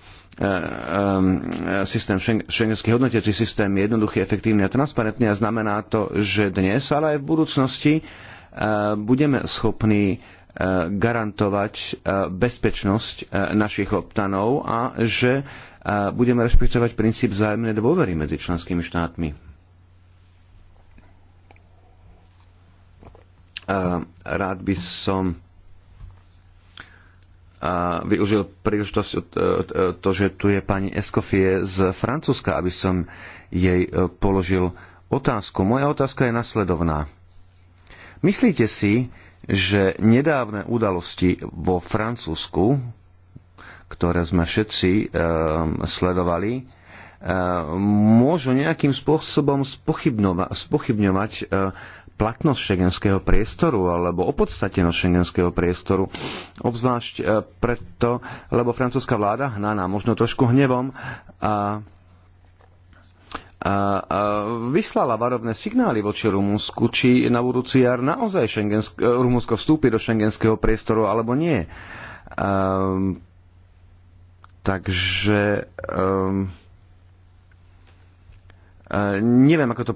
Speaker 1: systém, šengenský hodnotiaci systém je jednoduchý, efektívny a transparentný a znamená to, že dnes, ale aj v budúcnosti budeme schopní garantovať e, bezpečnosť e, našich občanov a že e, budeme rešpektovať princíp vzájomnej dôvery medzi členskými štátmi. Rád by som využil príležitosť to, že tu je pani Escoffier z Francúzska, aby som jej položil otázku. Moja otázka je nasledovná. Myslíte si, že nedávne udalosti vo Francúzsku, ktoré sme všetci e, sledovali, e, môžu nejakým spôsobom spochybňovať e, platnosť šengenského priestoru alebo opodstatenosť šengenského priestoru. Obzvlášť e, preto, lebo francúzska vláda hnaná možno trošku hnevom a e, vyslala varovné signály voči Rumunsku, či na budúci jar naozaj Schengensk- e, Rumunsko vstúpi do šengenského priestoru alebo nie. Ehm, takže ehm, e, neviem, ako to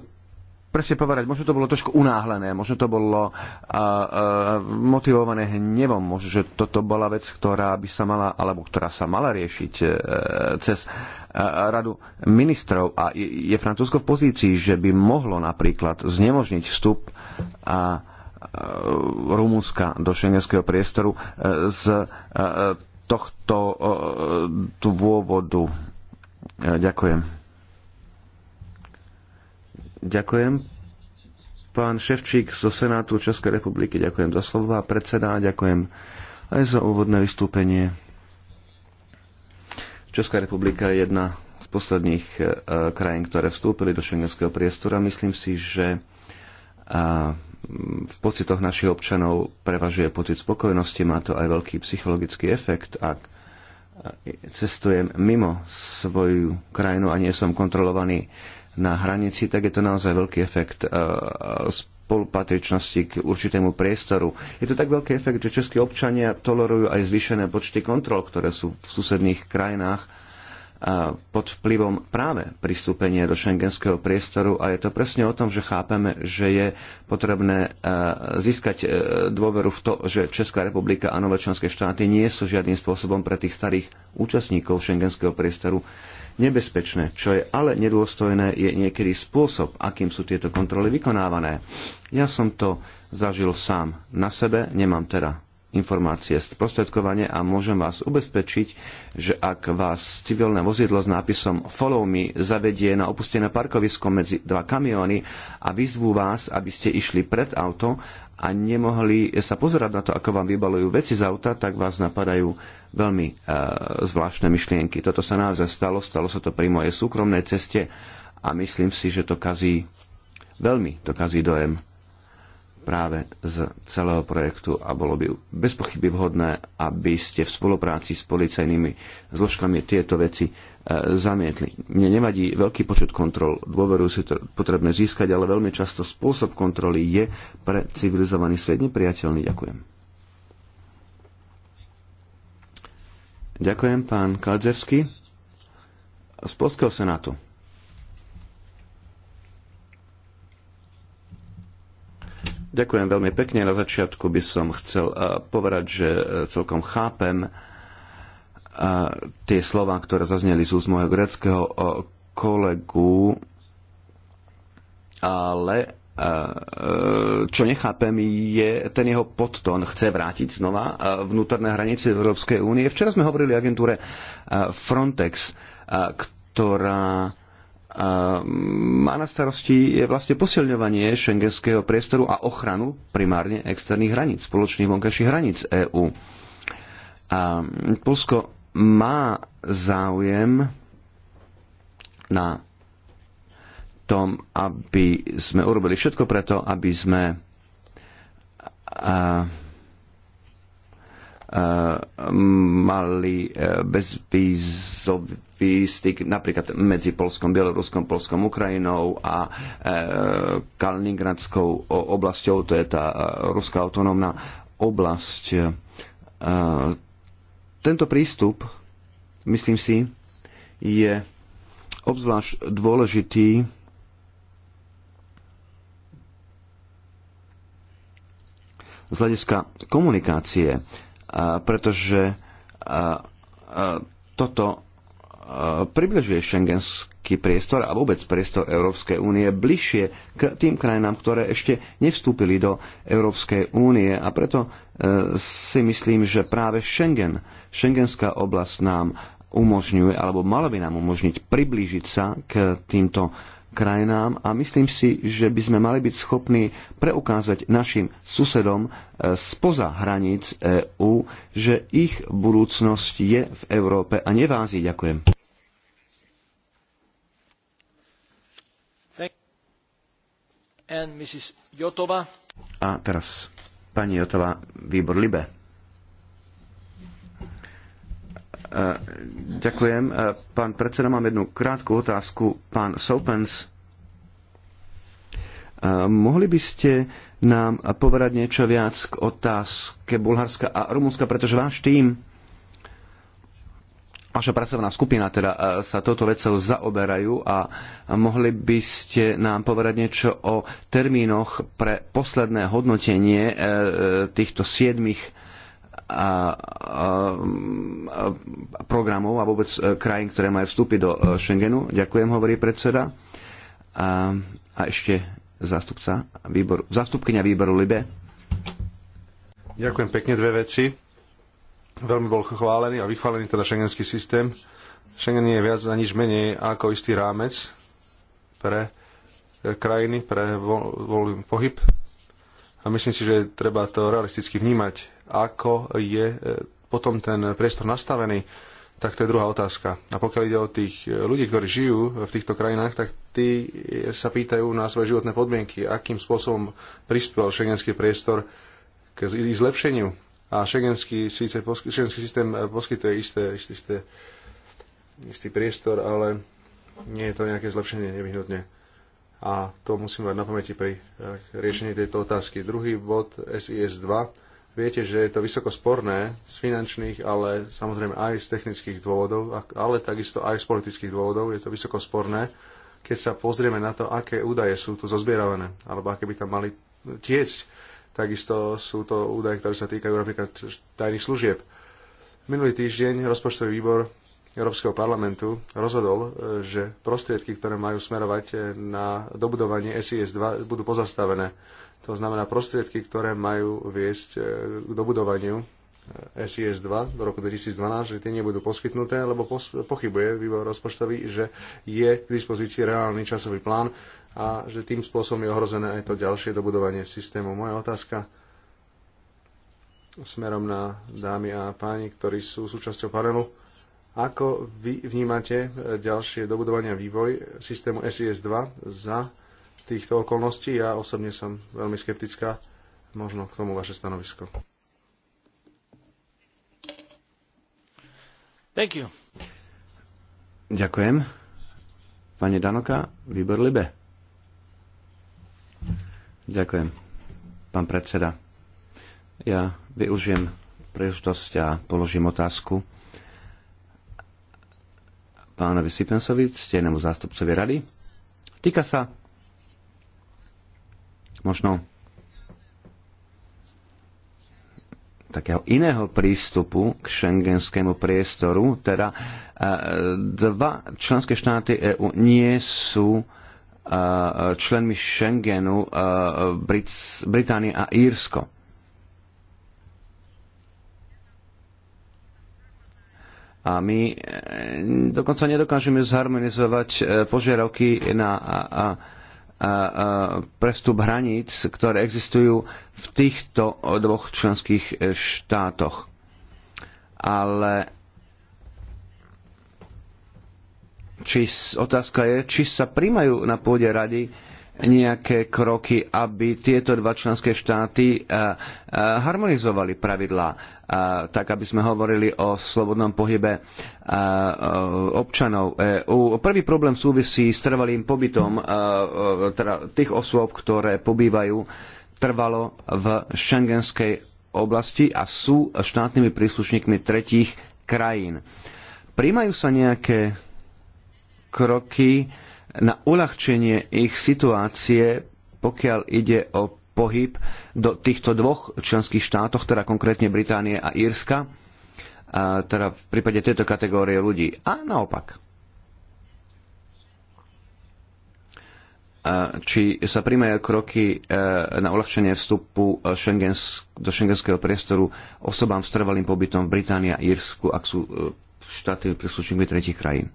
Speaker 1: presne povedať. Možno to bolo trošku unáhlené, možno to bolo motivované hnevom, možno, že toto bola vec, ktorá by sa mala, alebo ktorá sa mala riešiť e, cez radu ministrov a je Francúzsko v pozícii, že by mohlo napríklad znemožniť vstup a Rumunska do šengenského priestoru e, z e, tohto e, dôvodu. Ďakujem. Ďakujem. Pán Ševčík zo Senátu Českej republiky, ďakujem za slovo a predseda, ďakujem aj za úvodné vystúpenie. Česká republika je jedna z posledných e, krajín, ktoré vstúpili do šengenského priestora. Myslím si, že e, v pocitoch našich občanov prevažuje pocit spokojnosti, má to aj veľký psychologický efekt, ak e, cestujem mimo svoju krajinu a nie som kontrolovaný na hranici, tak je to naozaj veľký efekt spolupatričnosti k určitému priestoru. Je to tak veľký efekt, že českí občania tolerujú aj zvýšené počty kontrol, ktoré sú v susedných krajinách pod vplyvom práve pristúpenia do šengenského priestoru a je to presne o tom, že chápeme, že je potrebné e, získať e, dôveru v to, že Česká republika a nové členské štáty nie sú žiadnym spôsobom pre tých starých účastníkov šengenského priestoru nebezpečné. Čo je ale nedôstojné, je niekedy spôsob, akým sú tieto kontroly vykonávané. Ja som to zažil sám na sebe, nemám teda informácie sprostredkovanie a môžem vás ubezpečiť, že ak vás civilné vozidlo s nápisom Follow me zavedie na opustené parkovisko medzi dva kamióny a vyzvú vás, aby ste išli pred auto a nemohli sa pozerať na to, ako vám vybalujú veci z auta, tak vás napadajú veľmi e, zvláštne myšlienky. Toto sa naozaj stalo, stalo sa to pri mojej súkromnej ceste a myslím si, že to kazí, veľmi to kazí dojem práve z celého projektu a bolo by bez pochyby vhodné, aby ste v spolupráci s policajnými zložkami tieto veci e, zamietli. Mne nevadí veľký počet kontrol, dôveru si to potrebné získať, ale veľmi často spôsob kontroly je pre civilizovaný svet nepriateľný. Ďakujem. Ďakujem, pán Kaldzevský. Z Polského senátu. Ďakujem veľmi pekne. Na začiatku by som chcel eh, povedať, že eh, celkom chápem eh, tie slova, ktoré zazneli z úst môjho greckého kolegu, ale čo nechápem, je ten jeho podtón. Chce vrátiť znova vnútorné hranice Európskej únie. Včera sme hovorili o agentúre Frontex, ktorá má na starosti je vlastne posilňovanie šengenského priestoru a ochranu primárne externých hraníc, spoločných vonkajších hraníc EÚ. A Polsko má záujem na tom, aby sme urobili všetko preto, aby sme a, mali e, bezvízový styk napríklad medzi Polskom, Bieloruskom, Polskom, Ukrajinou a e, Kaliningradskou oblasťou, to je tá e, ruská autonómna oblasť. Tento prístup, myslím si, je obzvlášť dôležitý z hľadiska komunikácie a pretože a, a, toto približuje šengenský priestor a vôbec priestor Európskej únie bližšie k tým krajinám, ktoré ešte nevstúpili do Európskej únie a preto e, si myslím, že práve Schengen, šengenská oblasť nám umožňuje alebo mala by nám umožniť priblížiť sa k týmto krajinám a myslím si, že by sme mali byť schopní preukázať našim susedom e, spoza hraníc EÚ, že ich budúcnosť je v Európe a nie v Ázii. Ďakujem. A teraz pani Jotová, výbor Libe. E, ďakujem. E, pán predseda, mám jednu krátku otázku. Pán Sopens, e, mohli by ste nám povedať niečo viac k otázke Bulharska a Rumunska, pretože váš tým, vaša pracovná skupina teda sa toto vecou zaoberajú a mohli by ste nám povedať niečo o termínoch pre posledné hodnotenie týchto siedmých a, a, a programov a vôbec e, krajín, ktoré majú vstúpiť do e, Schengenu. Ďakujem, hovorí predseda. A, a ešte zástupca výboru, zástupkynia výboru Libe.
Speaker 3: Ďakujem pekne dve veci. Veľmi bol chválený a vychválený teda šengenský systém. Schengen je viac a nič menej ako istý rámec pre e, krajiny, pre voľný pohyb. A myslím si, že treba to realisticky vnímať ako je e, potom ten priestor nastavený, tak to je druhá otázka. A pokiaľ ide o tých e, ľudí, ktorí žijú v týchto krajinách, tak tí e, sa pýtajú na svoje životné podmienky, akým spôsobom prispel šengenský priestor k zlepšeniu. A šengenský, síce, šengenský systém poskytuje isté, isté, isté, istý priestor, ale nie je to nejaké zlepšenie nevyhnutne. A to musíme mať na pamäti pri riešení tejto otázky. Druhý bod SIS 2 Viete, že je to vysoko sporné z finančných, ale samozrejme aj z technických dôvodov, ale takisto aj z politických dôvodov. Je to vysoko sporné, keď sa pozrieme na to, aké údaje sú tu zozbieravané, alebo aké by tam mali tiecť. Takisto sú to údaje, ktoré sa týkajú napríklad tajných služieb. Minulý týždeň rozpočtový výbor Európskeho parlamentu rozhodol, e, že prostriedky, ktoré majú smerovať e, na dobudovanie SIS-2, budú pozastavené to znamená prostriedky, ktoré majú viesť e, k dobudovaniu SIS e, 2 do roku 2012, že tie nebudú poskytnuté, lebo pos- pochybuje výbor rozpočtový, že je k dispozícii reálny časový plán a že tým spôsobom je ohrozené aj to ďalšie dobudovanie systému. Moja otázka smerom na dámy a páni, ktorí sú súčasťou panelu. Ako vy vnímate e, ďalšie dobudovanie a vývoj systému SIS-2 za týchto okolností. Ja osobne som veľmi skeptická. Možno k tomu vaše stanovisko.
Speaker 2: Thank you.
Speaker 1: Ďakujem. Pane Danoka, výbor Libe. Ďakujem, pán predseda. Ja využijem príležitosť a položím otázku pánovi Sipensovi, stejnému zástupcovi rady. Týka sa možno takého iného prístupu k šengenskému priestoru, teda e, dva členské štáty EU nie sú e, členmi Schengenu e, Brit- Británia a Írsko. A my dokonca nedokážeme zharmonizovať požiadavky na prestup hraníc, ktoré existujú v týchto dvoch členských e, štátoch. Ale či, otázka je, či sa príjmajú na pôde rady nejaké kroky, aby tieto dva členské štáty eh, eh, harmonizovali pravidlá, eh, tak aby sme hovorili o slobodnom pohybe občanov EÚ. Prvý problém súvisí s trvalým pobytom teda tých osôb, ktoré pobývajú trvalo v šengenskej oblasti a sú štátnymi príslušníkmi tretích krajín. Príjmajú sa nejaké kroky, na uľahčenie ich situácie, pokiaľ ide o pohyb do týchto dvoch členských štátoch, teda konkrétne Británie a Írska, a teda v prípade tejto kategórie ľudí. A naopak. či sa príjmajú kroky e, na uľahčenie vstupu e, do šengenského priestoru osobám s trvalým pobytom v Británii a Írsku, ak sú e, štáty príslušníkmi tretich krajín.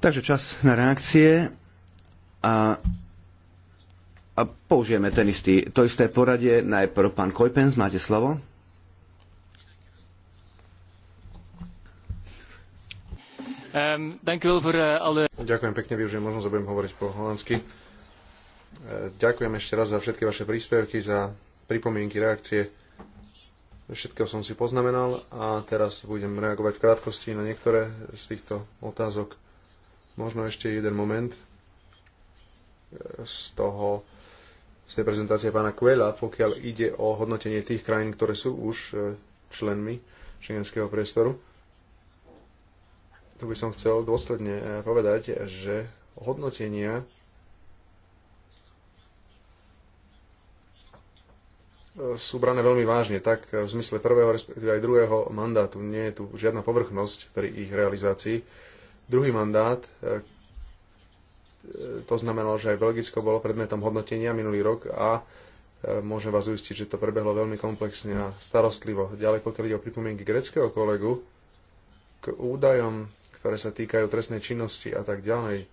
Speaker 1: Takže čas na reakcie a, a použijeme ten istý, to isté poradie. Najprv pán Kojpens, máte slovo.
Speaker 5: Um, for, uh, ale...
Speaker 3: Ďakujem pekne, využijem možnosť, budem hovoriť po holandsky. Eh, ďakujem ešte raz za všetky vaše príspevky, za pripomienky, reakcie Všetkého som si poznamenal a teraz budem reagovať v krátkosti na niektoré z týchto otázok. Možno ešte jeden moment z toho, z tej prezentácie pána Kuela, pokiaľ ide o hodnotenie tých krajín, ktoré sú už e, členmi šengenského priestoru. Tu by som chcel dôsledne e, povedať, že hodnotenia E, sú brané veľmi vážne, tak e, v zmysle prvého, respektíve aj druhého mandátu. Nie je tu žiadna povrchnosť pri ich realizácii. Druhý mandát, e, to znamenalo, že aj Belgicko bolo predmetom hodnotenia minulý rok a môžem vás uistiť, že to prebehlo veľmi komplexne a starostlivo. Ďalej, pokiaľ ide o pripomienky greckého kolegu, k údajom, ktoré sa týkajú trestnej činnosti a tak ďalej.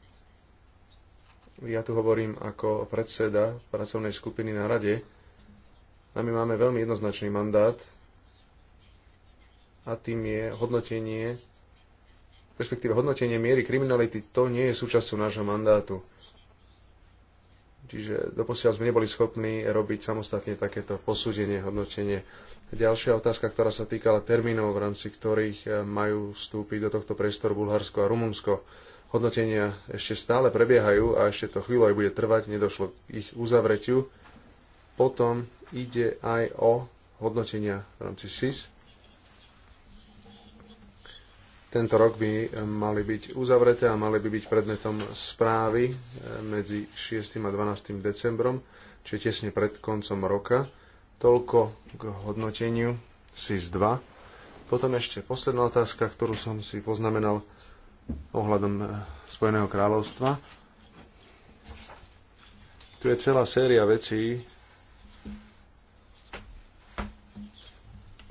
Speaker 3: Ja tu hovorím ako predseda pracovnej skupiny na rade, a my máme veľmi jednoznačný mandát a tým je hodnotenie, respektíve hodnotenie miery kriminality, to nie je súčasťou nášho mandátu. Čiže doposiaľ sme neboli schopní robiť samostatne takéto posúdenie, hodnotenie. Ďalšia otázka, ktorá sa týkala termínov, v rámci ktorých eh, majú vstúpiť do tohto priestoru Bulharsko a Rumunsko. Hodnotenia ešte stále prebiehajú a ešte to chvíľu aj bude trvať, nedošlo k ich uzavretiu. Potom ide aj o hodnotenia v rámci SIS. Tento rok by mali byť uzavreté a mali by byť predmetom správy e, medzi 6. a 12. decembrom, čiže tesne pred koncom roka. Toľko k hodnoteniu SIS 2. Potom ešte posledná otázka, ktorú som si poznamenal ohľadom e, Spojeného kráľovstva. Tu je celá séria vecí,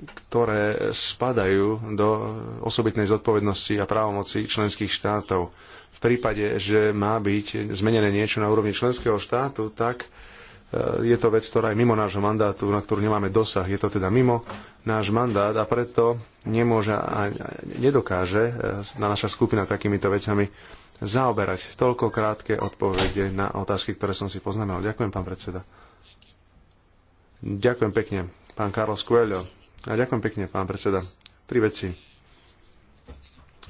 Speaker 3: ktoré spadajú do osobitnej zodpovednosti a právomoci členských štátov. V prípade, že má byť zmenené niečo na úrovni členského štátu, tak e, je to vec, ktorá je mimo nášho mandátu, na ktorú nemáme dosah. Je to teda mimo náš mandát a preto nemôže a nedokáže e, na naša skupina takýmito vecami zaoberať. Toľko krátke odpovede na otázky, ktoré som si poznamenal. Ďakujem, pán predseda. Ďakujem pekne. Pán Carlos Coelho. A ďakujem pekne, pán predseda. Tri veci.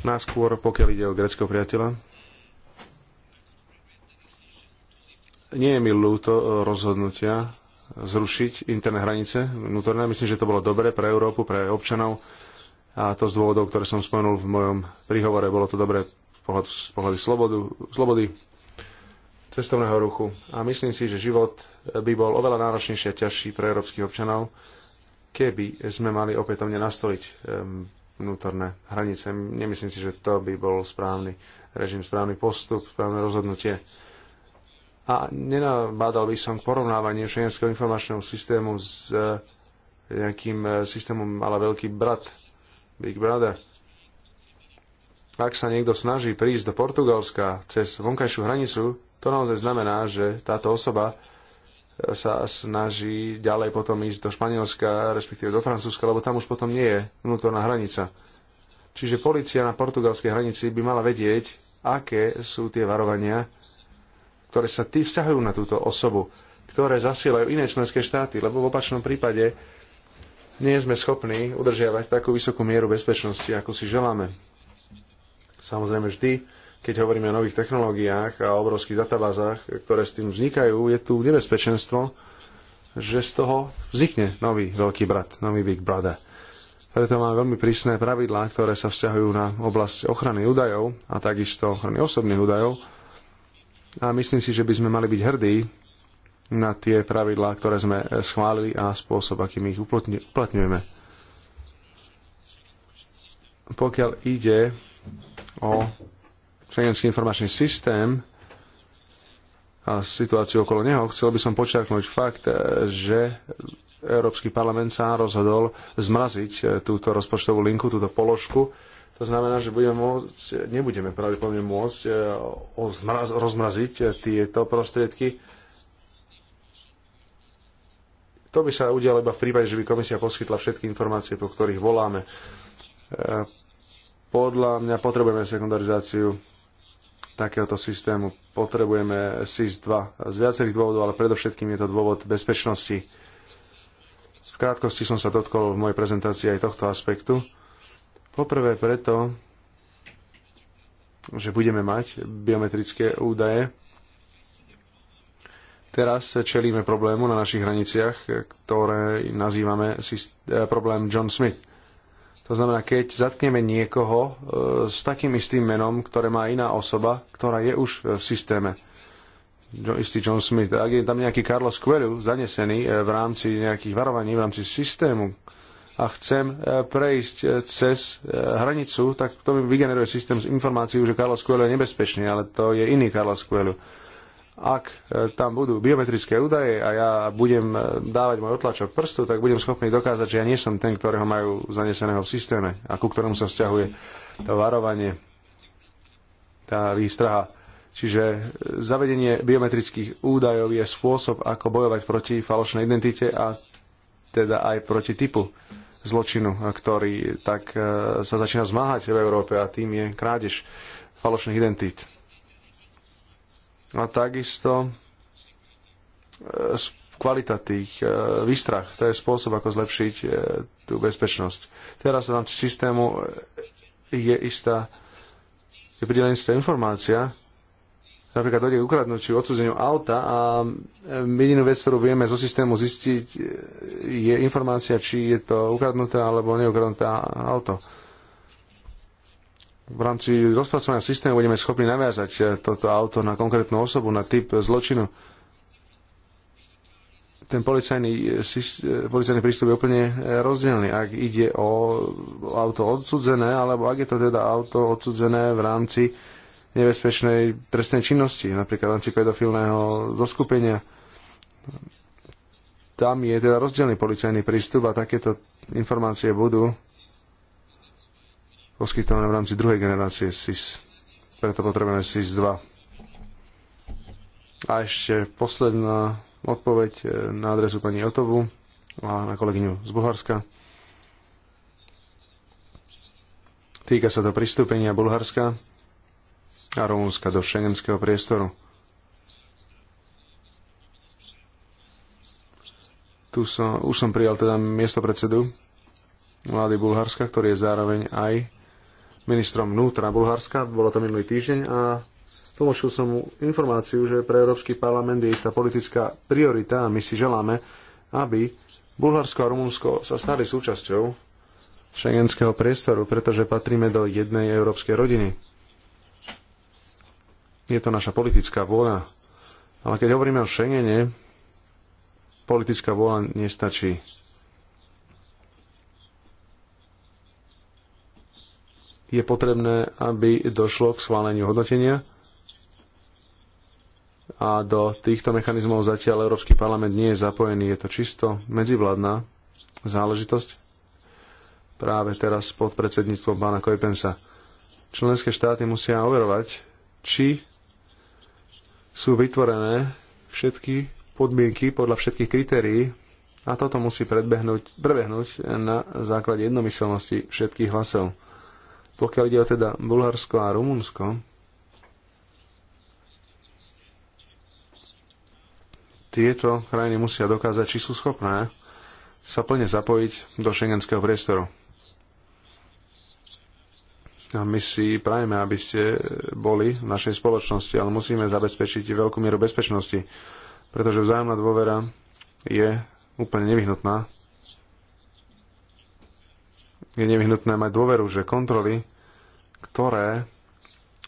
Speaker 3: Náskôr, pokiaľ ide o greckého priateľa, nie je mi ľúto rozhodnutia zrušiť interné hranice vnútorné. Myslím, že to bolo dobre pre Európu, pre občanov a to z dôvodov, ktoré som spomenul v mojom príhovore. Bolo to dobré pohľad, pohľadu slobodu, slobody, cestovného ruchu a myslím si, že život by bol oveľa náročnejší a ťažší pre európskych občanov, keby sme mali opätovne nastoliť vnútorné hranice. Nemyslím si, že to by bol správny režim, správny postup, správne rozhodnutie. A nenabádal by som k porovnávaniu šengenského informačného systému s e, nejakým e, systémom ale veľký brat, Big Brother. Ak sa niekto snaží prísť do Portugalska cez vonkajšiu hranicu, to naozaj znamená, že táto osoba sa snaží ďalej potom ísť do Španielska, respektíve do Francúzska, lebo tam už potom nie je vnútorná hranica. Čiže policia na portugalskej hranici by mala vedieť, aké sú tie varovania, ktoré sa tí vzťahujú na túto osobu, ktoré zasielajú iné členské štáty, lebo v opačnom prípade nie sme schopní udržiavať takú vysokú mieru bezpečnosti, ako si želáme. Samozrejme vždy keď hovoríme o nových technológiách a obrovských databázach, ktoré s tým vznikajú, je tu nebezpečenstvo, že z toho vznikne nový veľký brat, nový Big Brother. Preto máme veľmi prísne pravidlá, ktoré sa vzťahujú na oblasť ochrany údajov a takisto ochrany osobných údajov. A myslím si, že by sme mali byť hrdí na tie pravidlá, ktoré sme schválili a spôsob, akým ich uplatňujeme. Pokiaľ ide o šengenský informačný systém a situáciu okolo neho, chcel by som počiarknúť fakt, e, že Európsky parlament sa rozhodol zmraziť e, túto rozpočtovú linku, túto položku. To znamená, že budeme môcť, nebudeme pravdepodobne môcť e, ozmraz, rozmraziť tieto prostriedky. To by sa udialo iba v prípade, že by komisia poskytla všetky informácie, po ktorých voláme. Podľa mňa potrebujeme sekundarizáciu takéhoto systému. Potrebujeme SIS-2 z viacerých dôvodov, ale predovšetkým je to dôvod bezpečnosti. V krátkosti som sa dotkol v mojej prezentácii aj tohto aspektu. Poprvé preto, že budeme mať biometrické údaje. Teraz čelíme problému na našich hraniciach, ktoré nazývame eh, problém John Smith to znamená, keď zatkneme niekoho e, s takým istým menom, ktoré má iná osoba, ktorá je už v systéme. istý John Smith. Ak je tam nejaký Carlos Coelho zanesený e, v rámci nejakých varovaní, v rámci systému a chcem e, prejsť cez hranicu, tak to mi vygeneruje systém z informácií, že Carlos Coelho je nebezpečný, ale to je iný Carlos Coelho ak e, tam budú biometrické údaje a ja budem e, dávať môj otlačok prstu, tak budem schopný dokázať, že ja nie som ten, ktorého majú zaneseného v systéme a ku ktorému sa vzťahuje to varovanie, tá výstraha. Čiže e, zavedenie biometrických údajov je spôsob, ako bojovať proti falošnej identite a teda aj proti typu zločinu, ktorý tak sa začína zmáhať v Európe a tým je krádež falošných identít. A takisto e, kvalita tých e, výstrach, to je spôsob, ako zlepšiť e, tú bezpečnosť. Teraz v rámci systému je istá, je pridelená istá informácia, napríklad dojde k ukradnutiu, odsúzeniu auta a jedinú vec, ktorú vieme zo systému zistiť, je informácia, či je to ukradnuté alebo neukradnuté auto v rámci rozpracovania systému budeme schopní naviazať eh, toto auto na konkrétnu osobu, na typ eh, zločinu. Ten policajný, eh, policajný prístup je úplne rozdielný. Ak ide o auto odsudzené, alebo ak je to teda auto odsudzené v rámci nebezpečnej trestnej činnosti, napríklad v rámci pedofilného zoskupenia. Tam je teda rozdielný policajný prístup a takéto informácie budú poskytované v rámci druhej generácie SIS. Preto potrebujeme SIS 2. A ešte posledná odpoveď e, na adresu pani Otovu a na kolegyňu z Bulharska. Týka sa to pristúpenia Bulharska a Rumúnska do šengenského priestoru. Tu som, už som prijal teda miesto predsedu vlády Bulharska, ktorý je zároveň aj ministrom vnútra Bulharska, bolo to minulý týždeň a stoločil som mu informáciu, že pre Európsky parlament je istá politická priorita a my si želáme, aby Bulharsko a Rumunsko sa stali súčasťou šengenského priestoru, pretože patríme do jednej európskej rodiny. Je to naša politická vôľa. Ale keď hovoríme o Schengene, politická vôľa nestačí. je potrebné, aby došlo k schváleniu hodnotenia a do týchto mechanizmov zatiaľ Európsky parlament nie je zapojený. Je to čisto medzivládna záležitosť práve teraz pod predsedníctvom pána Kojpensa. Členské štáty musia overovať, či sú vytvorené všetky podmienky podľa všetkých kritérií a toto musí prebehnúť na základe jednomyselnosti všetkých hlasov. Pokiaľ ide o teda Bulharsko a Rumunsko, tieto krajiny musia dokázať, či sú schopné sa plne zapojiť do šengenského priestoru. A my si prajeme, aby ste boli v našej spoločnosti, ale musíme zabezpečiť veľkú mieru bezpečnosti, pretože vzájomná dôvera je úplne nevyhnutná je nevyhnutné mať dôveru, že kontroly, ktoré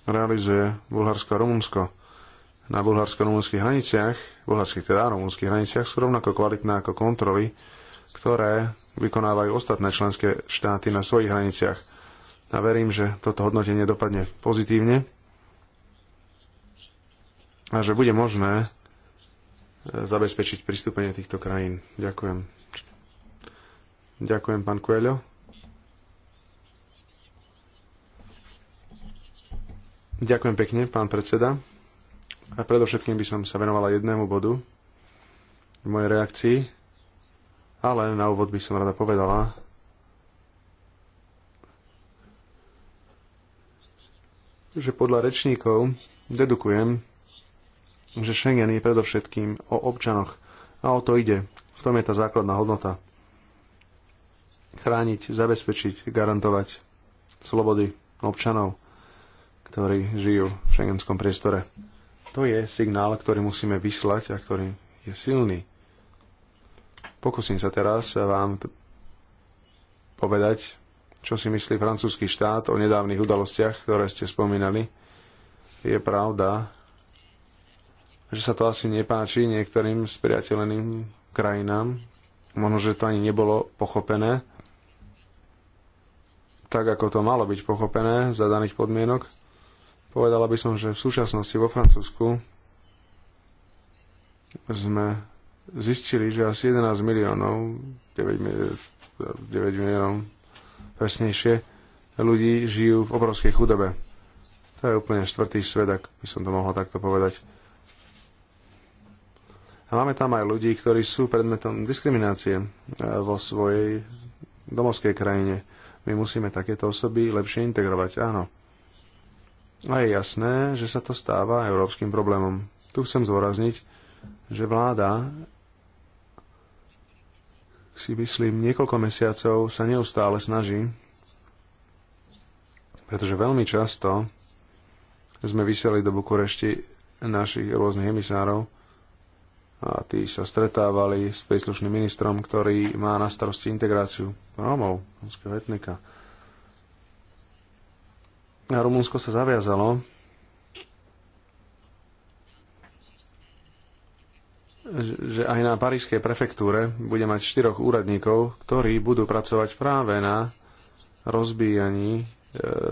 Speaker 3: realizuje Bulharsko a Rumunsko na bulharsko-rumunských hraniciach, bulharských teda rumunských hraniciach sú rovnako kvalitné ako kontroly, ktoré vykonávajú ostatné členské štáty na svojich hraniciach. A verím, že toto hodnotenie dopadne pozitívne a že bude možné e, zabezpečiť pristúpenie týchto krajín. Ďakujem. Ďakujem, pán Kueľo. Ďakujem pekne, pán predseda. A predovšetkým by som sa venovala jednému bodu v mojej reakcii, ale na úvod by som rada povedala, že podľa rečníkov dedukujem, že Schengen je predovšetkým o občanoch a o to ide. V tom je tá základná hodnota. Chrániť, zabezpečiť, garantovať slobody občanov ktorí žijú v šengenskom priestore. To je signál, ktorý musíme vyslať a ktorý je silný. Pokúsim sa teraz vám povedať, čo si myslí francúzsky štát o nedávnych udalostiach, ktoré ste spomínali. Je pravda, že sa to asi nepáči niektorým spriateľeným krajinám. Možno, že to ani nebolo pochopené tak, ako to malo byť pochopené za daných podmienok. Povedala by som, že v súčasnosti vo Francúzsku sme zistili, že asi 11 miliónov, 9, miliónov, 9 miliónov presnejšie, ľudí žijú v obrovskej chudobe. To je úplne štvrtý svet, ak by som to mohol takto povedať. A máme tam aj ľudí, ktorí sú predmetom diskriminácie e, vo svojej domovskej krajine. My musíme takéto osoby lepšie integrovať, áno. A je jasné, že sa to stáva európskym problémom. Tu chcem zvorazniť, že vláda si myslím niekoľko mesiacov sa neustále snaží, pretože veľmi často sme vysielali do Bukurešti našich rôznych emisárov a tí sa stretávali s príslušným ministrom, ktorý má na starosti integráciu Rómov, romského etnika. Rumunsko sa zaviazalo, že aj na parížskej prefektúre bude mať štyroch úradníkov, ktorí budú pracovať práve na rozbíjaní e,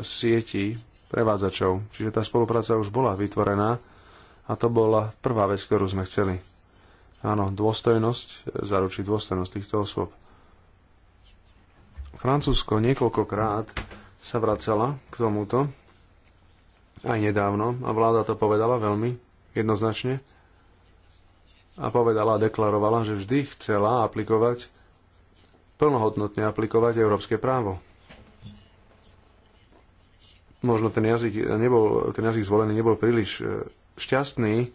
Speaker 3: sieti prevádzačov. Čiže tá spolupráca už bola vytvorená a to bola prvá vec, ktorú sme chceli. Áno, dôstojnosť, e, zaručiť dôstojnosť týchto osôb. Francúzsko niekoľkokrát sa vracala k tomuto aj nedávno a vláda to povedala veľmi jednoznačne a povedala a deklarovala, že vždy chcela aplikovať, plnohodnotne aplikovať európske právo. Možno ten jazyk, nebol, ten jazyk zvolený nebol príliš e, šťastný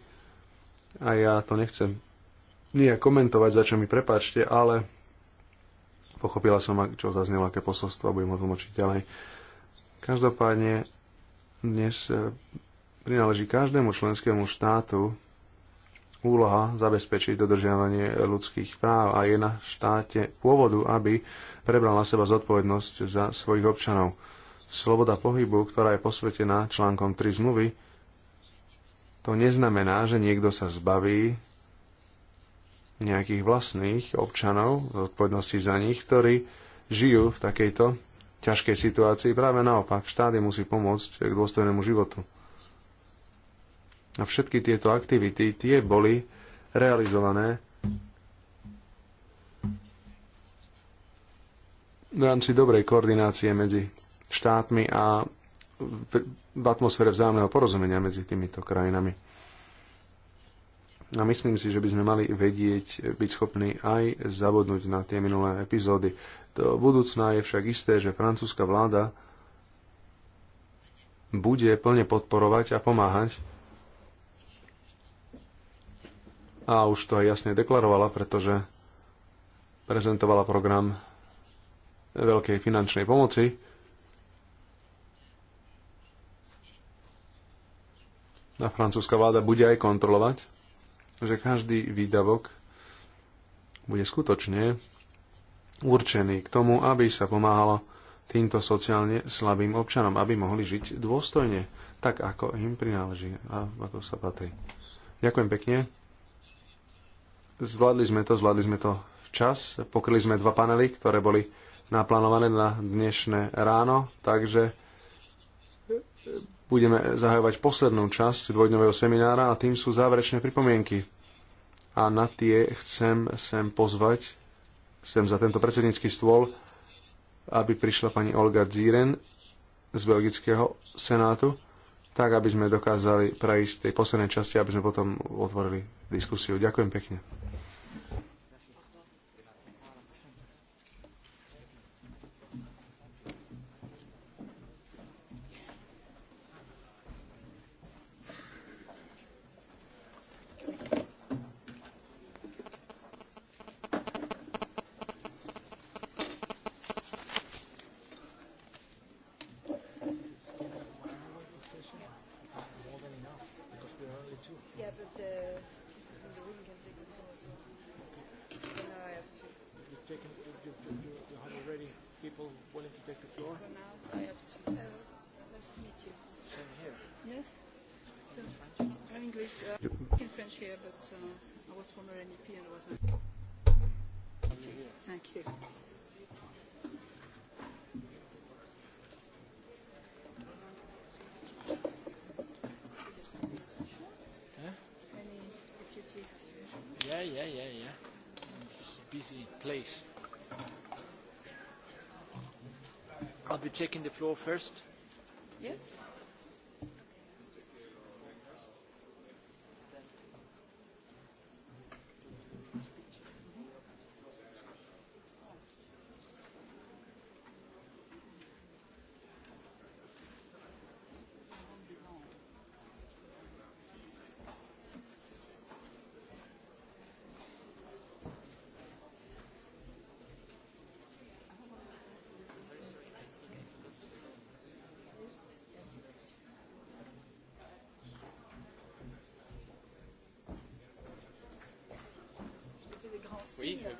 Speaker 3: a ja to nechcem nijak komentovať, za čo mi prepáčte, ale pochopila som, čo zaznelo, aké posolstvo a budem ho tlmočiť ďalej. Každopádne dnes e, prináleží každému členskému štátu úloha zabezpečiť dodržiavanie ľudských práv a je na štáte pôvodu, aby prebral na seba zodpovednosť za svojich občanov. Sloboda pohybu, ktorá je posvetená článkom 3 zmluvy, to neznamená, že niekto sa zbaví nejakých vlastných občanov, zodpovednosti za nich, ktorí žijú v takejto ťažkej situácii. Práve naopak, štát im musí pomôcť k dôstojnému životu. A všetky tieto aktivity, tie boli realizované v rámci dobrej koordinácie medzi štátmi a v atmosfére vzájomného porozumenia medzi týmito krajinami. A myslím si, že by sme mali vedieť, byť schopní aj zabudnúť na tie minulé epizódy. Do budúcna je však isté, že francúzska vláda bude plne podporovať a pomáhať. A už to aj jasne deklarovala, pretože prezentovala program veľkej finančnej pomoci. A francúzska vláda bude aj kontrolovať, že každý výdavok bude skutočne určený k tomu, aby sa pomáhalo týmto sociálne slabým občanom, aby mohli žiť dôstojne, tak ako im prináleží a ako sa patrí. Ďakujem pekne. Zvládli sme to, zvládli sme to včas. Pokryli sme dva panely, ktoré boli naplánované na dnešné ráno, takže budeme zahajovať poslednú časť dvojdňového seminára a tým sú záverečné pripomienky. A na tie chcem sem pozvať sem za tento predsednícky stôl, aby prišla pani Olga Dzíren z Belgického senátu, tak aby sme dokázali prejsť tej poslednej časti, aby sme potom otvorili diskusiu. Ďakujem pekne.
Speaker 5: Thank you.
Speaker 2: Yeah, yeah, yeah, yeah. It's a busy place. I'll be taking the floor first.
Speaker 5: Yes.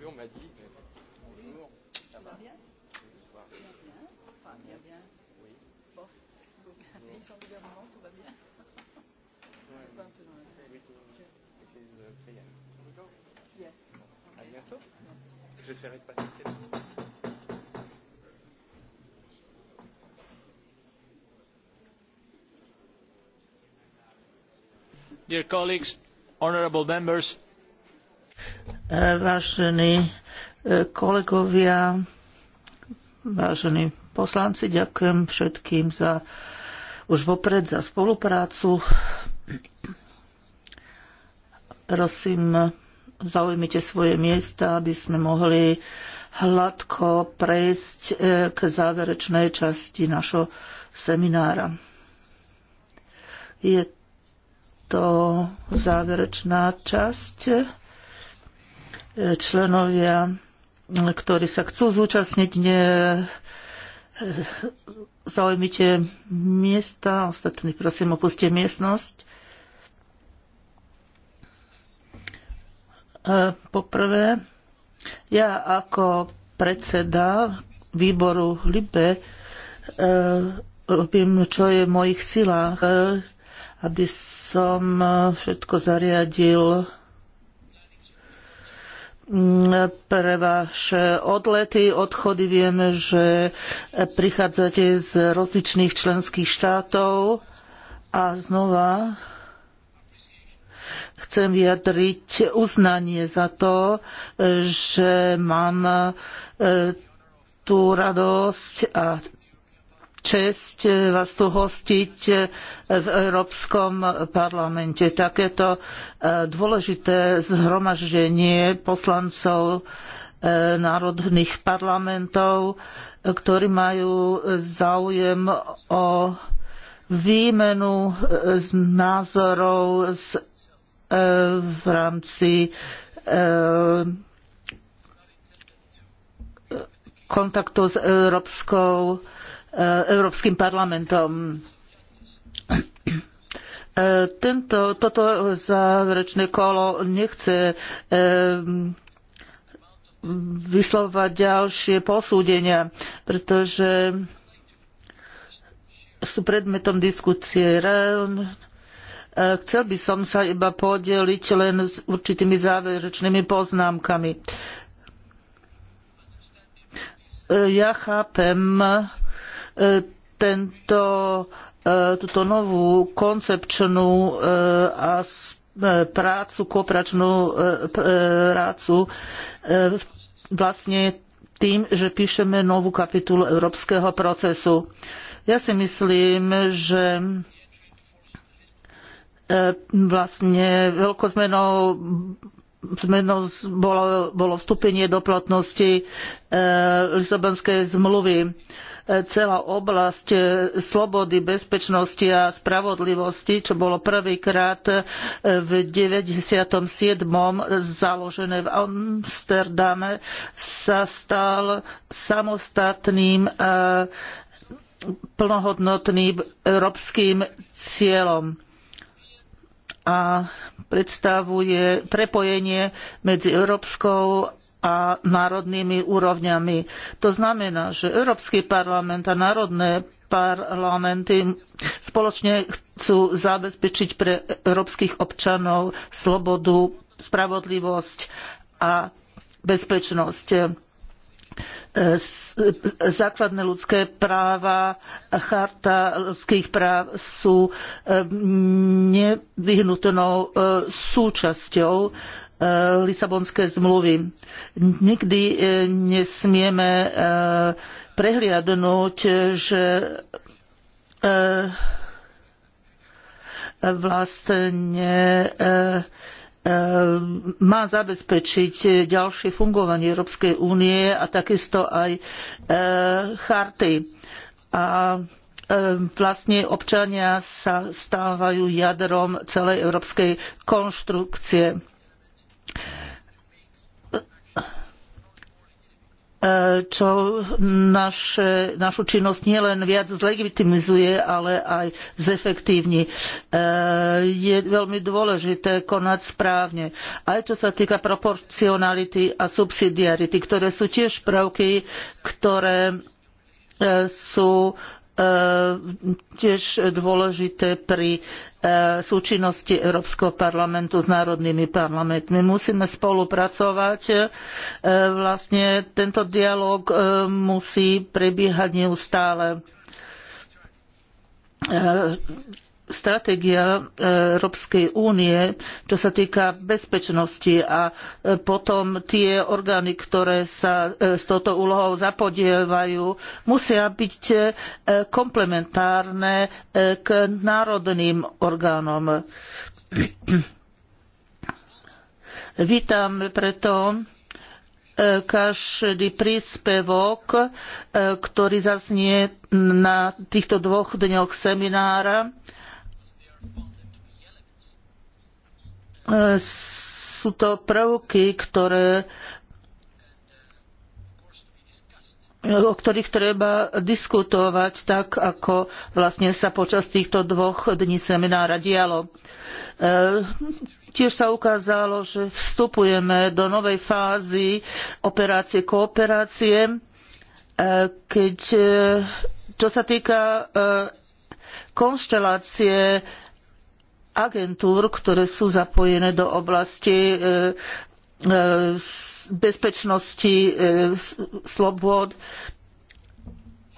Speaker 5: vu, on m'a dit. Mais... Bonjour. Ça va bien Bonsoir. va bien. Enfin, bien, bien. Oui. Bon, est-ce que vous pays sans gouvernement, tout va bien ouais.
Speaker 2: Pas un peu dans la tête. She's uh, free. Can we go? Yes. Okay. À bientôt. J'essaierai de passer cette.
Speaker 5: Dear colleagues, honorable members,
Speaker 4: vážení e, kolegovia, vážení poslanci, ďakujem všetkým za už vopred za spoluprácu. Prosím, zaujmite svoje miesta, aby sme mohli hladko prejsť e, k záverečnej časti našho seminára. Je to záverečná časť členovia, ktorí sa chcú zúčastniť, ne, zaujmite miesta, ostatní prosím opustite miestnosť. E, poprvé, ja ako predseda výboru LIBE e, robím, čo je v mojich silách, e, aby som všetko zariadil Mm, pre vaše odlety, odchody. Vieme, že prichádzate z rozličných členských štátov a znova chcem vyjadriť uznanie za to, že mám e, tú radosť a čest e, vás tu hostiť e, v Európskom parlamente. Takéto e, dôležité zhromaždenie poslancov národných parlamentov, ktorí majú záujem o výmenu z názorov z, v rámci kontaktov s Európskou Eh, Európskym parlamentom. Eh, tento, toto záverečné kolo nechce eh, vyslovať ďalšie posúdenia, pretože sú predmetom diskusie. Chcel by som sa iba podeliť len s určitými záverečnými poznámkami. Ja chápem, E, tento, e, túto novú koncepčnú e, a prácu, kooperačnú prácu vlastne tým, že píšeme novú kapitulu európskeho procesu. Ja si myslím, že vlastne veľkou zmenou zmenou bolo, bolo vstúpenie do platnosti e, Lisabonskej zmluvy. E, celá oblasť e, slobody, bezpečnosti a spravodlivosti, čo bolo prvýkrát e, v 97. založené v Amsterdame, sa stal samostatným e, plnohodnotným európskym cieľom a predstavuje prepojenie medzi európskou a národnými úrovňami. To znamená, že Európsky parlament a národné parlamenty spoločne chcú zabezpečiť pre európskych občanov slobodu, spravodlivosť a bezpečnosť základné ľudské práva, charta ľudských práv sú nevyhnutnou e, súčasťou Eh, Lisabonské zmluvy. Nikdy eh, nesmieme eh, prehliadnúť, že vlastne má zabezpečiť ďalšie fungovanie Európskej únie a takisto aj charty. A vlastne občania sa stávajú jadrom celej európskej konštrukcie čo naš, našu činnosť nielen viac zlegitimizuje, ale aj zefektívni. E, je veľmi dôležité konať správne. Aj čo sa týka proporcionality a subsidiarity, ktoré sú tiež prvky, ktoré e, sú Eh, tiež dôležité pri eh, súčinnosti Európskeho parlamentu s národnými parlamentmi. Musíme spolupracovať. Eh, vlastne tento dialog musí prebiehať neustále stratégia e, Európskej únie, čo sa týka bezpečnosti a e, potom tie orgány, ktoré sa e, s touto úlohou zapodievajú, musia byť komplementárne k národným orgánom. [CLEARS THROAT] Vítam preto každý príspevok, ktorý zaznie na týchto dvoch dňoch seminára E, sú to prvky, ktoré o ktorých treba diskutovať tak, ako vlastne sa počas týchto dvoch dní seminára dialo. E, tiež sa ukázalo, že vstupujeme do novej fázy operácie kooperácie, e, keď čo sa týka konštelácie agentúr, ktoré sú zapojené do oblasti e, e, bezpečnosti, e, slobôd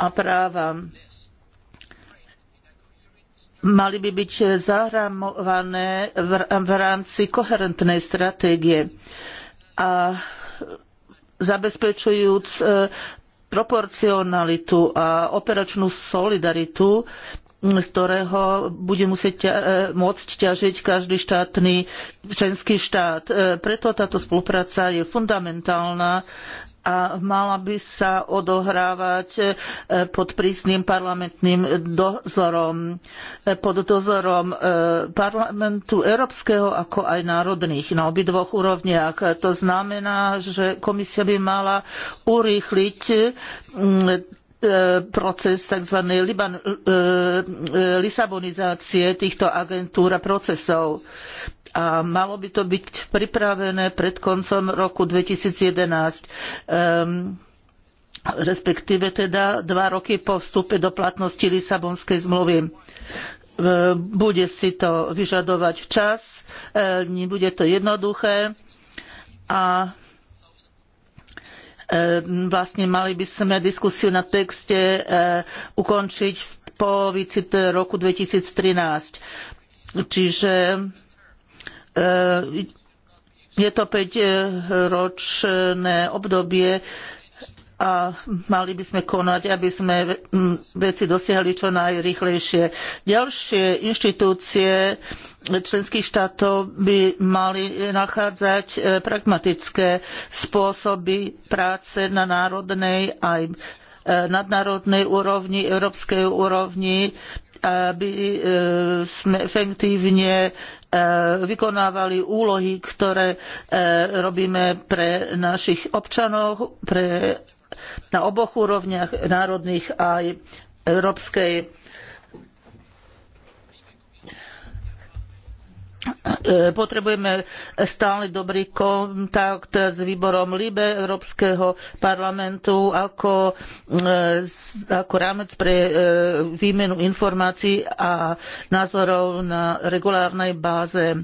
Speaker 4: a práva. Mali by byť zaramované v rámci koherentnej stratégie a zabezpečujúc proporcionalitu a operačnú solidaritu z ktorého bude musieť e, môcť ťažiť každý štátny členský štát. E, preto táto spolupráca je fundamentálna a mala by sa odohrávať e, pod prísnym parlamentným dozorom, pod dozorom parlamentu európskeho ako aj národných na obidvoch úrovniach. To znamená, že komisia by mala urýchliť E, proces tzv. Liban, e, e, lisabonizácie týchto agentúr a procesov. A malo by to byť pripravené pred koncom roku 2011. Ehm, respektíve teda dva roky po vstupe do platnosti Lisabonskej zmluvy bude si to vyžadovať čas, nebude to jednoduché a Ehm, vlastne mali by sme diskusiu na texte ehm, ukončiť v polovici roku 2013. Čiže ehm, je to 5-ročné obdobie, a mali by sme konať, aby sme mm, veci dosiahli čo najrychlejšie. Ďalšie inštitúcie členských štátov by mali nachádzať e, pragmatické spôsoby práce na národnej aj e, nadnárodnej úrovni, európskej úrovni, aby e, sme efektívne vykonávali úlohy, ktoré robíme pre našich občanov, pre na oboch úrovniach národných aj európskej e, potrebujeme stále dobrý kontakt s výborom LIBE Európskeho parlamentu ako, e, ako rámec pre e, výmenu informácií a názorov na regulárnej báze.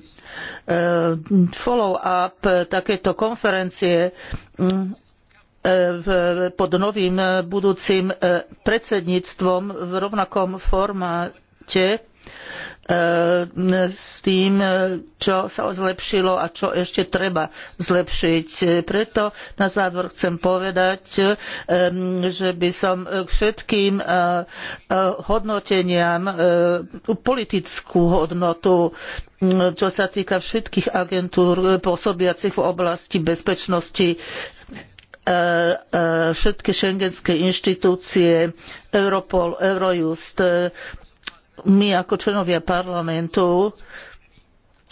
Speaker 4: Follow-up takéto konferencie E, pod novým e, budúcim e, predsedníctvom v rovnakom formáte s tým, čo sa zlepšilo a čo ešte treba zlepšiť. Preto na záver chcem povedať, že by som k všetkým hodnoteniam politickú hodnotu čo sa týka všetkých agentúr pôsobiacich v oblasti bezpečnosti E, e, všetky šengenské inštitúcie, Europol, Eurojust, e, my ako členovia parlamentu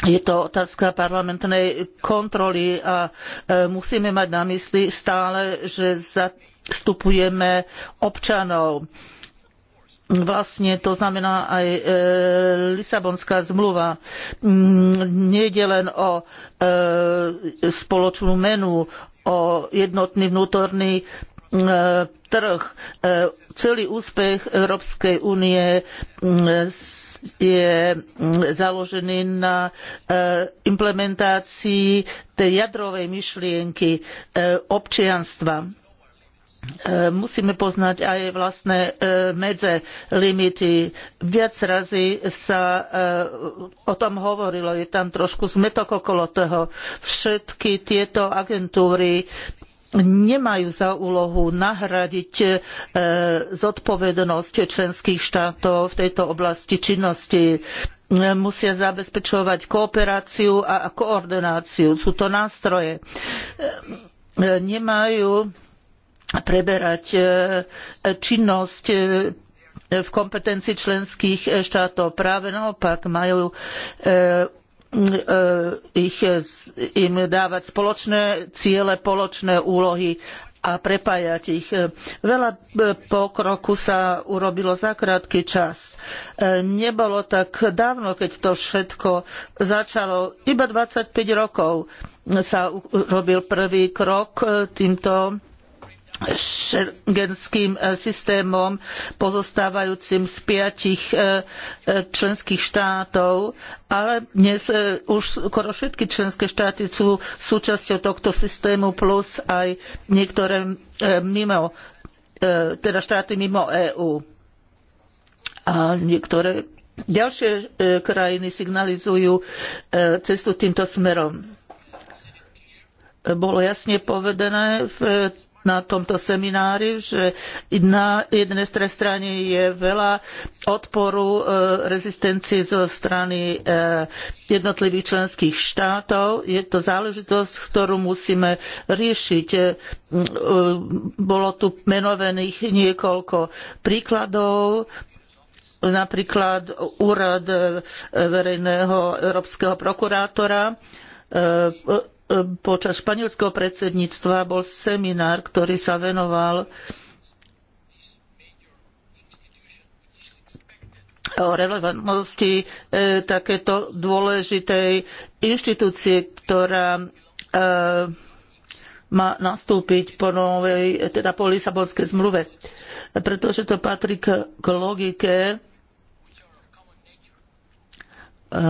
Speaker 4: je to otázka parlamentnej kontroly a musíme mať na mysli stále, že zastupujeme občanov. Vlastne to znamená aj Lisabonská zmluva. Mm, nejde len o spoločnú menu, o jednotný vnútorný e, trh. E, celý úspech Európskej únie e, je založený na implementácii tej jadrovej myšlienky občianstva E, musíme poznať aj vlastné e, medze, limity. Viac razy sa e, o tom hovorilo, je tam trošku zmetok okolo toho. Všetky tieto agentúry nemajú za úlohu nahradiť zodpovednosť členských štátov v tejto oblasti činnosti musia zabezpečovať kooperáciu a koordináciu. Sú to nástroje. Nemajú preberať e, činnosť e, v kompetencii členských štátov. Práve naopak majú e, ich, im dávať spoločné ciele, spoločné úlohy a prepájať ich. Veľa pokroku sa urobilo za krátky čas. Nebolo tak dávno, keď to všetko začalo. Iba 25 rokov sa urobil prvý krok týmto šengenským e, systémom pozostávajúcim z piatich e, e, členských štátov, ale dnes už skoro všetky členské štáty sú súčasťou tohto systému plus aj niektoré mimo, teda štáty mimo EÚ. A niektoré ďalšie krajiny signalizujú cestu týmto smerom bolo jasne povedané v na tomto seminári, že na jednej strane je veľa odporu, e, rezistencie zo strany e, jednotlivých členských štátov. Je to záležitosť, ktorú musíme riešiť. E, bolo tu menovaných niekoľko príkladov, napríklad úrad verejného európskeho prokurátora počas španielského predsedníctva bol seminár, ktorý sa venoval o relevantnosti e, takéto dôležitej inštitúcie, ktorá e, má nastúpiť po, novej, teda po Lisabonskej zmluve. Pretože to patrí k, k logike e,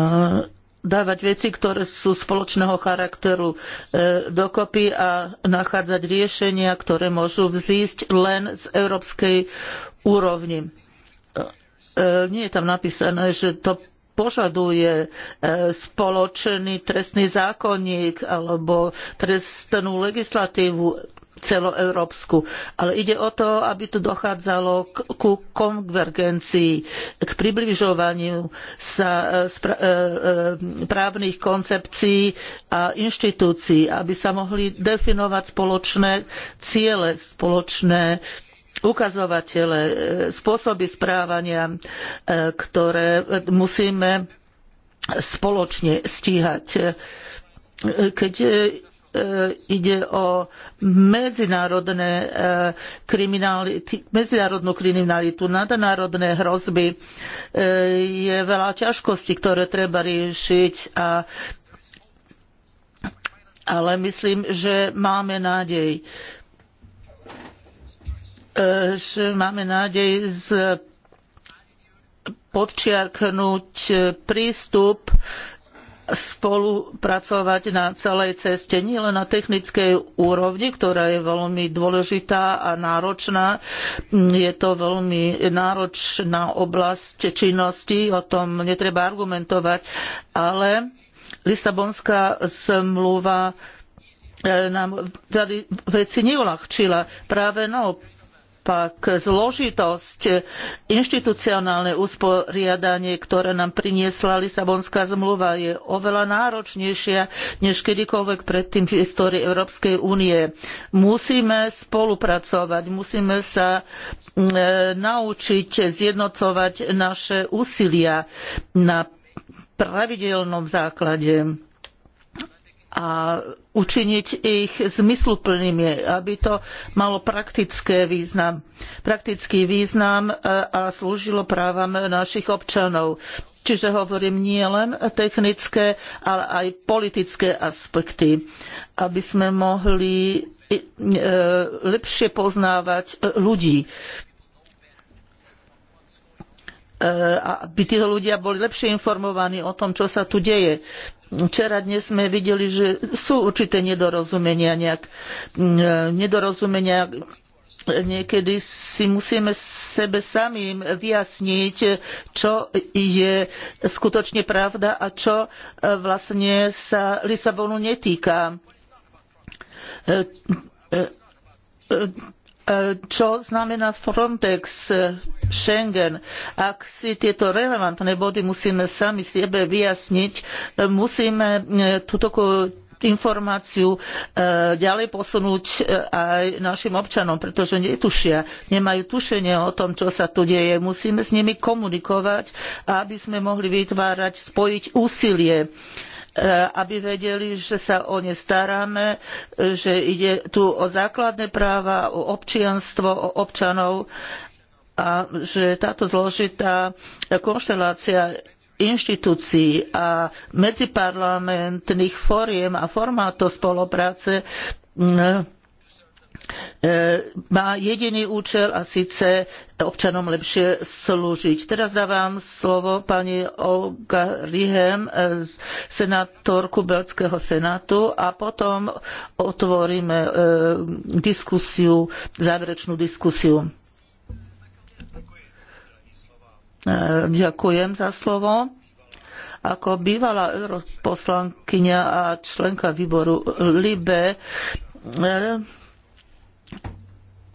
Speaker 4: dávať veci, ktoré sú spoločného charakteru e, dokopy a nachádzať riešenia, ktoré môžu vzísť len z európskej úrovni. E, e, nie je tam napísané, že to požaduje spoločný trestný zákonník alebo trestnú legislatívu celoeurópsku. Ale ide o to, aby tu dochádzalo ku konvergencii, k približovaniu sa e, e, e, právnych koncepcií a inštitúcií, aby sa mohli definovať spoločné ciele, spoločné ukazovatele, spôsoby správania, ktoré musíme spoločne stíhať. Keď E, ide o medzinárodné e, kriminality, medzinárodnú kriminalitu, nadnárodné hrozby. E, je veľa ťažkostí, ktoré treba riešiť a ale myslím, že máme nádej. Že máme nádej z podčiarknúť prístup spolupracovať na celej ceste, nielen na technickej úrovni, ktorá je veľmi dôležitá a náročná. Je to veľmi náročná oblasť činnosti, o tom netreba argumentovať, ale Lisabonská zmluva eh, nám veci neulahčila. Práve naopak naopak zložitosť, inštitucionálne usporiadanie, ktoré nám priniesla Lisabonská zmluva, je oveľa náročnejšia než kedykoľvek predtým v histórii Európskej únie. Musíme spolupracovať, musíme sa e, naučiť zjednocovať naše úsilia na pravidelnom základe. A učiniť ich zmysluplnými, aby to malo význam, praktický význam e, a slúžilo právam našich občanov. Čiže hovorím nie len technické, ale aj politické aspekty, aby sme mohli e, e, lepšie poznávať ľudí aby títo ľudia boli lepšie informovaní o tom, čo sa tu deje. Včera dnes sme videli, že sú určité nedorozumenia, nejak, e, nedorozumenia niekedy si musíme sebe samým vyjasniť, čo je skutočne pravda a čo e, vlastne sa Lisabonu netýka e, E, čo znamená Frontex, e, Schengen. Ak si tieto relevantné body musíme sami sebe vyjasniť, e, musíme túto informáciu ďalej posunúť aj našim občanom, pretože netušia, nemajú tušenie o tom, čo sa tu deje. Musíme s nimi komunikovať, aby sme mohli vytvárať, spojiť úsilie Eh, aby vedeli, že sa o ne staráme, eh, že ide tu o základné práva, o občianstvo, o občanov a že táto zložitá konštelácia inštitúcií a medziparlamentných fóriem a formátov spolupráce mm, E, má jediný účel a síce občanom lepšie slúžiť. Teraz dávam slovo pani Olga Rihem, e, senátorku Belského senátu a potom otvoríme e, diskusiu, záverečnú diskusiu. Ďakujem za slovo. Ako bývalá europoslankyňa a členka výboru LIBE,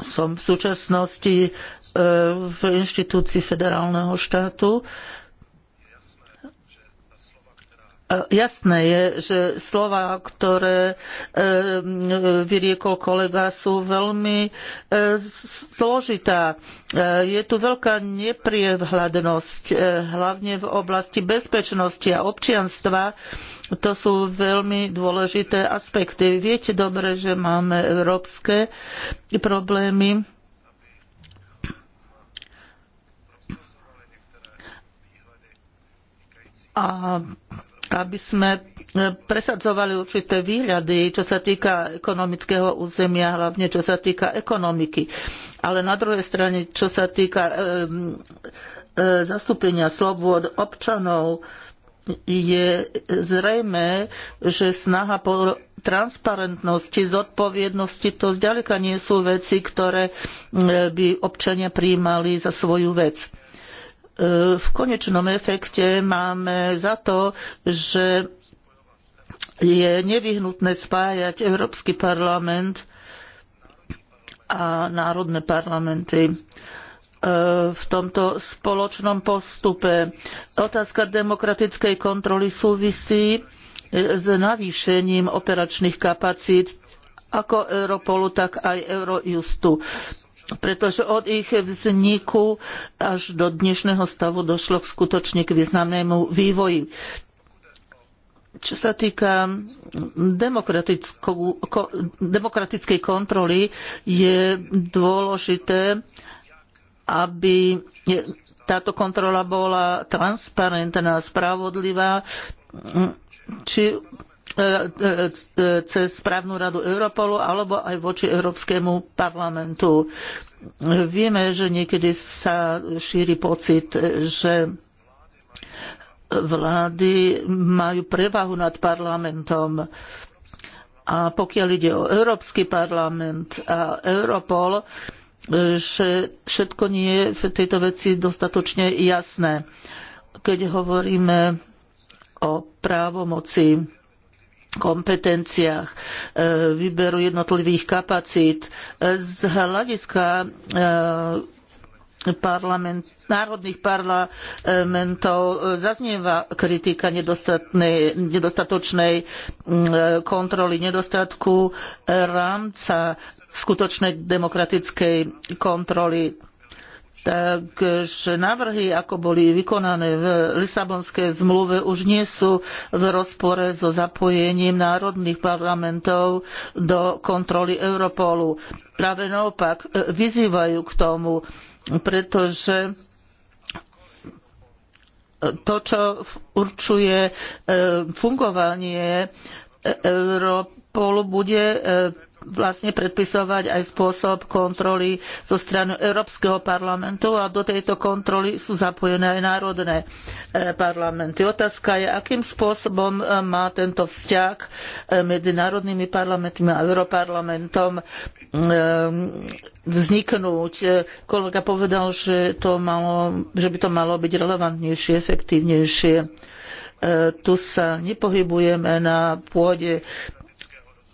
Speaker 4: som v súčasnosti e, v inštitúcii federálneho štátu E, jasné je, že slova, ktoré e, vyriekol kolega, sú veľmi e, zložitá. Je tu veľká nepriehľadnosť, hlavne v oblasti bezpečnosti a občianstva. To sú veľmi dôležité aspekty. Viete dobre, že máme európske problémy. A aby sme e, presadzovali určité výhľady, čo sa týka ekonomického územia, hlavne čo sa týka ekonomiky. Ale na druhej strane, čo sa týka e, e, zastúpenia slobôd občanov, je zrejme, že snaha po transparentnosti, zodpovednosti, to zďaleka nie sú veci, ktoré by občania prijímali za svoju vec. E, v konečnom efekte máme za to, že je nevyhnutné spájať Európsky parlament a národné parlamenty e, v tomto spoločnom postupe. Otázka demokratickej kontroly súvisí e, s navýšením operačných kapacít ako Europolu, tak aj Eurojustu pretože od ich vzniku až do dnešného stavu došlo skutočne k významnému vývoji. Čo sa týka demokratickej kontroly, je dôležité, aby táto kontrola bola transparentná, spravodlivá, či E, e, e, cez správnu radu Europolu alebo aj voči Európskemu parlamentu. Vieme, že niekedy sa šíri pocit, že vlády majú prevahu nad parlamentom. A pokiaľ ide o Európsky parlament a Europol, že všetko nie je v tejto veci dostatočne jasné. Keď hovoríme o právomoci kompetenciách, e, výberu jednotlivých kapacít. E, z hľadiska e, parlament, národných parlamentov zaznieva kritika nedostatočnej kontroly, nedostatku rámca skutočnej demokratickej kontroly Takže návrhy, ako boli vykonané v Lisabonskej zmluve, už nie sú v rozpore so zapojením národných parlamentov do kontroly Europolu. Práve naopak, e, vyzývajú k tomu, pretože to, čo určuje e, fungovanie Europolu, bude e, vlastne predpisovať aj spôsob kontroly zo strany Európskeho parlamentu a do tejto kontroly sú zapojené aj národné e, parlamenty. Otázka je, akým spôsobom e, má tento vzťah e, medzi národnými parlamentmi a Európarlamentom vzniknúť. Kolega povedal, že, to malo, že by to malo byť relevantnejšie, efektívnejšie tu sa nepohybujeme na pôde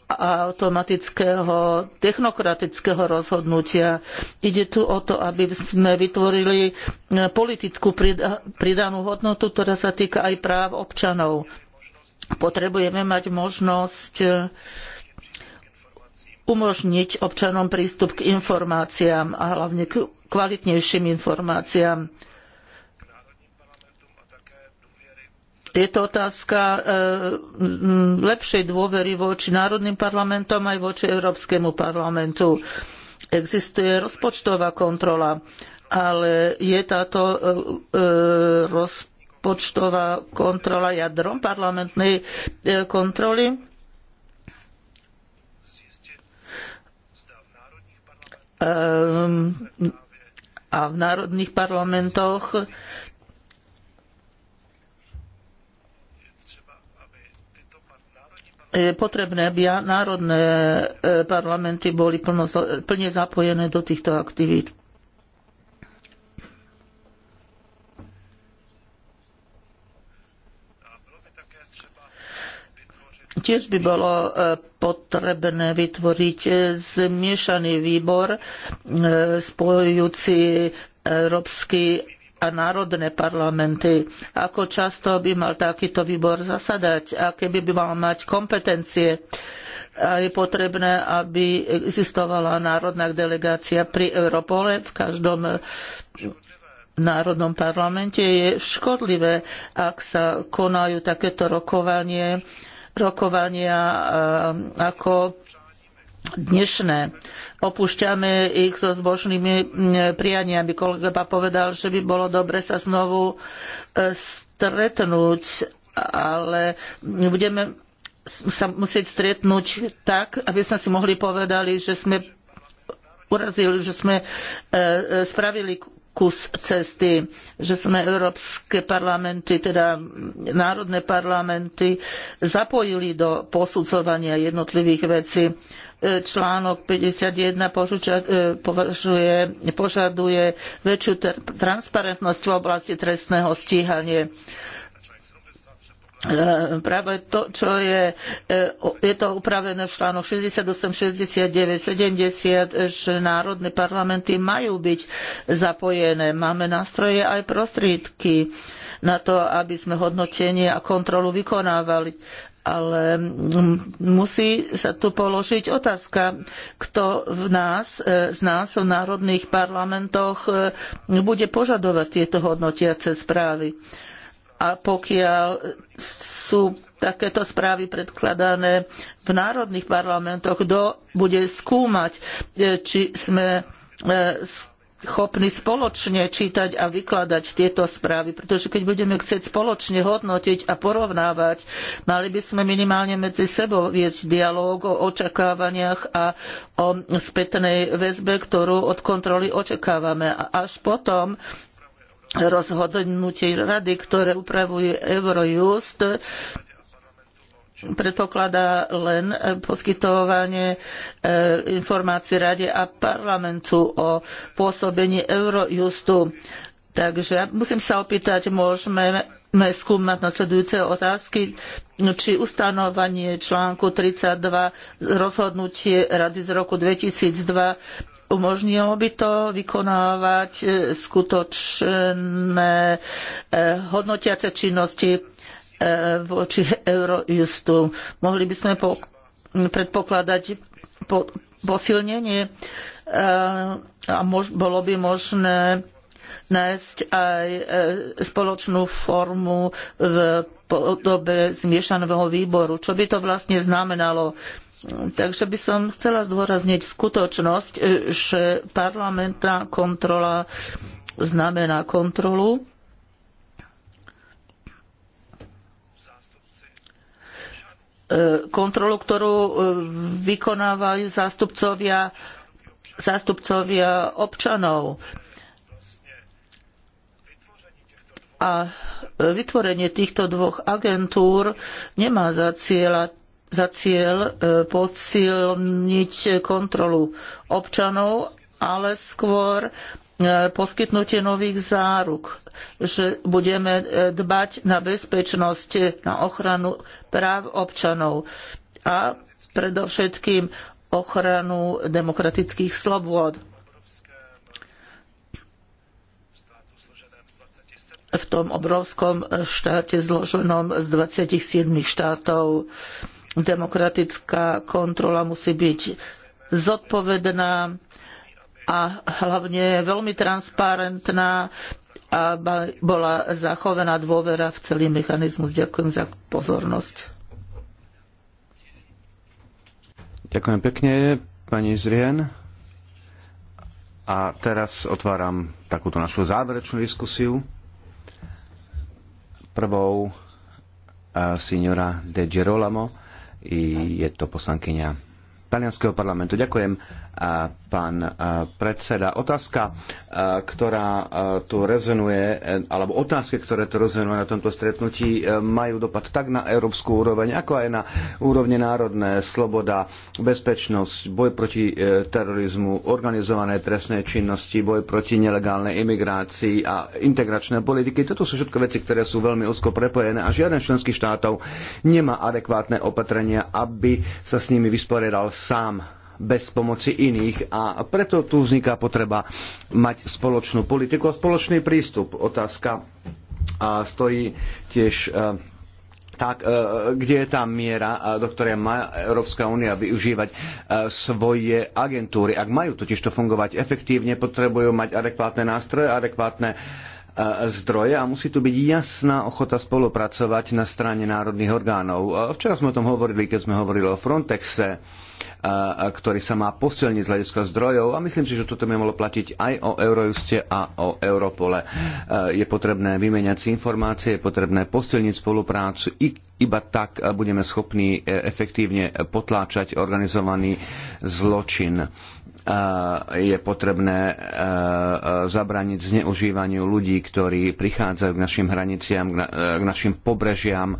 Speaker 4: automatického technokratického rozhodnutia. Ide tu o to, aby sme vytvorili e, politickú pridanú hodnotu, ktorá sa týka aj práv občanov. Potrebujeme mať možnosť e, umožniť občanom prístup k informáciám a hlavne k kvalitnejším informáciám. je to otázka e, lepšej dôvery voči národným parlamentom aj voči Európskemu parlamentu. Existuje rozpočtová kontrola, ale je táto e, e, rozpočtová kontrola jadrom parlamentnej kontroly? A v národných parlamentoch E, potrebné, aby národné e, parlamenty boli plne zapojené do týchto aktivít. Tiež by bolo e, potrebné vytvoriť zmiešaný výbor spojujúci Európsky a národné parlamenty. Ako často by mal takýto výbor zasadať? a keby by mal mať kompetencie? A je potrebné, aby existovala národná delegácia pri Europole v každom národnom parlamente. Je škodlivé, ak sa konajú takéto rokovanie, rokovania ako dnešné opúšťame ich so zbožnými prianiami. Kolega povedal, že by bolo dobre sa znovu e, stretnúť, ale budeme sa musieť stretnúť tak, aby sme si mohli povedali, že sme urazili, že sme e, e, spravili kus cesty, že sme európske parlamenty, teda národné parlamenty zapojili do posudzovania jednotlivých vecí článok 51 požuča, e, považuje, požaduje väčšiu transparentnosť v oblasti trestného stíhania e, práve to, čo je, e, je to upravené v článoch 68, 69, 70, že národné parlamenty majú byť zapojené. Máme nástroje aj prostriedky na to, aby sme hodnotenie a kontrolu vykonávali ale musí sa tu položiť otázka, kto v nás, e, z nás v národných parlamentoch e, bude požadovať tieto hodnotiace správy. A pokiaľ sú takéto správy predkladané v národných parlamentoch, kto bude skúmať, e, či sme schopní spoločne čítať a vykladať tieto správy, pretože keď budeme chcieť spoločne hodnotiť a porovnávať, mali by sme minimálne medzi sebou viesť dialóg o očakávaniach a o spätnej väzbe, ktorú od kontroly očakávame. A až potom rozhodnutie rady, ktoré upravuje Eurojust, predpokladá len e, poskytovanie e, informácií Rade a parlamentu o pôsobení Eurojustu. Takže musím sa opýtať, môžeme skúmať nasledujúce otázky, či ustanovanie článku 32 rozhodnutie Rady z roku 2002 umožnilo by to vykonávať e, skutočné hodnotiace činnosti voči Eurojustu. Mohli by sme po, predpokladať po, posilnenie eh, a mož, bolo by možné nájsť aj eh, spoločnú formu v podobe zmiešaného výboru. Čo by to vlastne znamenalo? Takže by som chcela zdôrazniť skutočnosť, eh, že parlamentná kontrola znamená kontrolu E, kontrolu, ktorú e, vykonávajú zástupcovia, zástupcovia občanov. A vytvorenie týchto dvoch agentúr nemá za za cieľ e, posilniť kontrolu občanov, ale skôr E, poskytnutie nových záruk, že budeme e, dbať na bezpečnosť, e, na ochranu práv občanov a predovšetkým ochranu demokratických slobôd. v tom obrovskom štáte zloženom z 27 štátov. Demokratická kontrola musí byť zodpovedná, a hlavne veľmi transparentná a bola zachovaná dôvera v celý mechanizmus. Ďakujem za pozornosť.
Speaker 1: Ďakujem pekne, pani Zrien. A teraz otváram takúto našu záverečnú diskusiu. Prvou eh, signora De Gerolamo, je to poslankyňa Talianského parlamentu. Ďakujem pán e, predseda. Otázka, e, ktorá e, tu rezonuje, alebo otázky, ktoré tu rezonujú na tomto stretnutí, majú dopad tak na európsku úroveň, ako aj na úrovne národné, sloboda, bezpečnosť, boj proti terorizmu, organizované trestné činnosti, boj proti nelegálnej imigrácii a integračné politiky. Toto sú všetko veci, ktoré sú veľmi úzko prepojené a žiaden členských štátov nemá adekvátne opatrenia, aby sa s nimi vysporiadal sám bez pomoci iných a preto tu vzniká potreba mať spoločnú politiku a spoločný prístup. Otázka a stojí tiež e, tak, e, kde je tá miera, e, do ktorej má Európska únia využívať svoje agentúry. Ak majú totiž to fungovať efektívne, potrebujú mať adekvátne nástroje, adekvátne zdroje a musí tu byť jasná ochota spolupracovať na strane národných orgánov. Včera sme o tom hovorili, keď sme hovorili o Frontexe ktorý sa má posilniť z hľadiska zdrojov a myslím si, že toto by malo platiť aj o Eurojuste a o Europole. E, je potrebné vymeniať si informácie, je potrebné posilniť spoluprácu, i iba tak e, budeme schopní e, efektívne potláčať organizovaný zločin je potrebné zabraniť zneužívaniu ľudí, ktorí prichádzajú k našim hraniciam, k našim pobrežiam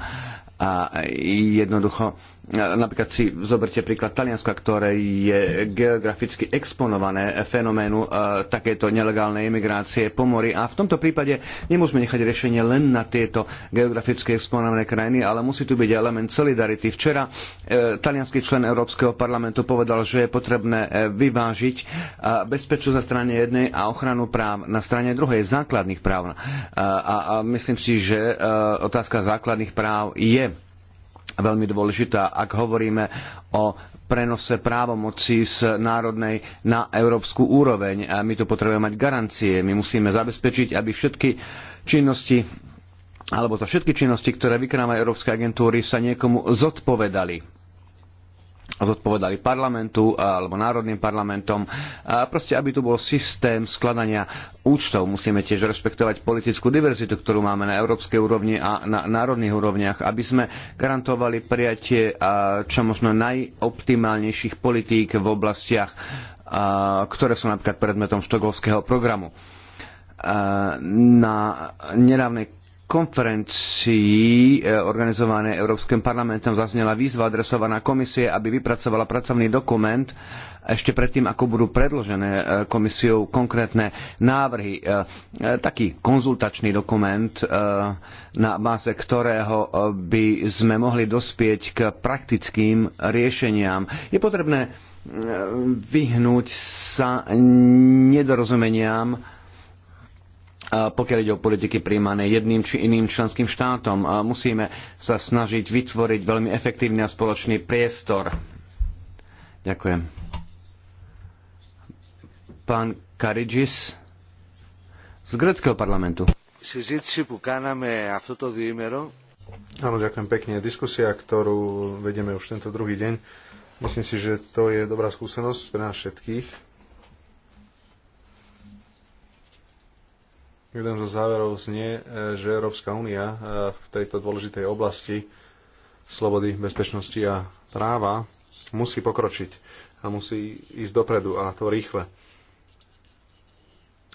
Speaker 1: a jednoducho Napríklad si zoberte príklad Talianska, ktoré je geograficky exponované fenoménu e, takéto nelegálnej imigrácie po mori. A v tomto prípade nemôžeme nechať riešenie len na tieto geograficky exponované krajiny, ale musí tu byť element solidarity. Včera e, talianský člen Európskeho parlamentu povedal, že je potrebné e, vyvážiť bezpečnosť na strane jednej a ochranu práv na strane druhej, základných práv. A, a myslím si, že otázka základných práv je veľmi dôležitá, ak hovoríme o prenose právomocí z národnej na európsku úroveň. A my tu potrebujeme mať garancie. My musíme zabezpečiť, aby všetky činnosti alebo za všetky činnosti, ktoré vykonávajú európske agentúry, sa niekomu zodpovedali zodpovedali parlamentu alebo národným parlamentom. A proste, aby tu bol systém skladania účtov. Musíme tiež rešpektovať politickú diverzitu, ktorú máme na európskej úrovni a na národných úrovniach, aby sme garantovali prijatie čo možno najoptimálnejších politík v oblastiach, ktoré sú napríklad predmetom štokovského programu na nedávnej konferencii e, organizované Európskym parlamentom zaznela výzva adresovaná komisie, aby vypracovala pracovný dokument ešte predtým, ako budú predložené e, komisiou konkrétne návrhy. E, taký konzultačný dokument, na báze ktorého by sme mohli dospieť k praktickým riešeniam. Je potrebné vyhnúť sa nedorozumeniam pokiaľ ide o politiky príjmané jedným či iným členským štátom. Musíme sa snažiť vytvoriť veľmi efektívny a spoločný priestor. Ďakujem. Pán Karidžis z greckého parlamentu.
Speaker 3: Áno, ďakujem pekne. Diskusia, ktorú vedieme už tento druhý deň, myslím si, že to je dobrá skúsenosť pre nás všetkých Jeden zo záverov znie, e, že Európska únia e, v tejto dôležitej oblasti slobody, bezpečnosti a práva musí pokročiť a musí ísť dopredu a to rýchle.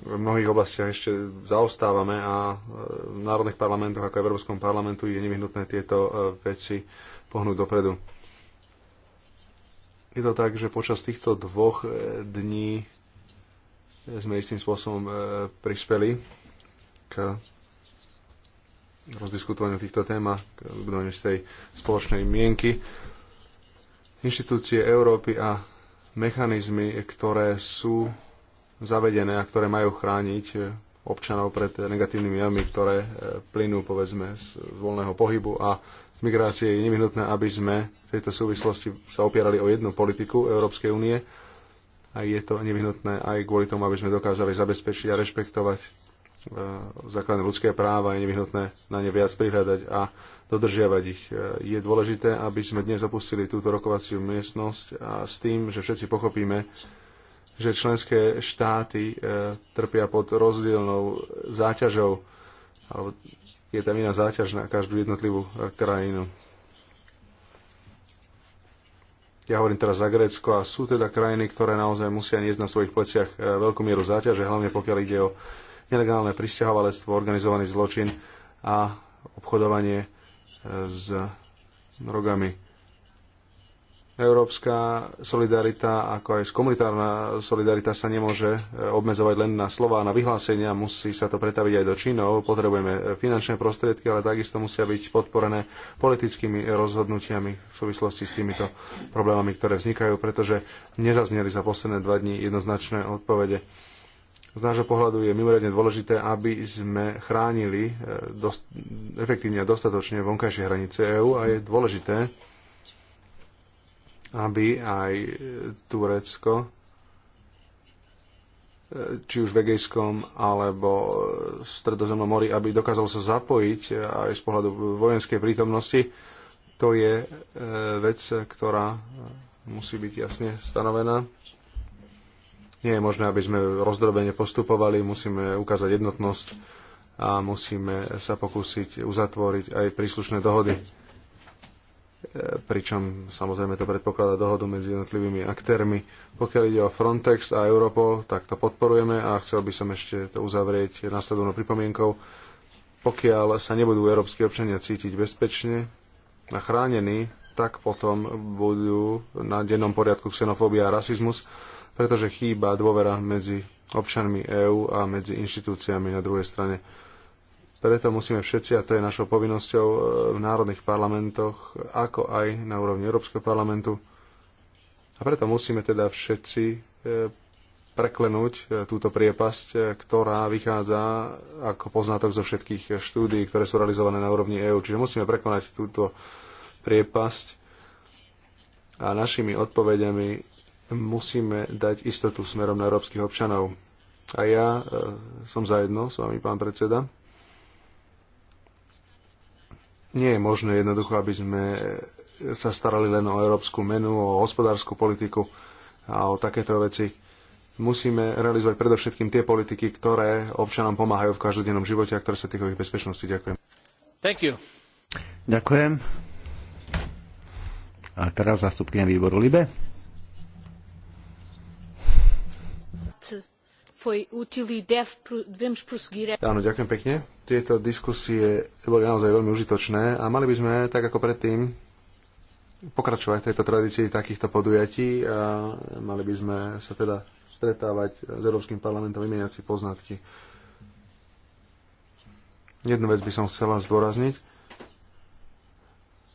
Speaker 3: V mnohých oblastiach ešte zaostávame a e, v národných parlamentoch ako v Európskom parlamentu je nevyhnutné tieto veci pohnúť dopredu. Je to tak, že počas týchto dvoch dní sme istým spôsobom prispeli k rozdiskutovaniu týchto a k budovaniu tej spoločnej mienky. Inštitúcie Európy a mechanizmy, ktoré sú zavedené a ktoré majú chrániť občanov pred negatívnymi javmi, ktoré e, plynú povedzme z voľného pohybu a z migrácie je nevyhnutné, aby sme v tejto súvislosti sa opierali o jednu politiku Európskej únie a je to nevyhnutné aj kvôli tomu, aby sme dokázali zabezpečiť a rešpektovať E, základné ľudské práva, je nevyhnutné na ne viac prihľadať a dodržiavať ich. E, je dôležité, aby sme dnes opustili túto rokovaciu miestnosť a s tým, že všetci pochopíme, že členské štáty e, trpia pod rozdielnou záťažou, alebo je tam iná záťaž na každú jednotlivú krajinu. Ja hovorím teraz za Grécko a sú teda krajiny, ktoré naozaj musia niesť na svojich pleciach veľkú mieru záťaže, hlavne pokiaľ ide o nelegálne prisťahovalectvo, organizovaný zločin a obchodovanie e, s drogami. Európska solidarita, ako aj komunitárna solidarita sa nemôže e, obmedzovať len na slova a na vyhlásenia, musí sa to pretaviť aj do činov. Potrebujeme finančné prostriedky, ale takisto musia byť podporené politickými rozhodnutiami v súvislosti s týmito problémami, ktoré vznikajú, pretože nezazneli za posledné dva dní jednoznačné odpovede z nášho pohľadu je mimoriadne dôležité, aby sme chránili e, dost, efektívne a dostatočne vonkajšie hranice EÚ a je dôležité, aby aj Turecko, e, či už v Egejskom alebo v Stredozemnom mori, aby dokázalo sa zapojiť aj z pohľadu vojenskej prítomnosti. To je e, vec, ktorá musí byť jasne stanovená. Nie je možné, aby sme rozdrobene postupovali, musíme ukázať jednotnosť a musíme sa pokúsiť uzatvoriť aj príslušné dohody. Pričom samozrejme to predpokladá dohodu medzi jednotlivými aktérmi. Pokiaľ ide o Frontex a Europol, tak to podporujeme a chcel by som ešte to uzavrieť následovnou pripomienkou. Pokiaľ sa nebudú európsky občania cítiť bezpečne a chránení, tak potom budú na dennom poriadku xenofóbia a rasizmus pretože chýba dôvera medzi občanmi EÚ a medzi inštitúciami na druhej strane. Preto musíme všetci, a to je našou povinnosťou e, v národných parlamentoch, ako aj na úrovni Európskeho parlamentu, a preto musíme teda všetci e, preklenúť e, túto priepasť, ktorá vychádza ako poznatok zo všetkých štúdií, ktoré sú realizované na úrovni EÚ. Čiže musíme prekonať túto priepasť a našimi odpovediami musíme dať istotu smerom na európskych občanov. A ja e, som zajedno s vami, pán predseda. Nie je možné jednoducho, aby sme sa starali len o európsku menu, o hospodárskú politiku a o takéto veci. Musíme realizovať predovšetkým tie politiky, ktoré občanom pomáhajú v každodennom živote a ktoré sa týkajú ich bezpečnosti. Ďakujem. Thank you. Ďakujem. A teraz zastupkynia výboru Libe.
Speaker 5: debate foi útil e deve, devemos prosseguir. Áno,
Speaker 3: ďakujem pekne. Tieto diskusie boli naozaj veľmi užitočné a mali by sme, tak ako predtým, pokračovať v tejto tradícii takýchto podujatí a mali by sme sa teda stretávať s Európskym parlamentom, vymieňať si poznatky. Jednu vec by som chcela zdôrazniť.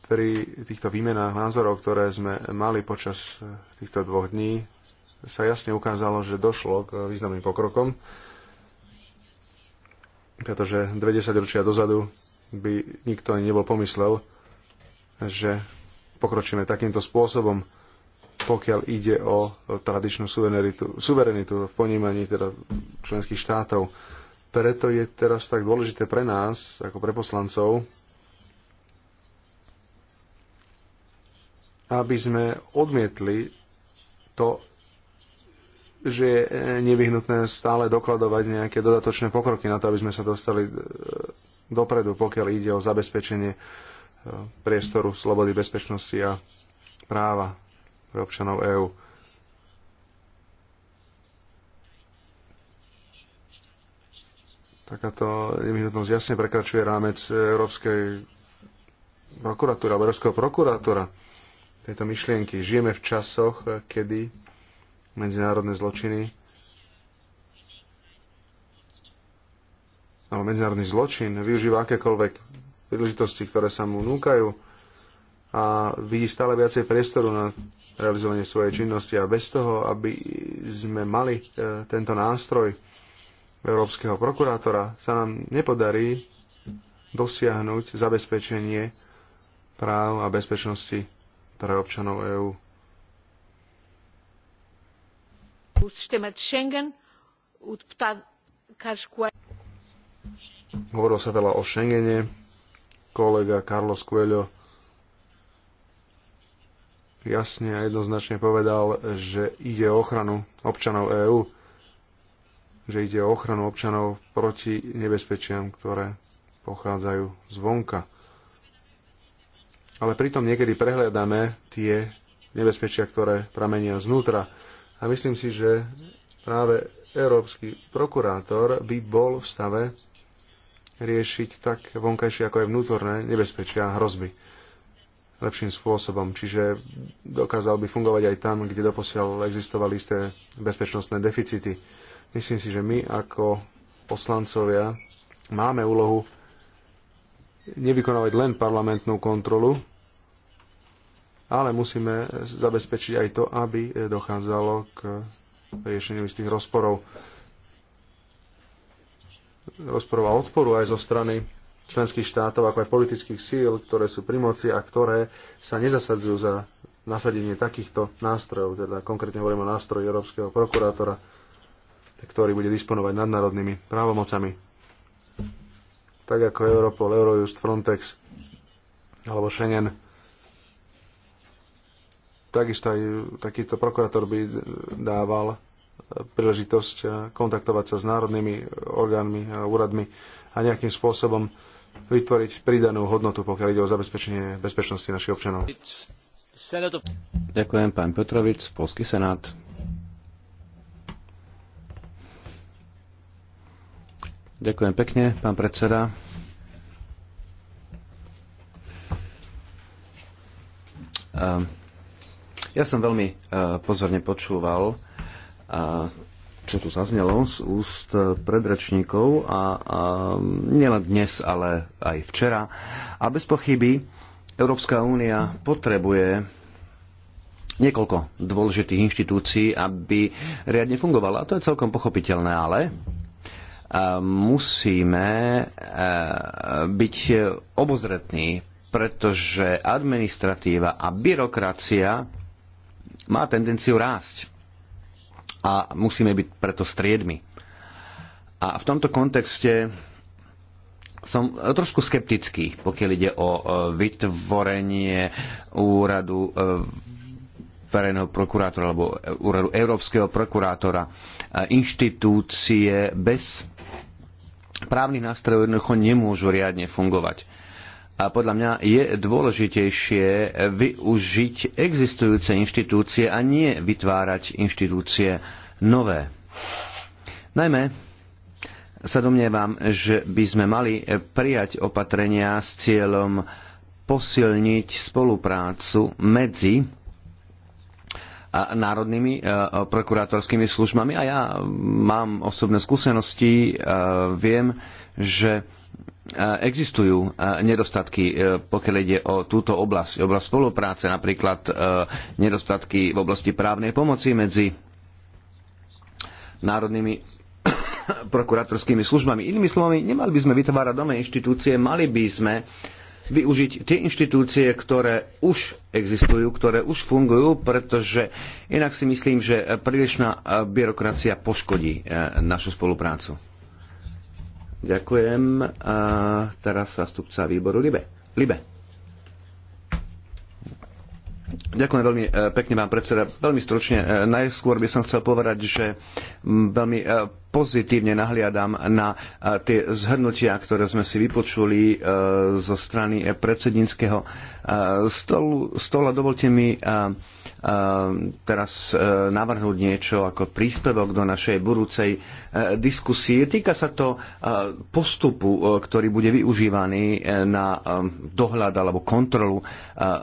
Speaker 3: Pri týchto výmenách názorov, ktoré sme mali počas týchto dvoch dní, sa jasne ukázalo, že došlo k významným pokrokom, pretože 20 ročia dozadu by nikto ani nebol pomyslel, že pokročíme takýmto spôsobom, pokiaľ ide o tradičnú suverenitu, suverenitu v ponímaní teda členských štátov. Preto je teraz tak dôležité pre nás, ako pre poslancov, aby sme odmietli to, že je e, nevyhnutné stále dokladovať nejaké dodatočné pokroky na to, aby sme sa dostali e, dopredu, pokiaľ ide o zabezpečenie e, priestoru slobody, bezpečnosti a práva pre občanov EÚ. Takáto nevyhnutnosť jasne prekračuje rámec Európskej prokuratúry alebo Európskeho prokurátora tejto myšlienky. Žijeme v časoch, kedy medzinárodné zločiny alebo medzinárodný zločin využíva akékoľvek príležitosti, ktoré sa mu núkajú a vidí stále viacej priestoru na realizovanie svojej činnosti a bez toho, aby sme mali e, tento nástroj európskeho prokurátora, sa nám nepodarí dosiahnuť zabezpečenie práv a bezpečnosti pre občanov EÚ.
Speaker 5: o sistema de Schengen. O deputado Carlos Coelho.
Speaker 3: Hovorilo sa veľa o Schengene. Kolega Carlos Coelho jasne a jednoznačne povedal, že ide o ochranu občanov EÚ, že ide o ochranu občanov proti nebezpečiam, ktoré pochádzajú zvonka. Ale pritom niekedy prehľadáme tie nebezpečia, ktoré pramenia znútra. A myslím si, že práve európsky prokurátor by bol v stave riešiť tak vonkajšie ako aj vnútorné nebezpečia a hrozby lepším spôsobom. Čiže dokázal by fungovať aj tam, kde doposiaľ existovali isté bezpečnostné deficity. Myslím si, že my ako poslancovia máme úlohu nevykonávať len parlamentnú kontrolu, ale musíme zabezpečiť aj to, aby eh, dochádzalo k riešeniu istých rozporov rozporov a odporu aj zo strany členských štátov, ako aj politických síl, ktoré sú pri moci a ktoré sa nezasadzujú za nasadenie takýchto nástrojov, teda konkrétne hovorím o nástroji Európskeho prokurátora, ktorý bude disponovať nadnárodnými právomocami. Tak ako Europol, Eurojust, Frontex alebo Schengen Takisto aj takýto prokurátor by dával príležitosť eh, kontaktovať sa s národnými orgánmi a úradmi a nejakým spôsobom vytvoriť pridanú hodnotu, pokiaľ ide o zabezpečenie bezpečnosti našich občanov. Ďakujem, pán Petrovic,
Speaker 1: Polský senát. Ďakujem pekne, pán predseda. Um, ja som veľmi e, pozorne počúval, e, čo tu zaznelo z úst e, predrečníkov a, a nielen dnes, ale aj včera. A bez pochyby Európska únia potrebuje niekoľko dôležitých inštitúcií, aby riadne fungovala. A to je celkom pochopiteľné, ale musíme byť obozretní, pretože administratíva a byrokracia má tendenciu rásť. A musíme byť preto striedmi. A v tomto kontexte som eh, trošku skeptický, pokiaľ ide o eh, vytvorenie úradu eh, verejného prokurátora alebo úradu európskeho prokurátora, inštitúcie bez právnych nástrojov jednoducho nemôžu riadne fungovať a podľa mňa je dôležitejšie využiť existujúce inštitúcie a nie vytvárať inštitúcie nové. Najmä sa domnievam, že by sme mali prijať opatrenia s cieľom posilniť spoluprácu medzi a národnými e, prokurátorskými službami. A ja mám osobné skúsenosti, e, viem, že existujú nedostatky, e, pokiaľ ide o túto oblasť, oblasť spolupráce, napríklad e, nedostatky v oblasti právnej pomoci medzi národnými [COUGHS] prokurátorskými službami. Inými slovami, nemali by sme vytvárať nové inštitúcie, mali by sme využiť tie inštitúcie, ktoré už existujú, ktoré už fungujú, pretože inak si myslím, že prílišná e, byrokracia poškodí našu spoluprácu. Ďakujem. A teraz zastupca výboru Libe. Libe. Ďakujem veľmi e, pekne, pán predseda. Veľmi stručne. E, najskôr by som chcel povedať, že veľmi e, pozitívne nahliadam na e, tie zhrnutia, ktoré sme si vypočuli e, zo strany predsedníckého e, stolu. Stola dovolte mi teraz navrhnúť niečo ako príspevok do našej budúcej diskusie. Týka sa to postupu, ktorý bude využívaný na dohľad alebo kontrolu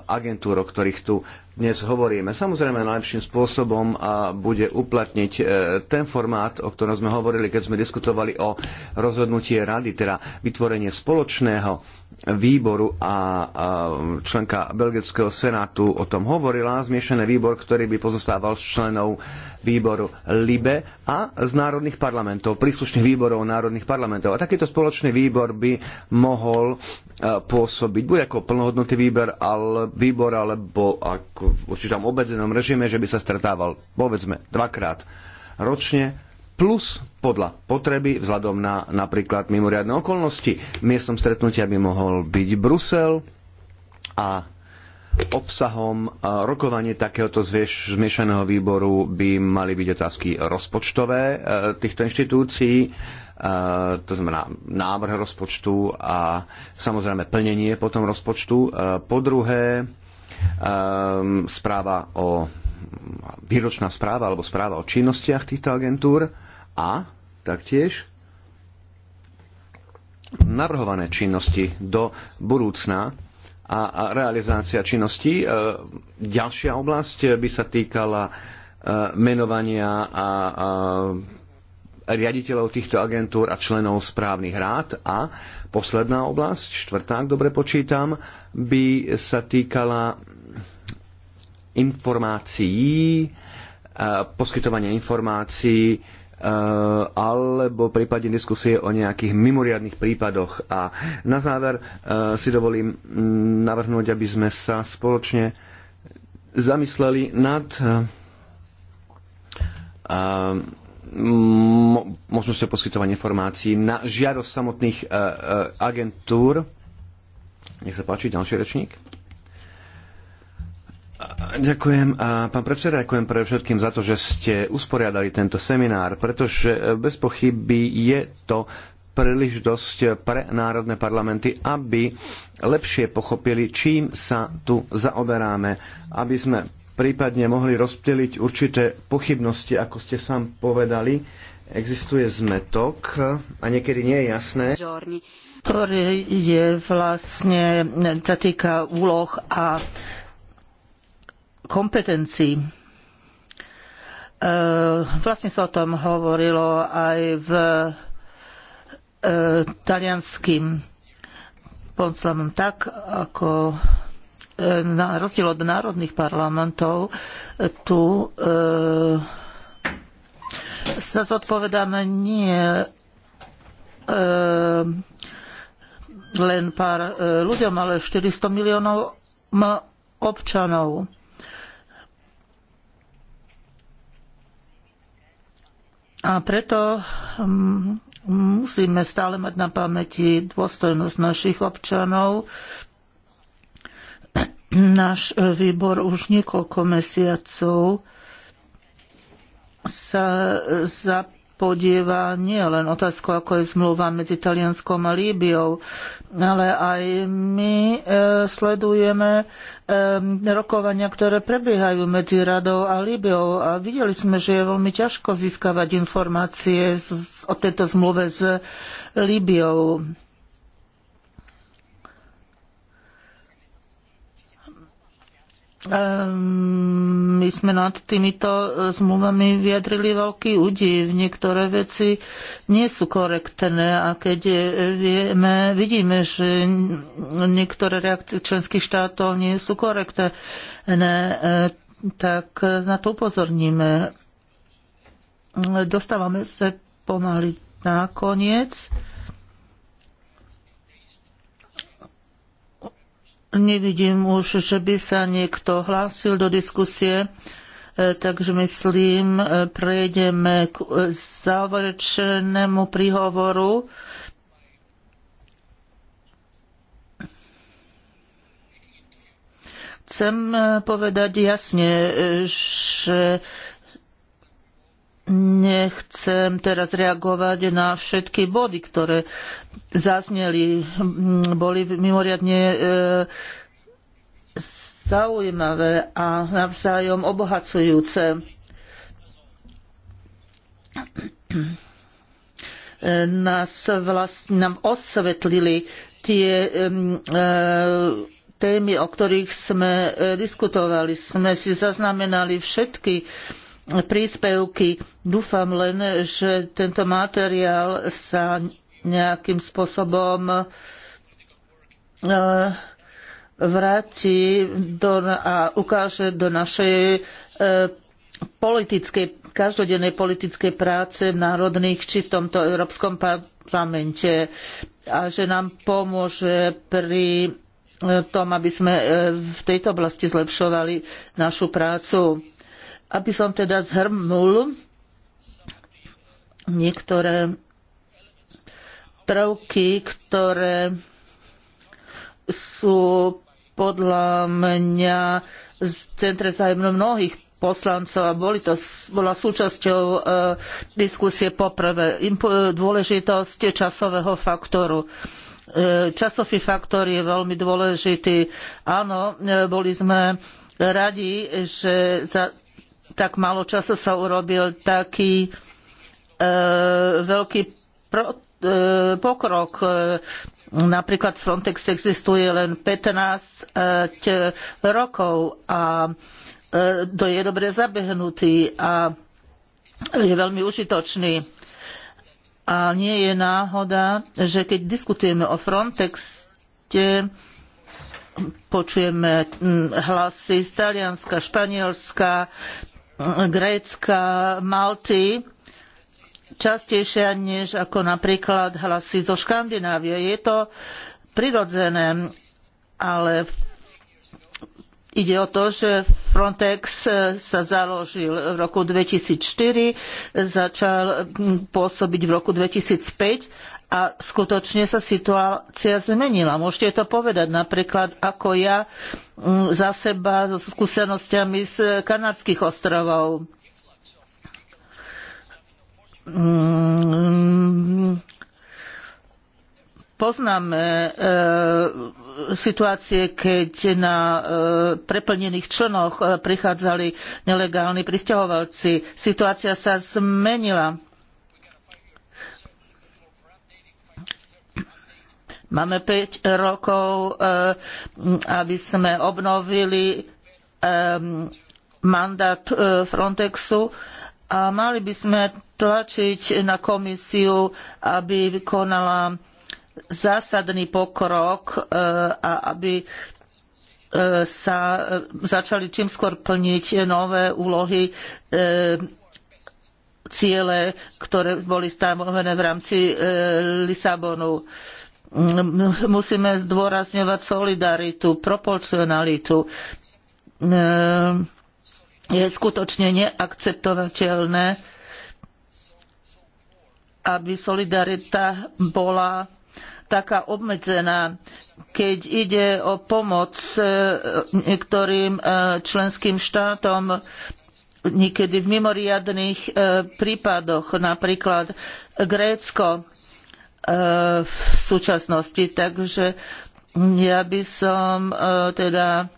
Speaker 1: agentúr, o ktorých tu dnes hovoríme. Samozrejme, najlepším spôsobom a bude uplatniť e, ten formát, o ktorom sme hovorili, keď sme diskutovali o rozhodnutie rady, teda vytvorenie spoločného výboru a členka Belgického senátu o tom hovorila, zmiešaný výbor, ktorý by pozostával z členov výboru LIBE a z národných parlamentov, príslušných výborov národných parlamentov. A takýto spoločný výbor by mohol pôsobiť buď ako plnohodnotný výber, ale, výbor, alebo ako v určitom obmedzenom režime, že by sa stretával povedzme dvakrát ročne plus podľa potreby vzhľadom na napríklad mimoriadne okolnosti. Miestom stretnutia by mohol byť Brusel a obsahom rokovanie takéhoto zmiešaného výboru by mali byť otázky rozpočtové e, týchto inštitúcií, E, to znamená návrh rozpočtu a samozrejme plnenie potom rozpočtu. E, po druhé, e, správa o výročná správa alebo správa o činnostiach týchto agentúr a taktiež navrhované činnosti do budúcna a, a realizácia činností. Ďalšia oblasť by sa týkala menovania a, a riaditeľov týchto agentúr a členov správnych rád. A posledná oblasť, štvrtá, ak dobre počítam, by sa týkala informácií, e, poskytovania informácií e, alebo prípadne diskusie o nejakých mimoriadných prípadoch. A na záver e, si dovolím mm, navrhnúť, aby sme sa spoločne zamysleli nad možnosťou poskytovať informácií na žiadosť samotných e, e, agentúr. Nech sa páči, ďalší rečník. Ďakujem. Pán predseda, ďakujem pre všetkým za to, že ste usporiadali tento seminár, pretože e, bez pochyby je to príležitosť pre národné parlamenty, aby lepšie pochopili, čím sa tu zaoberáme, aby sme prípadne mohli rozptýliť určité pochybnosti, ako ste sám povedali. Existuje zmetok a niekedy nie je jasné
Speaker 5: ktorý
Speaker 4: je vlastne, sa týka úloh a kompetencií. E, vlastne sa o tom hovorilo aj v e, talianským poslanom, tak, ako na rozdiel od národných parlamentov, tu e, sa zodpovedáme nie e, len pár e, ľuďom, ale 400 miliónov občanov. A preto mm, musíme stále mať na pamäti dôstojnosť našich občanov, Náš e, výbor už niekoľko mesiacov sa e, zapodieva nielen nie len otázku, ako je zmluva medzi Talianskom a Líbiou, ale aj my e, sledujeme e, rokovania, ktoré prebiehajú medzi Radou a Líbiou a videli sme, že je veľmi ťažko získavať informácie z, z, o tejto zmluve s Líbiou. Ehm, my sme nad týmito eh, zmluvami vyjadrili veľký údiv. Niektoré veci nie sú korektné a keď eh, vieme, vidíme, že niektoré reakcie členských štátov nie sú korektné, eh, tak na to upozorníme. Dostávame sa pomaly na koniec. Nevidím už, že by sa niekto hlásil do diskusie, e, takže myslím, e, prejdeme k e, záverečnému príhovoru. Chcem povedať jasne, že Nechcem teraz reagovať na všetky body, ktoré zazneli. Boli mimoriadne e, zaujímavé a navzájom obohacujúce. Nás vlastne, nám osvetlili tie e, témy, o ktorých sme e, diskutovali. Sme si zaznamenali všetky príspevky. Dúfam len, že tento materiál sa nejakým spôsobom e, vráti do, a ukáže do našej e, politickej, každodennej politickej práce v národných či v tomto Európskom parlamente a že nám pomôže pri e, tom, aby sme v tejto oblasti zlepšovali našu prácu. Aby som teda zhrnul niektoré prvky, ktoré sú podľa mňa z centre zájmu mnohých poslancov a boli to, bola súčasťou e, diskusie poprvé. Impu, dôležitosť časového faktoru. E, časový faktor je veľmi dôležitý. Áno, e, boli sme radi, že za tak málo času sa urobil taký e, veľký pro, e, pokrok. E, napríklad Frontex existuje len 15 e, rokov a e, to je dobre zabehnutý a je veľmi užitočný. A nie je náhoda, že keď diskutujeme o Frontexte, počujeme hlasy z Talianska, Španielska, Grécka, Malty častejšia než ako napríklad hlasy zo Škandinávie. Je to prirodzené, ale Ide o to, že Frontex sa založil v roku 2004, začal pôsobiť v roku 2005 a skutočne sa situácia zmenila. Môžete to povedať napríklad ako ja mm, za seba so skúsenostiami z Kanárskych ostrovov. Mm, poznáme e, situácie, keď na e, preplnených člnoch e, prichádzali nelegálni pristahovalci. Situácia sa zmenila Máme 5 rokov, e, aby sme obnovili e, mandát e, Frontexu a mali by sme tlačiť na komisiu, aby vykonala zásadný pokrok a aby sa začali čím skôr plniť nové úlohy ciele, ktoré boli stanovené v rámci Lisabonu musíme zdôrazňovať solidaritu, proporcionalitu. E, je skutočne neakceptovateľné, aby solidarita bola taká obmedzená, keď ide o pomoc e, niektorým e, členským štátom, niekedy v mimoriadnych prípadoch, napríklad Grécko E, v súčasnosti. Takže ja by som e, teda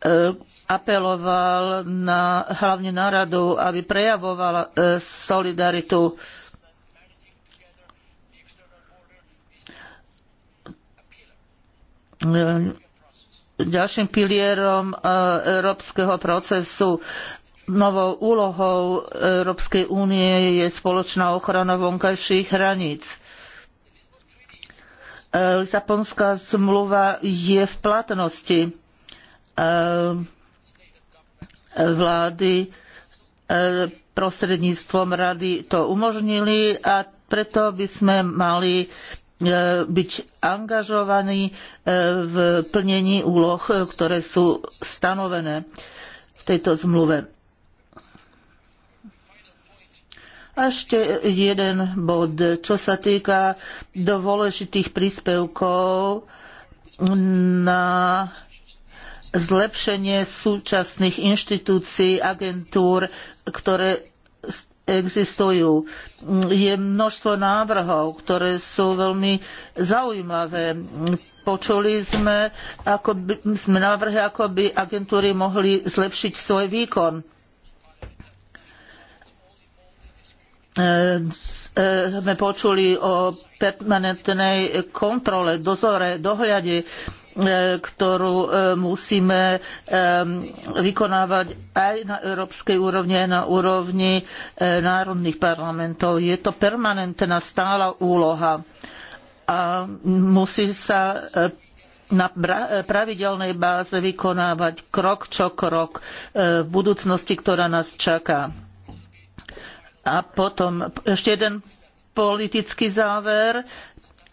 Speaker 4: e, apeloval na, hlavne na radu, aby prejavovala solidaritu ďalším pilierom európskeho procesu Novou úlohou Európskej únie je spoločná ochrana vonkajších hraníc. Lisabonská zmluva je v platnosti. Ehm, vlády ehm, prostredníctvom rady to umožnili a preto by sme mali ehm, byť angažovaní v plnení úloh, ktoré sú stanovené v tejto zmluve. ešte jeden bod, čo sa týka dôležitých príspevkov na zlepšenie súčasných inštitúcií, agentúr, ktoré existujú. Je množstvo návrhov, ktoré sú veľmi zaujímavé. Počuli sme, ako by, sme návrhy, ako by agentúry mohli zlepšiť svoj výkon E, e, sme počuli o permanentnej kontrole, dozore, dohľade, e, ktorú musíme vykonávať aj na európskej úrovni, aj na úrovni národných parlamentov. Je to permanentná stála úloha a musí sa na pravidelnej báze vykonávať krok čo krok v budúcnosti, ktorá nás čaká a potom ešte jeden politický záver.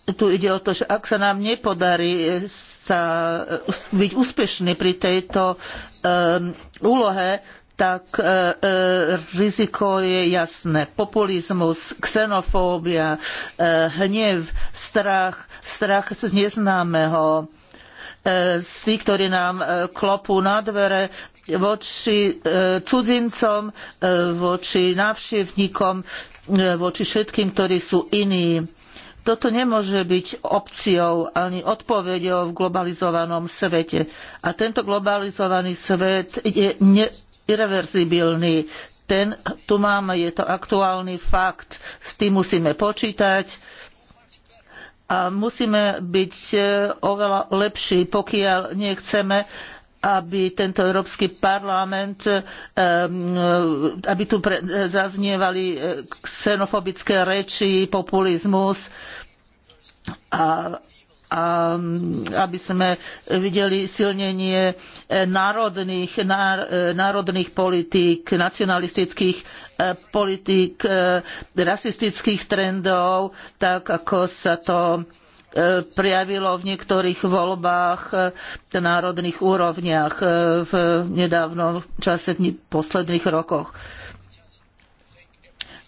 Speaker 4: Tu ide o to, že ak sa nám nepodarí sa byť úspešní pri tejto ehm, úlohe, tak e, e, riziko je jasné. Populizmus, xenofóbia, e, hnev, strach, strach z neznámeho z tých, ktorí nám klopú na dvere, voči e, cudzincom, e, voči návštevníkom, e, voči všetkým, ktorí sú iní. Toto nemôže byť opciou ani odpoveďou v globalizovanom svete. A tento globalizovaný svet je irreverzibilný. Ten tu máme, je to aktuálny fakt, s tým musíme počítať a musíme byť oveľa lepší, pokiaľ nechceme aby tento Európsky parlament, eh, eh, aby tu eh, zaznievali xenofobické reči, populizmus a a aby sme videli silnenie národných, národných politík, nacionalistických politík, rasistických trendov, tak ako sa to E, prejavilo v niektorých voľbách e, na národných úrovniach e, v nedávnom čase, v posledných rokoch.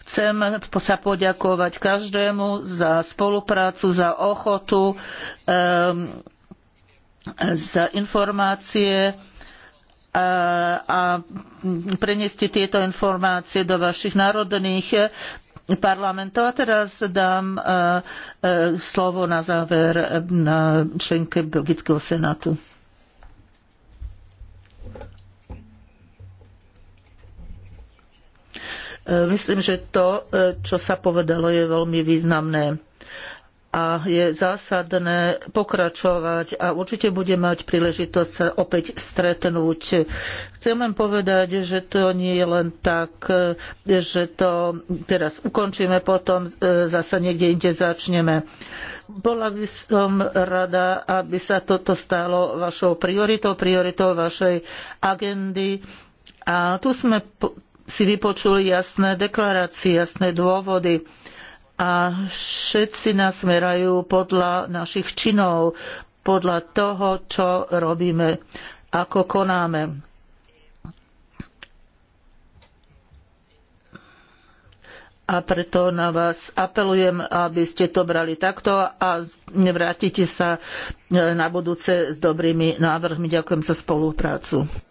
Speaker 4: Chcem sa poďakovať každému za spoluprácu, za ochotu, za informácie a preniesť tieto informácie do vašich národných parlamentu. A teraz dám e, e, slovo na záver e, na členke Belgického senátu. Myslím, že to, čo sa povedalo, je veľmi významné a je zásadné pokračovať a určite bude mať príležitosť sa opäť stretnúť. Chcem len povedať, že to nie je len tak, že to teraz ukončíme, potom e, zasa niekde inde začneme. Bola by som rada, aby sa toto stalo vašou prioritou, prioritou vašej agendy. A tu sme si vypočuli jasné deklarácie, jasné dôvody a všetci nás merajú podľa našich činov, podľa toho, čo robíme, ako konáme. a preto na vás apelujem, aby ste to brali takto a nevrátite sa e, na budúce s dobrými návrhmi. Ďakujem za spoluprácu.